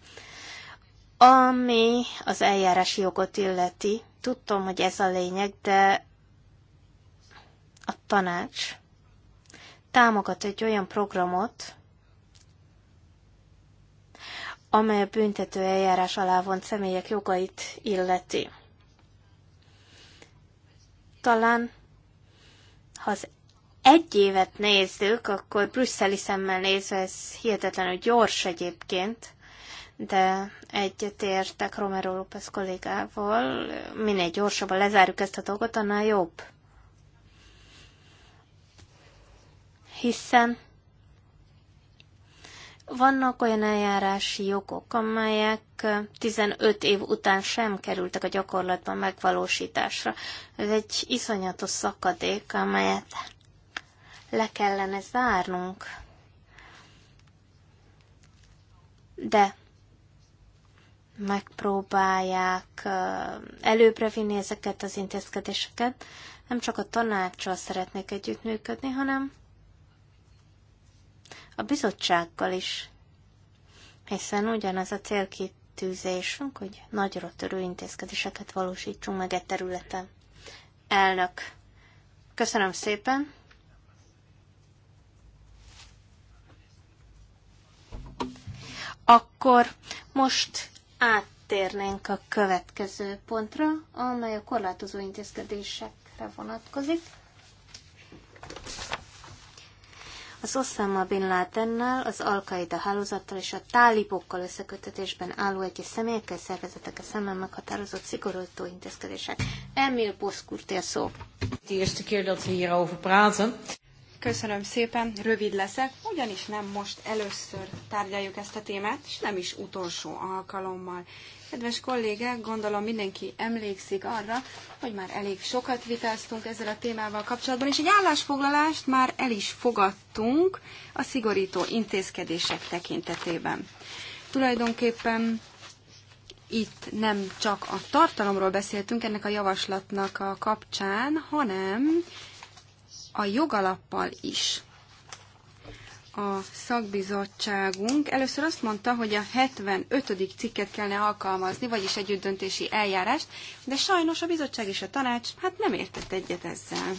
Ami az eljárási jogot illeti, tudtam, hogy ez a lényeg, de a tanács támogat egy olyan programot, amely a büntető eljárás alá vont személyek jogait illeti. Talán, ha az egy évet nézzük, akkor brüsszeli szemmel nézve ez hihetetlenül gyors egyébként, de egyetértek Romero López kollégával, minél gyorsabban lezárjuk ezt a dolgot, annál jobb. hiszen vannak olyan eljárási jogok, amelyek 15 év után sem kerültek a gyakorlatban megvalósításra. Ez egy iszonyatos szakadék, amelyet le kellene zárnunk. De megpróbálják előbbre vinni ezeket az intézkedéseket. Nem csak a tanácssal szeretnék együttműködni, hanem a bizottsággal is, hiszen ugyanaz a célkitűzésünk, hogy nagyra törő intézkedéseket valósítsunk meg egy területen. Elnök, köszönöm szépen! Akkor most áttérnénk a következő pontra, amely a korlátozó intézkedésekre vonatkozik. az Osama Bin Ladennel, az Al-Qaeda hálózattal és a tálibokkal összekötetésben álló egyes személyekkel, a szemben meghatározott szigorító intézkedések. Emil Boszkurtér szó. De eerste keer dat we hierover praten. Köszönöm szépen, rövid leszek, ugyanis nem most először tárgyaljuk ezt a témát, és nem is utolsó alkalommal. Kedves kollégák, gondolom mindenki emlékszik arra, hogy már elég sokat vitáztunk ezzel a témával kapcsolatban, és egy állásfoglalást már el is fogadtunk a szigorító intézkedések tekintetében. Tulajdonképpen itt nem csak a tartalomról beszéltünk ennek a javaslatnak a kapcsán, hanem a jogalappal is a szakbizottságunk először azt mondta, hogy a 75. cikket kellene alkalmazni, vagyis együttdöntési eljárást, de sajnos a bizottság és a tanács hát nem értett egyet ezzel.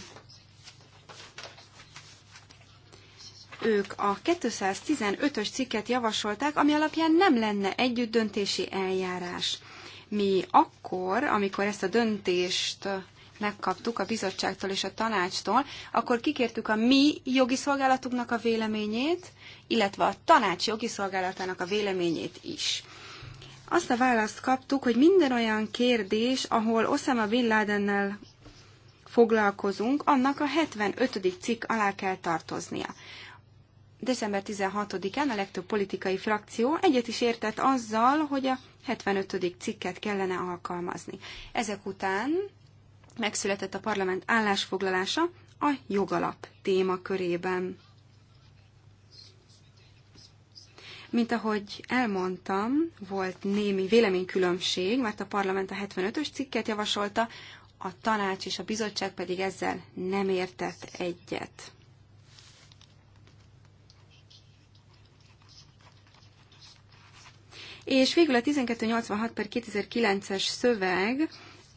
Ők a 215-ös cikket javasolták, ami alapján nem lenne együttdöntési eljárás. Mi akkor, amikor ezt a döntést megkaptuk a bizottságtól és a tanácstól, akkor kikértük a mi jogi szolgálatunknak a véleményét, illetve a tanács jogi szolgálatának a véleményét is. Azt a választ kaptuk, hogy minden olyan kérdés, ahol Osama Bin Ladennel foglalkozunk, annak a 75. cikk alá kell tartoznia. December 16-án a legtöbb politikai frakció egyet is értett azzal, hogy a 75. cikket kellene alkalmazni. Ezek után megszületett a parlament állásfoglalása a jogalap témakörében. Mint ahogy elmondtam, volt némi véleménykülönbség, mert a parlament a 75-ös cikket javasolta, a tanács és a bizottság pedig ezzel nem értett egyet. És végül a 1286 per 2009-es szöveg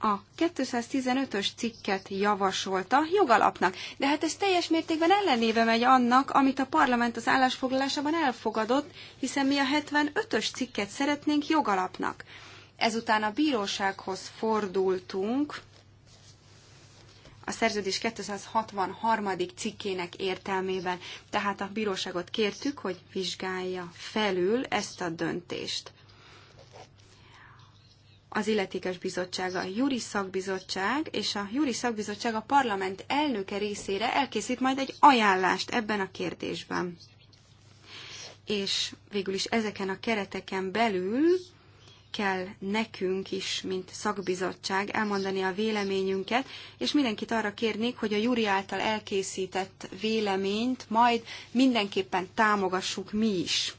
a 215-ös cikket javasolta jogalapnak, de hát ez teljes mértékben ellenébe megy annak, amit a parlament az állásfoglalásában elfogadott, hiszen mi a 75-ös cikket szeretnénk jogalapnak. Ezután a bírósághoz fordultunk, a szerződés 263. cikkének értelmében. Tehát a bíróságot kértük, hogy vizsgálja felül ezt a döntést az illetékes bizottság, a Juri Szakbizottság, és a Juri Szakbizottság a parlament elnöke részére elkészít majd egy ajánlást ebben a kérdésben. És végül is ezeken a kereteken belül kell nekünk is, mint szakbizottság elmondani a véleményünket, és mindenkit arra kérnék, hogy a Júri által elkészített véleményt majd mindenképpen támogassuk mi is.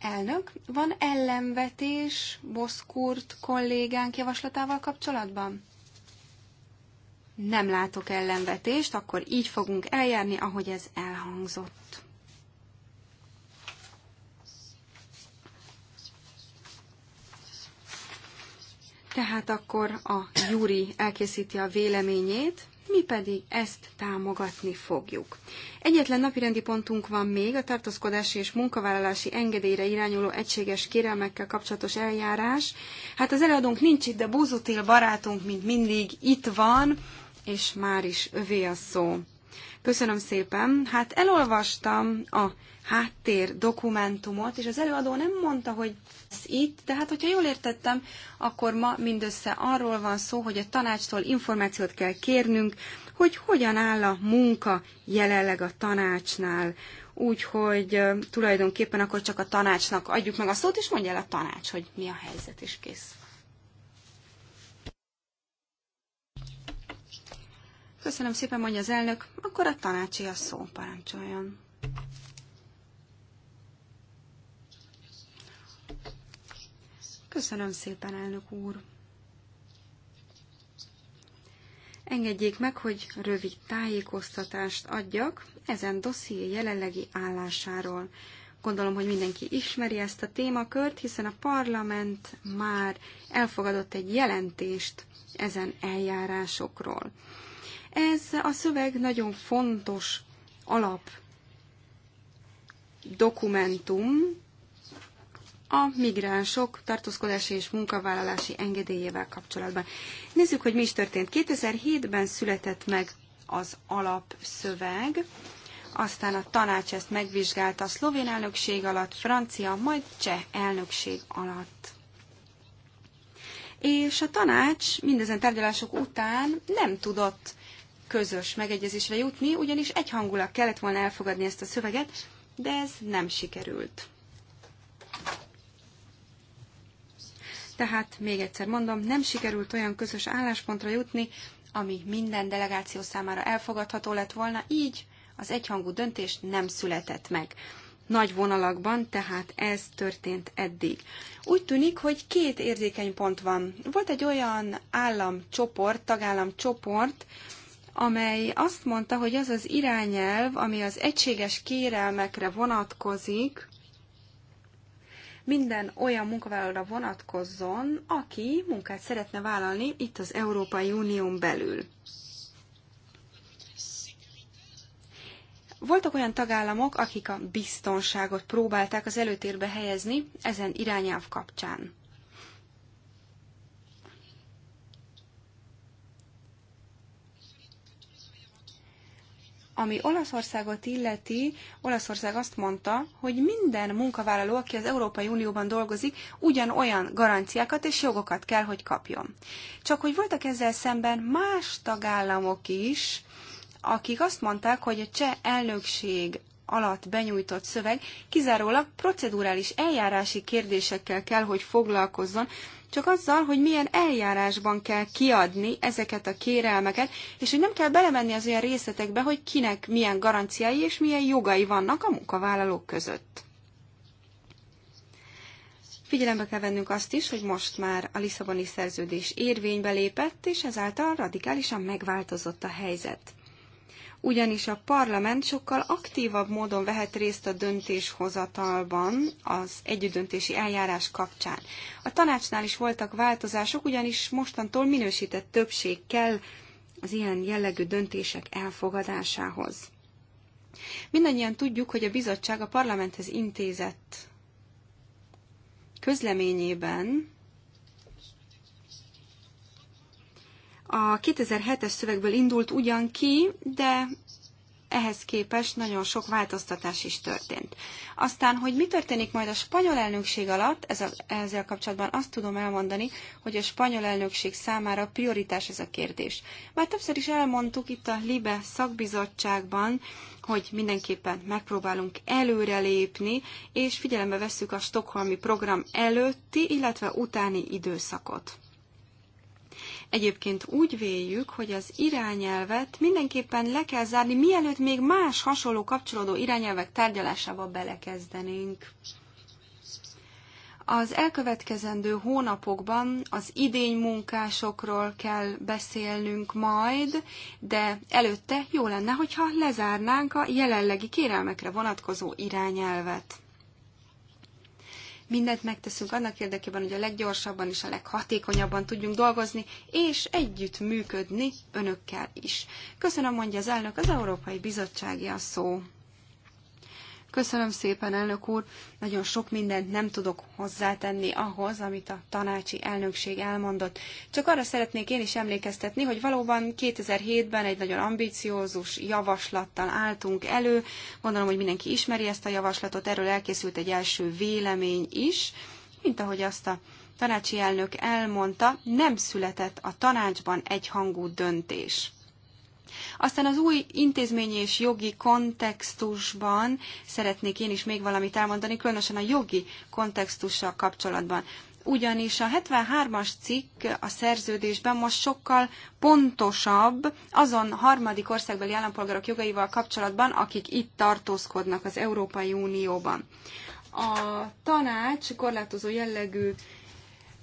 Elnök, van ellenvetés Boszkurt kollégánk javaslatával kapcsolatban? Nem látok ellenvetést, akkor így fogunk eljárni, ahogy ez elhangzott. Tehát akkor a Júri elkészíti a véleményét, mi pedig ezt támogatni fogjuk. Egyetlen napirendi pontunk van még a tartózkodási és munkavállalási engedélyre irányuló egységes kérelmekkel kapcsolatos eljárás. Hát az előadónk nincs itt, de Búzutil barátunk, mint mindig, itt van, és már is övé a szó. Köszönöm szépen. Hát elolvastam a háttér dokumentumot, és az előadó nem mondta, hogy ez itt, de hát hogyha jól értettem, akkor ma mindössze arról van szó, hogy a tanácstól információt kell kérnünk, hogy hogyan áll a munka jelenleg a tanácsnál. Úgyhogy tulajdonképpen akkor csak a tanácsnak adjuk meg a szót, és mondja el a tanács, hogy mi a helyzet, és kész. Köszönöm szépen, mondja az elnök. Akkor a tanácsi a szó, parancsoljon. Köszönöm szépen, elnök úr! Engedjék meg, hogy rövid tájékoztatást adjak ezen dosszié jelenlegi állásáról. Gondolom, hogy mindenki ismeri ezt a témakört, hiszen a parlament már elfogadott egy jelentést ezen eljárásokról. Ez a szöveg nagyon fontos alap dokumentum, a migránsok tartózkodási és munkavállalási engedélyével kapcsolatban. Nézzük, hogy mi is történt. 2007-ben született meg az alapszöveg, aztán a tanács ezt megvizsgálta a szlovén elnökség alatt, francia, majd cseh elnökség alatt. És a tanács mindezen tárgyalások után nem tudott közös megegyezésre jutni, ugyanis egyhangulag kellett volna elfogadni ezt a szöveget, de ez nem sikerült. Tehát még egyszer mondom, nem sikerült olyan közös álláspontra jutni, ami minden delegáció számára elfogadható lett volna, így az egyhangú döntés nem született meg. Nagy vonalakban tehát ez történt eddig. Úgy tűnik, hogy két érzékeny pont van. Volt egy olyan államcsoport, tagállamcsoport, amely azt mondta, hogy az az irányelv, ami az egységes kérelmekre vonatkozik, minden olyan munkavállalóra vonatkozzon, aki munkát szeretne vállalni itt az Európai Unión belül. Voltak olyan tagállamok, akik a biztonságot próbálták az előtérbe helyezni ezen irányáv kapcsán. Ami Olaszországot illeti, Olaszország azt mondta, hogy minden munkavállaló, aki az Európai Unióban dolgozik, ugyanolyan garanciákat és jogokat kell, hogy kapjon. Csak hogy voltak ezzel szemben más tagállamok is, akik azt mondták, hogy a cseh elnökség alatt benyújtott szöveg kizárólag procedurális eljárási kérdésekkel kell, hogy foglalkozzon, csak azzal, hogy milyen eljárásban kell kiadni ezeket a kérelmeket, és hogy nem kell belemenni az olyan részletekbe, hogy kinek milyen garanciái és milyen jogai vannak a munkavállalók között. Figyelembe kell vennünk azt is, hogy most már a Lisszaboni szerződés érvénybe lépett, és ezáltal radikálisan megváltozott a helyzet ugyanis a parlament sokkal aktívabb módon vehet részt a döntéshozatalban az együttdöntési eljárás kapcsán. A tanácsnál is voltak változások, ugyanis mostantól minősített többség kell az ilyen jellegű döntések elfogadásához. Mindannyian tudjuk, hogy a bizottság a parlamenthez intézett közleményében A 2007-es szövegből indult ugyan ki, de ehhez képest nagyon sok változtatás is történt. Aztán, hogy mi történik majd a spanyol elnökség alatt, ez a, ezzel kapcsolatban azt tudom elmondani, hogy a spanyol elnökség számára prioritás ez a kérdés. Már többször is elmondtuk itt a LIBE szakbizottságban, hogy mindenképpen megpróbálunk előrelépni, és figyelembe vesszük a stokholmi program előtti, illetve utáni időszakot. Egyébként úgy véljük, hogy az irányelvet mindenképpen le kell zárni, mielőtt még más hasonló kapcsolódó irányelvek tárgyalásába belekezdenénk. Az elkövetkezendő hónapokban az idény munkásokról kell beszélnünk majd, de előtte jó lenne, hogyha lezárnánk a jelenlegi kérelmekre vonatkozó irányelvet. Mindent megteszünk annak érdekében, hogy a leggyorsabban és a leghatékonyabban tudjunk dolgozni, és együtt működni önökkel is. Köszönöm, mondja az elnök, az Európai Bizottság a szó. Köszönöm szépen, elnök úr. Nagyon sok mindent nem tudok hozzátenni ahhoz, amit a tanácsi elnökség elmondott. Csak arra szeretnék én is emlékeztetni, hogy valóban 2007-ben egy nagyon ambiciózus javaslattal álltunk elő. Gondolom, hogy mindenki ismeri ezt a javaslatot, erről elkészült egy első vélemény is, mint ahogy azt a tanácsi elnök elmondta, nem született a tanácsban egy hangú döntés. Aztán az új intézményi és jogi kontextusban szeretnék én is még valamit elmondani, különösen a jogi kontextussal kapcsolatban ugyanis a 73-as cikk a szerződésben most sokkal pontosabb azon harmadik országbeli állampolgárok jogaival kapcsolatban, akik itt tartózkodnak az Európai Unióban. A tanács korlátozó jellegű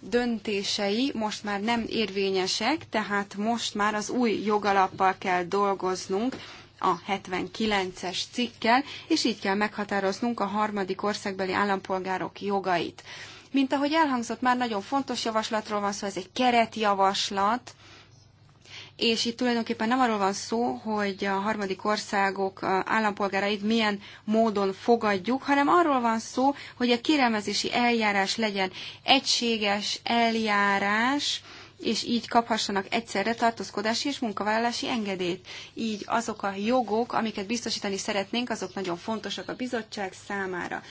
döntései most már nem érvényesek, tehát most már az új jogalappal kell dolgoznunk, a 79-es cikkel, és így kell meghatároznunk a harmadik országbeli állampolgárok jogait. Mint ahogy elhangzott, már nagyon fontos javaslatról van szó, ez egy keretjavaslat, és itt tulajdonképpen nem arról van szó, hogy a harmadik országok állampolgárait milyen módon fogadjuk, hanem arról van szó, hogy a kérelmezési eljárás legyen egységes eljárás, és így kaphassanak egyszerre tartózkodási és munkavállalási engedélyt. Így azok a jogok, amiket biztosítani szeretnénk, azok nagyon fontosak a bizottság számára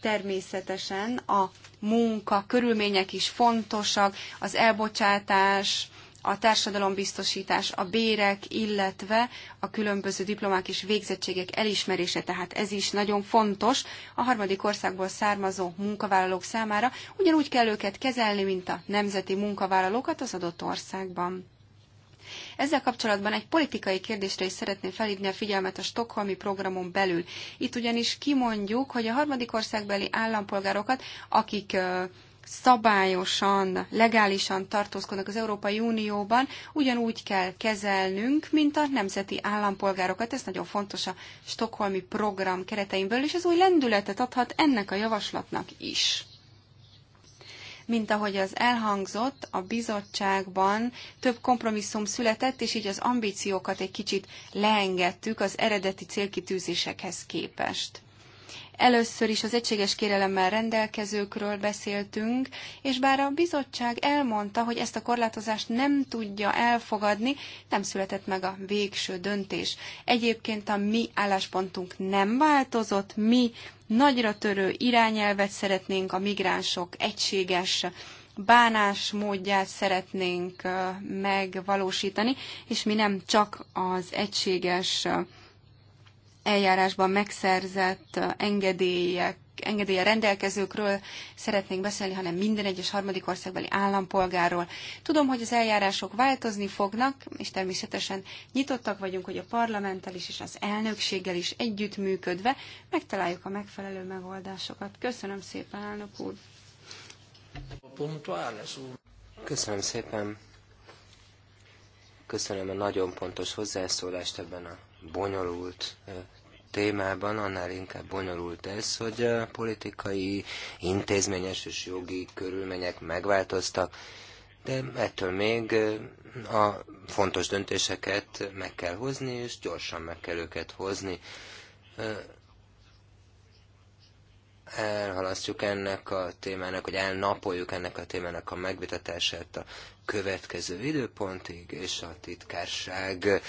természetesen a munka körülmények is fontosak, az elbocsátás, a társadalombiztosítás, a bérek, illetve a különböző diplomák és végzettségek elismerése, tehát ez is nagyon fontos a harmadik országból származó munkavállalók számára. Ugyanúgy kell őket kezelni, mint a nemzeti munkavállalókat az adott országban. Ezzel kapcsolatban egy politikai kérdésre is szeretném felhívni a figyelmet a stokholmi programon belül. Itt ugyanis kimondjuk, hogy a harmadik országbeli állampolgárokat, akik szabályosan, legálisan tartózkodnak az Európai Unióban, ugyanúgy kell kezelnünk, mint a nemzeti állampolgárokat. Ez nagyon fontos a stokholmi program kereteimből, és ez új lendületet adhat ennek a javaslatnak is. Mint ahogy az elhangzott, a bizottságban több kompromisszum született, és így az ambíciókat egy kicsit leengedtük az eredeti célkitűzésekhez képest. Először is az egységes kérelemmel rendelkezőkről beszéltünk, és bár a bizottság elmondta, hogy ezt a korlátozást nem tudja elfogadni, nem született meg a végső döntés. Egyébként a mi álláspontunk nem változott, mi nagyra törő irányelvet szeretnénk, a migránsok egységes bánásmódját szeretnénk megvalósítani, és mi nem csak az egységes eljárásban megszerzett uh, engedélyek, engedélye rendelkezőkről szeretnénk beszélni, hanem minden egyes harmadik országbeli állampolgárról. Tudom, hogy az eljárások változni fognak, és természetesen nyitottak vagyunk, hogy a parlamenttel is és az elnökséggel is együttműködve megtaláljuk a megfelelő megoldásokat. Köszönöm szépen, elnök úr! Köszönöm szépen! Köszönöm a nagyon pontos hozzászólást ebben a bonyolult témában, annál inkább bonyolult ez, hogy a politikai, intézményes és jogi körülmények megváltoztak, de ettől még a fontos döntéseket meg kell hozni, és gyorsan meg kell őket hozni elhalasztjuk ennek a témának, hogy elnapoljuk ennek a témának a megvitatását a következő időpontig, és a titkárság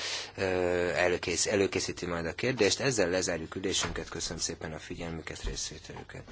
előkész, előkészíti majd a kérdést. Ezzel lezárjuk ülésünket. Köszönöm szépen a figyelmüket, részvételüket.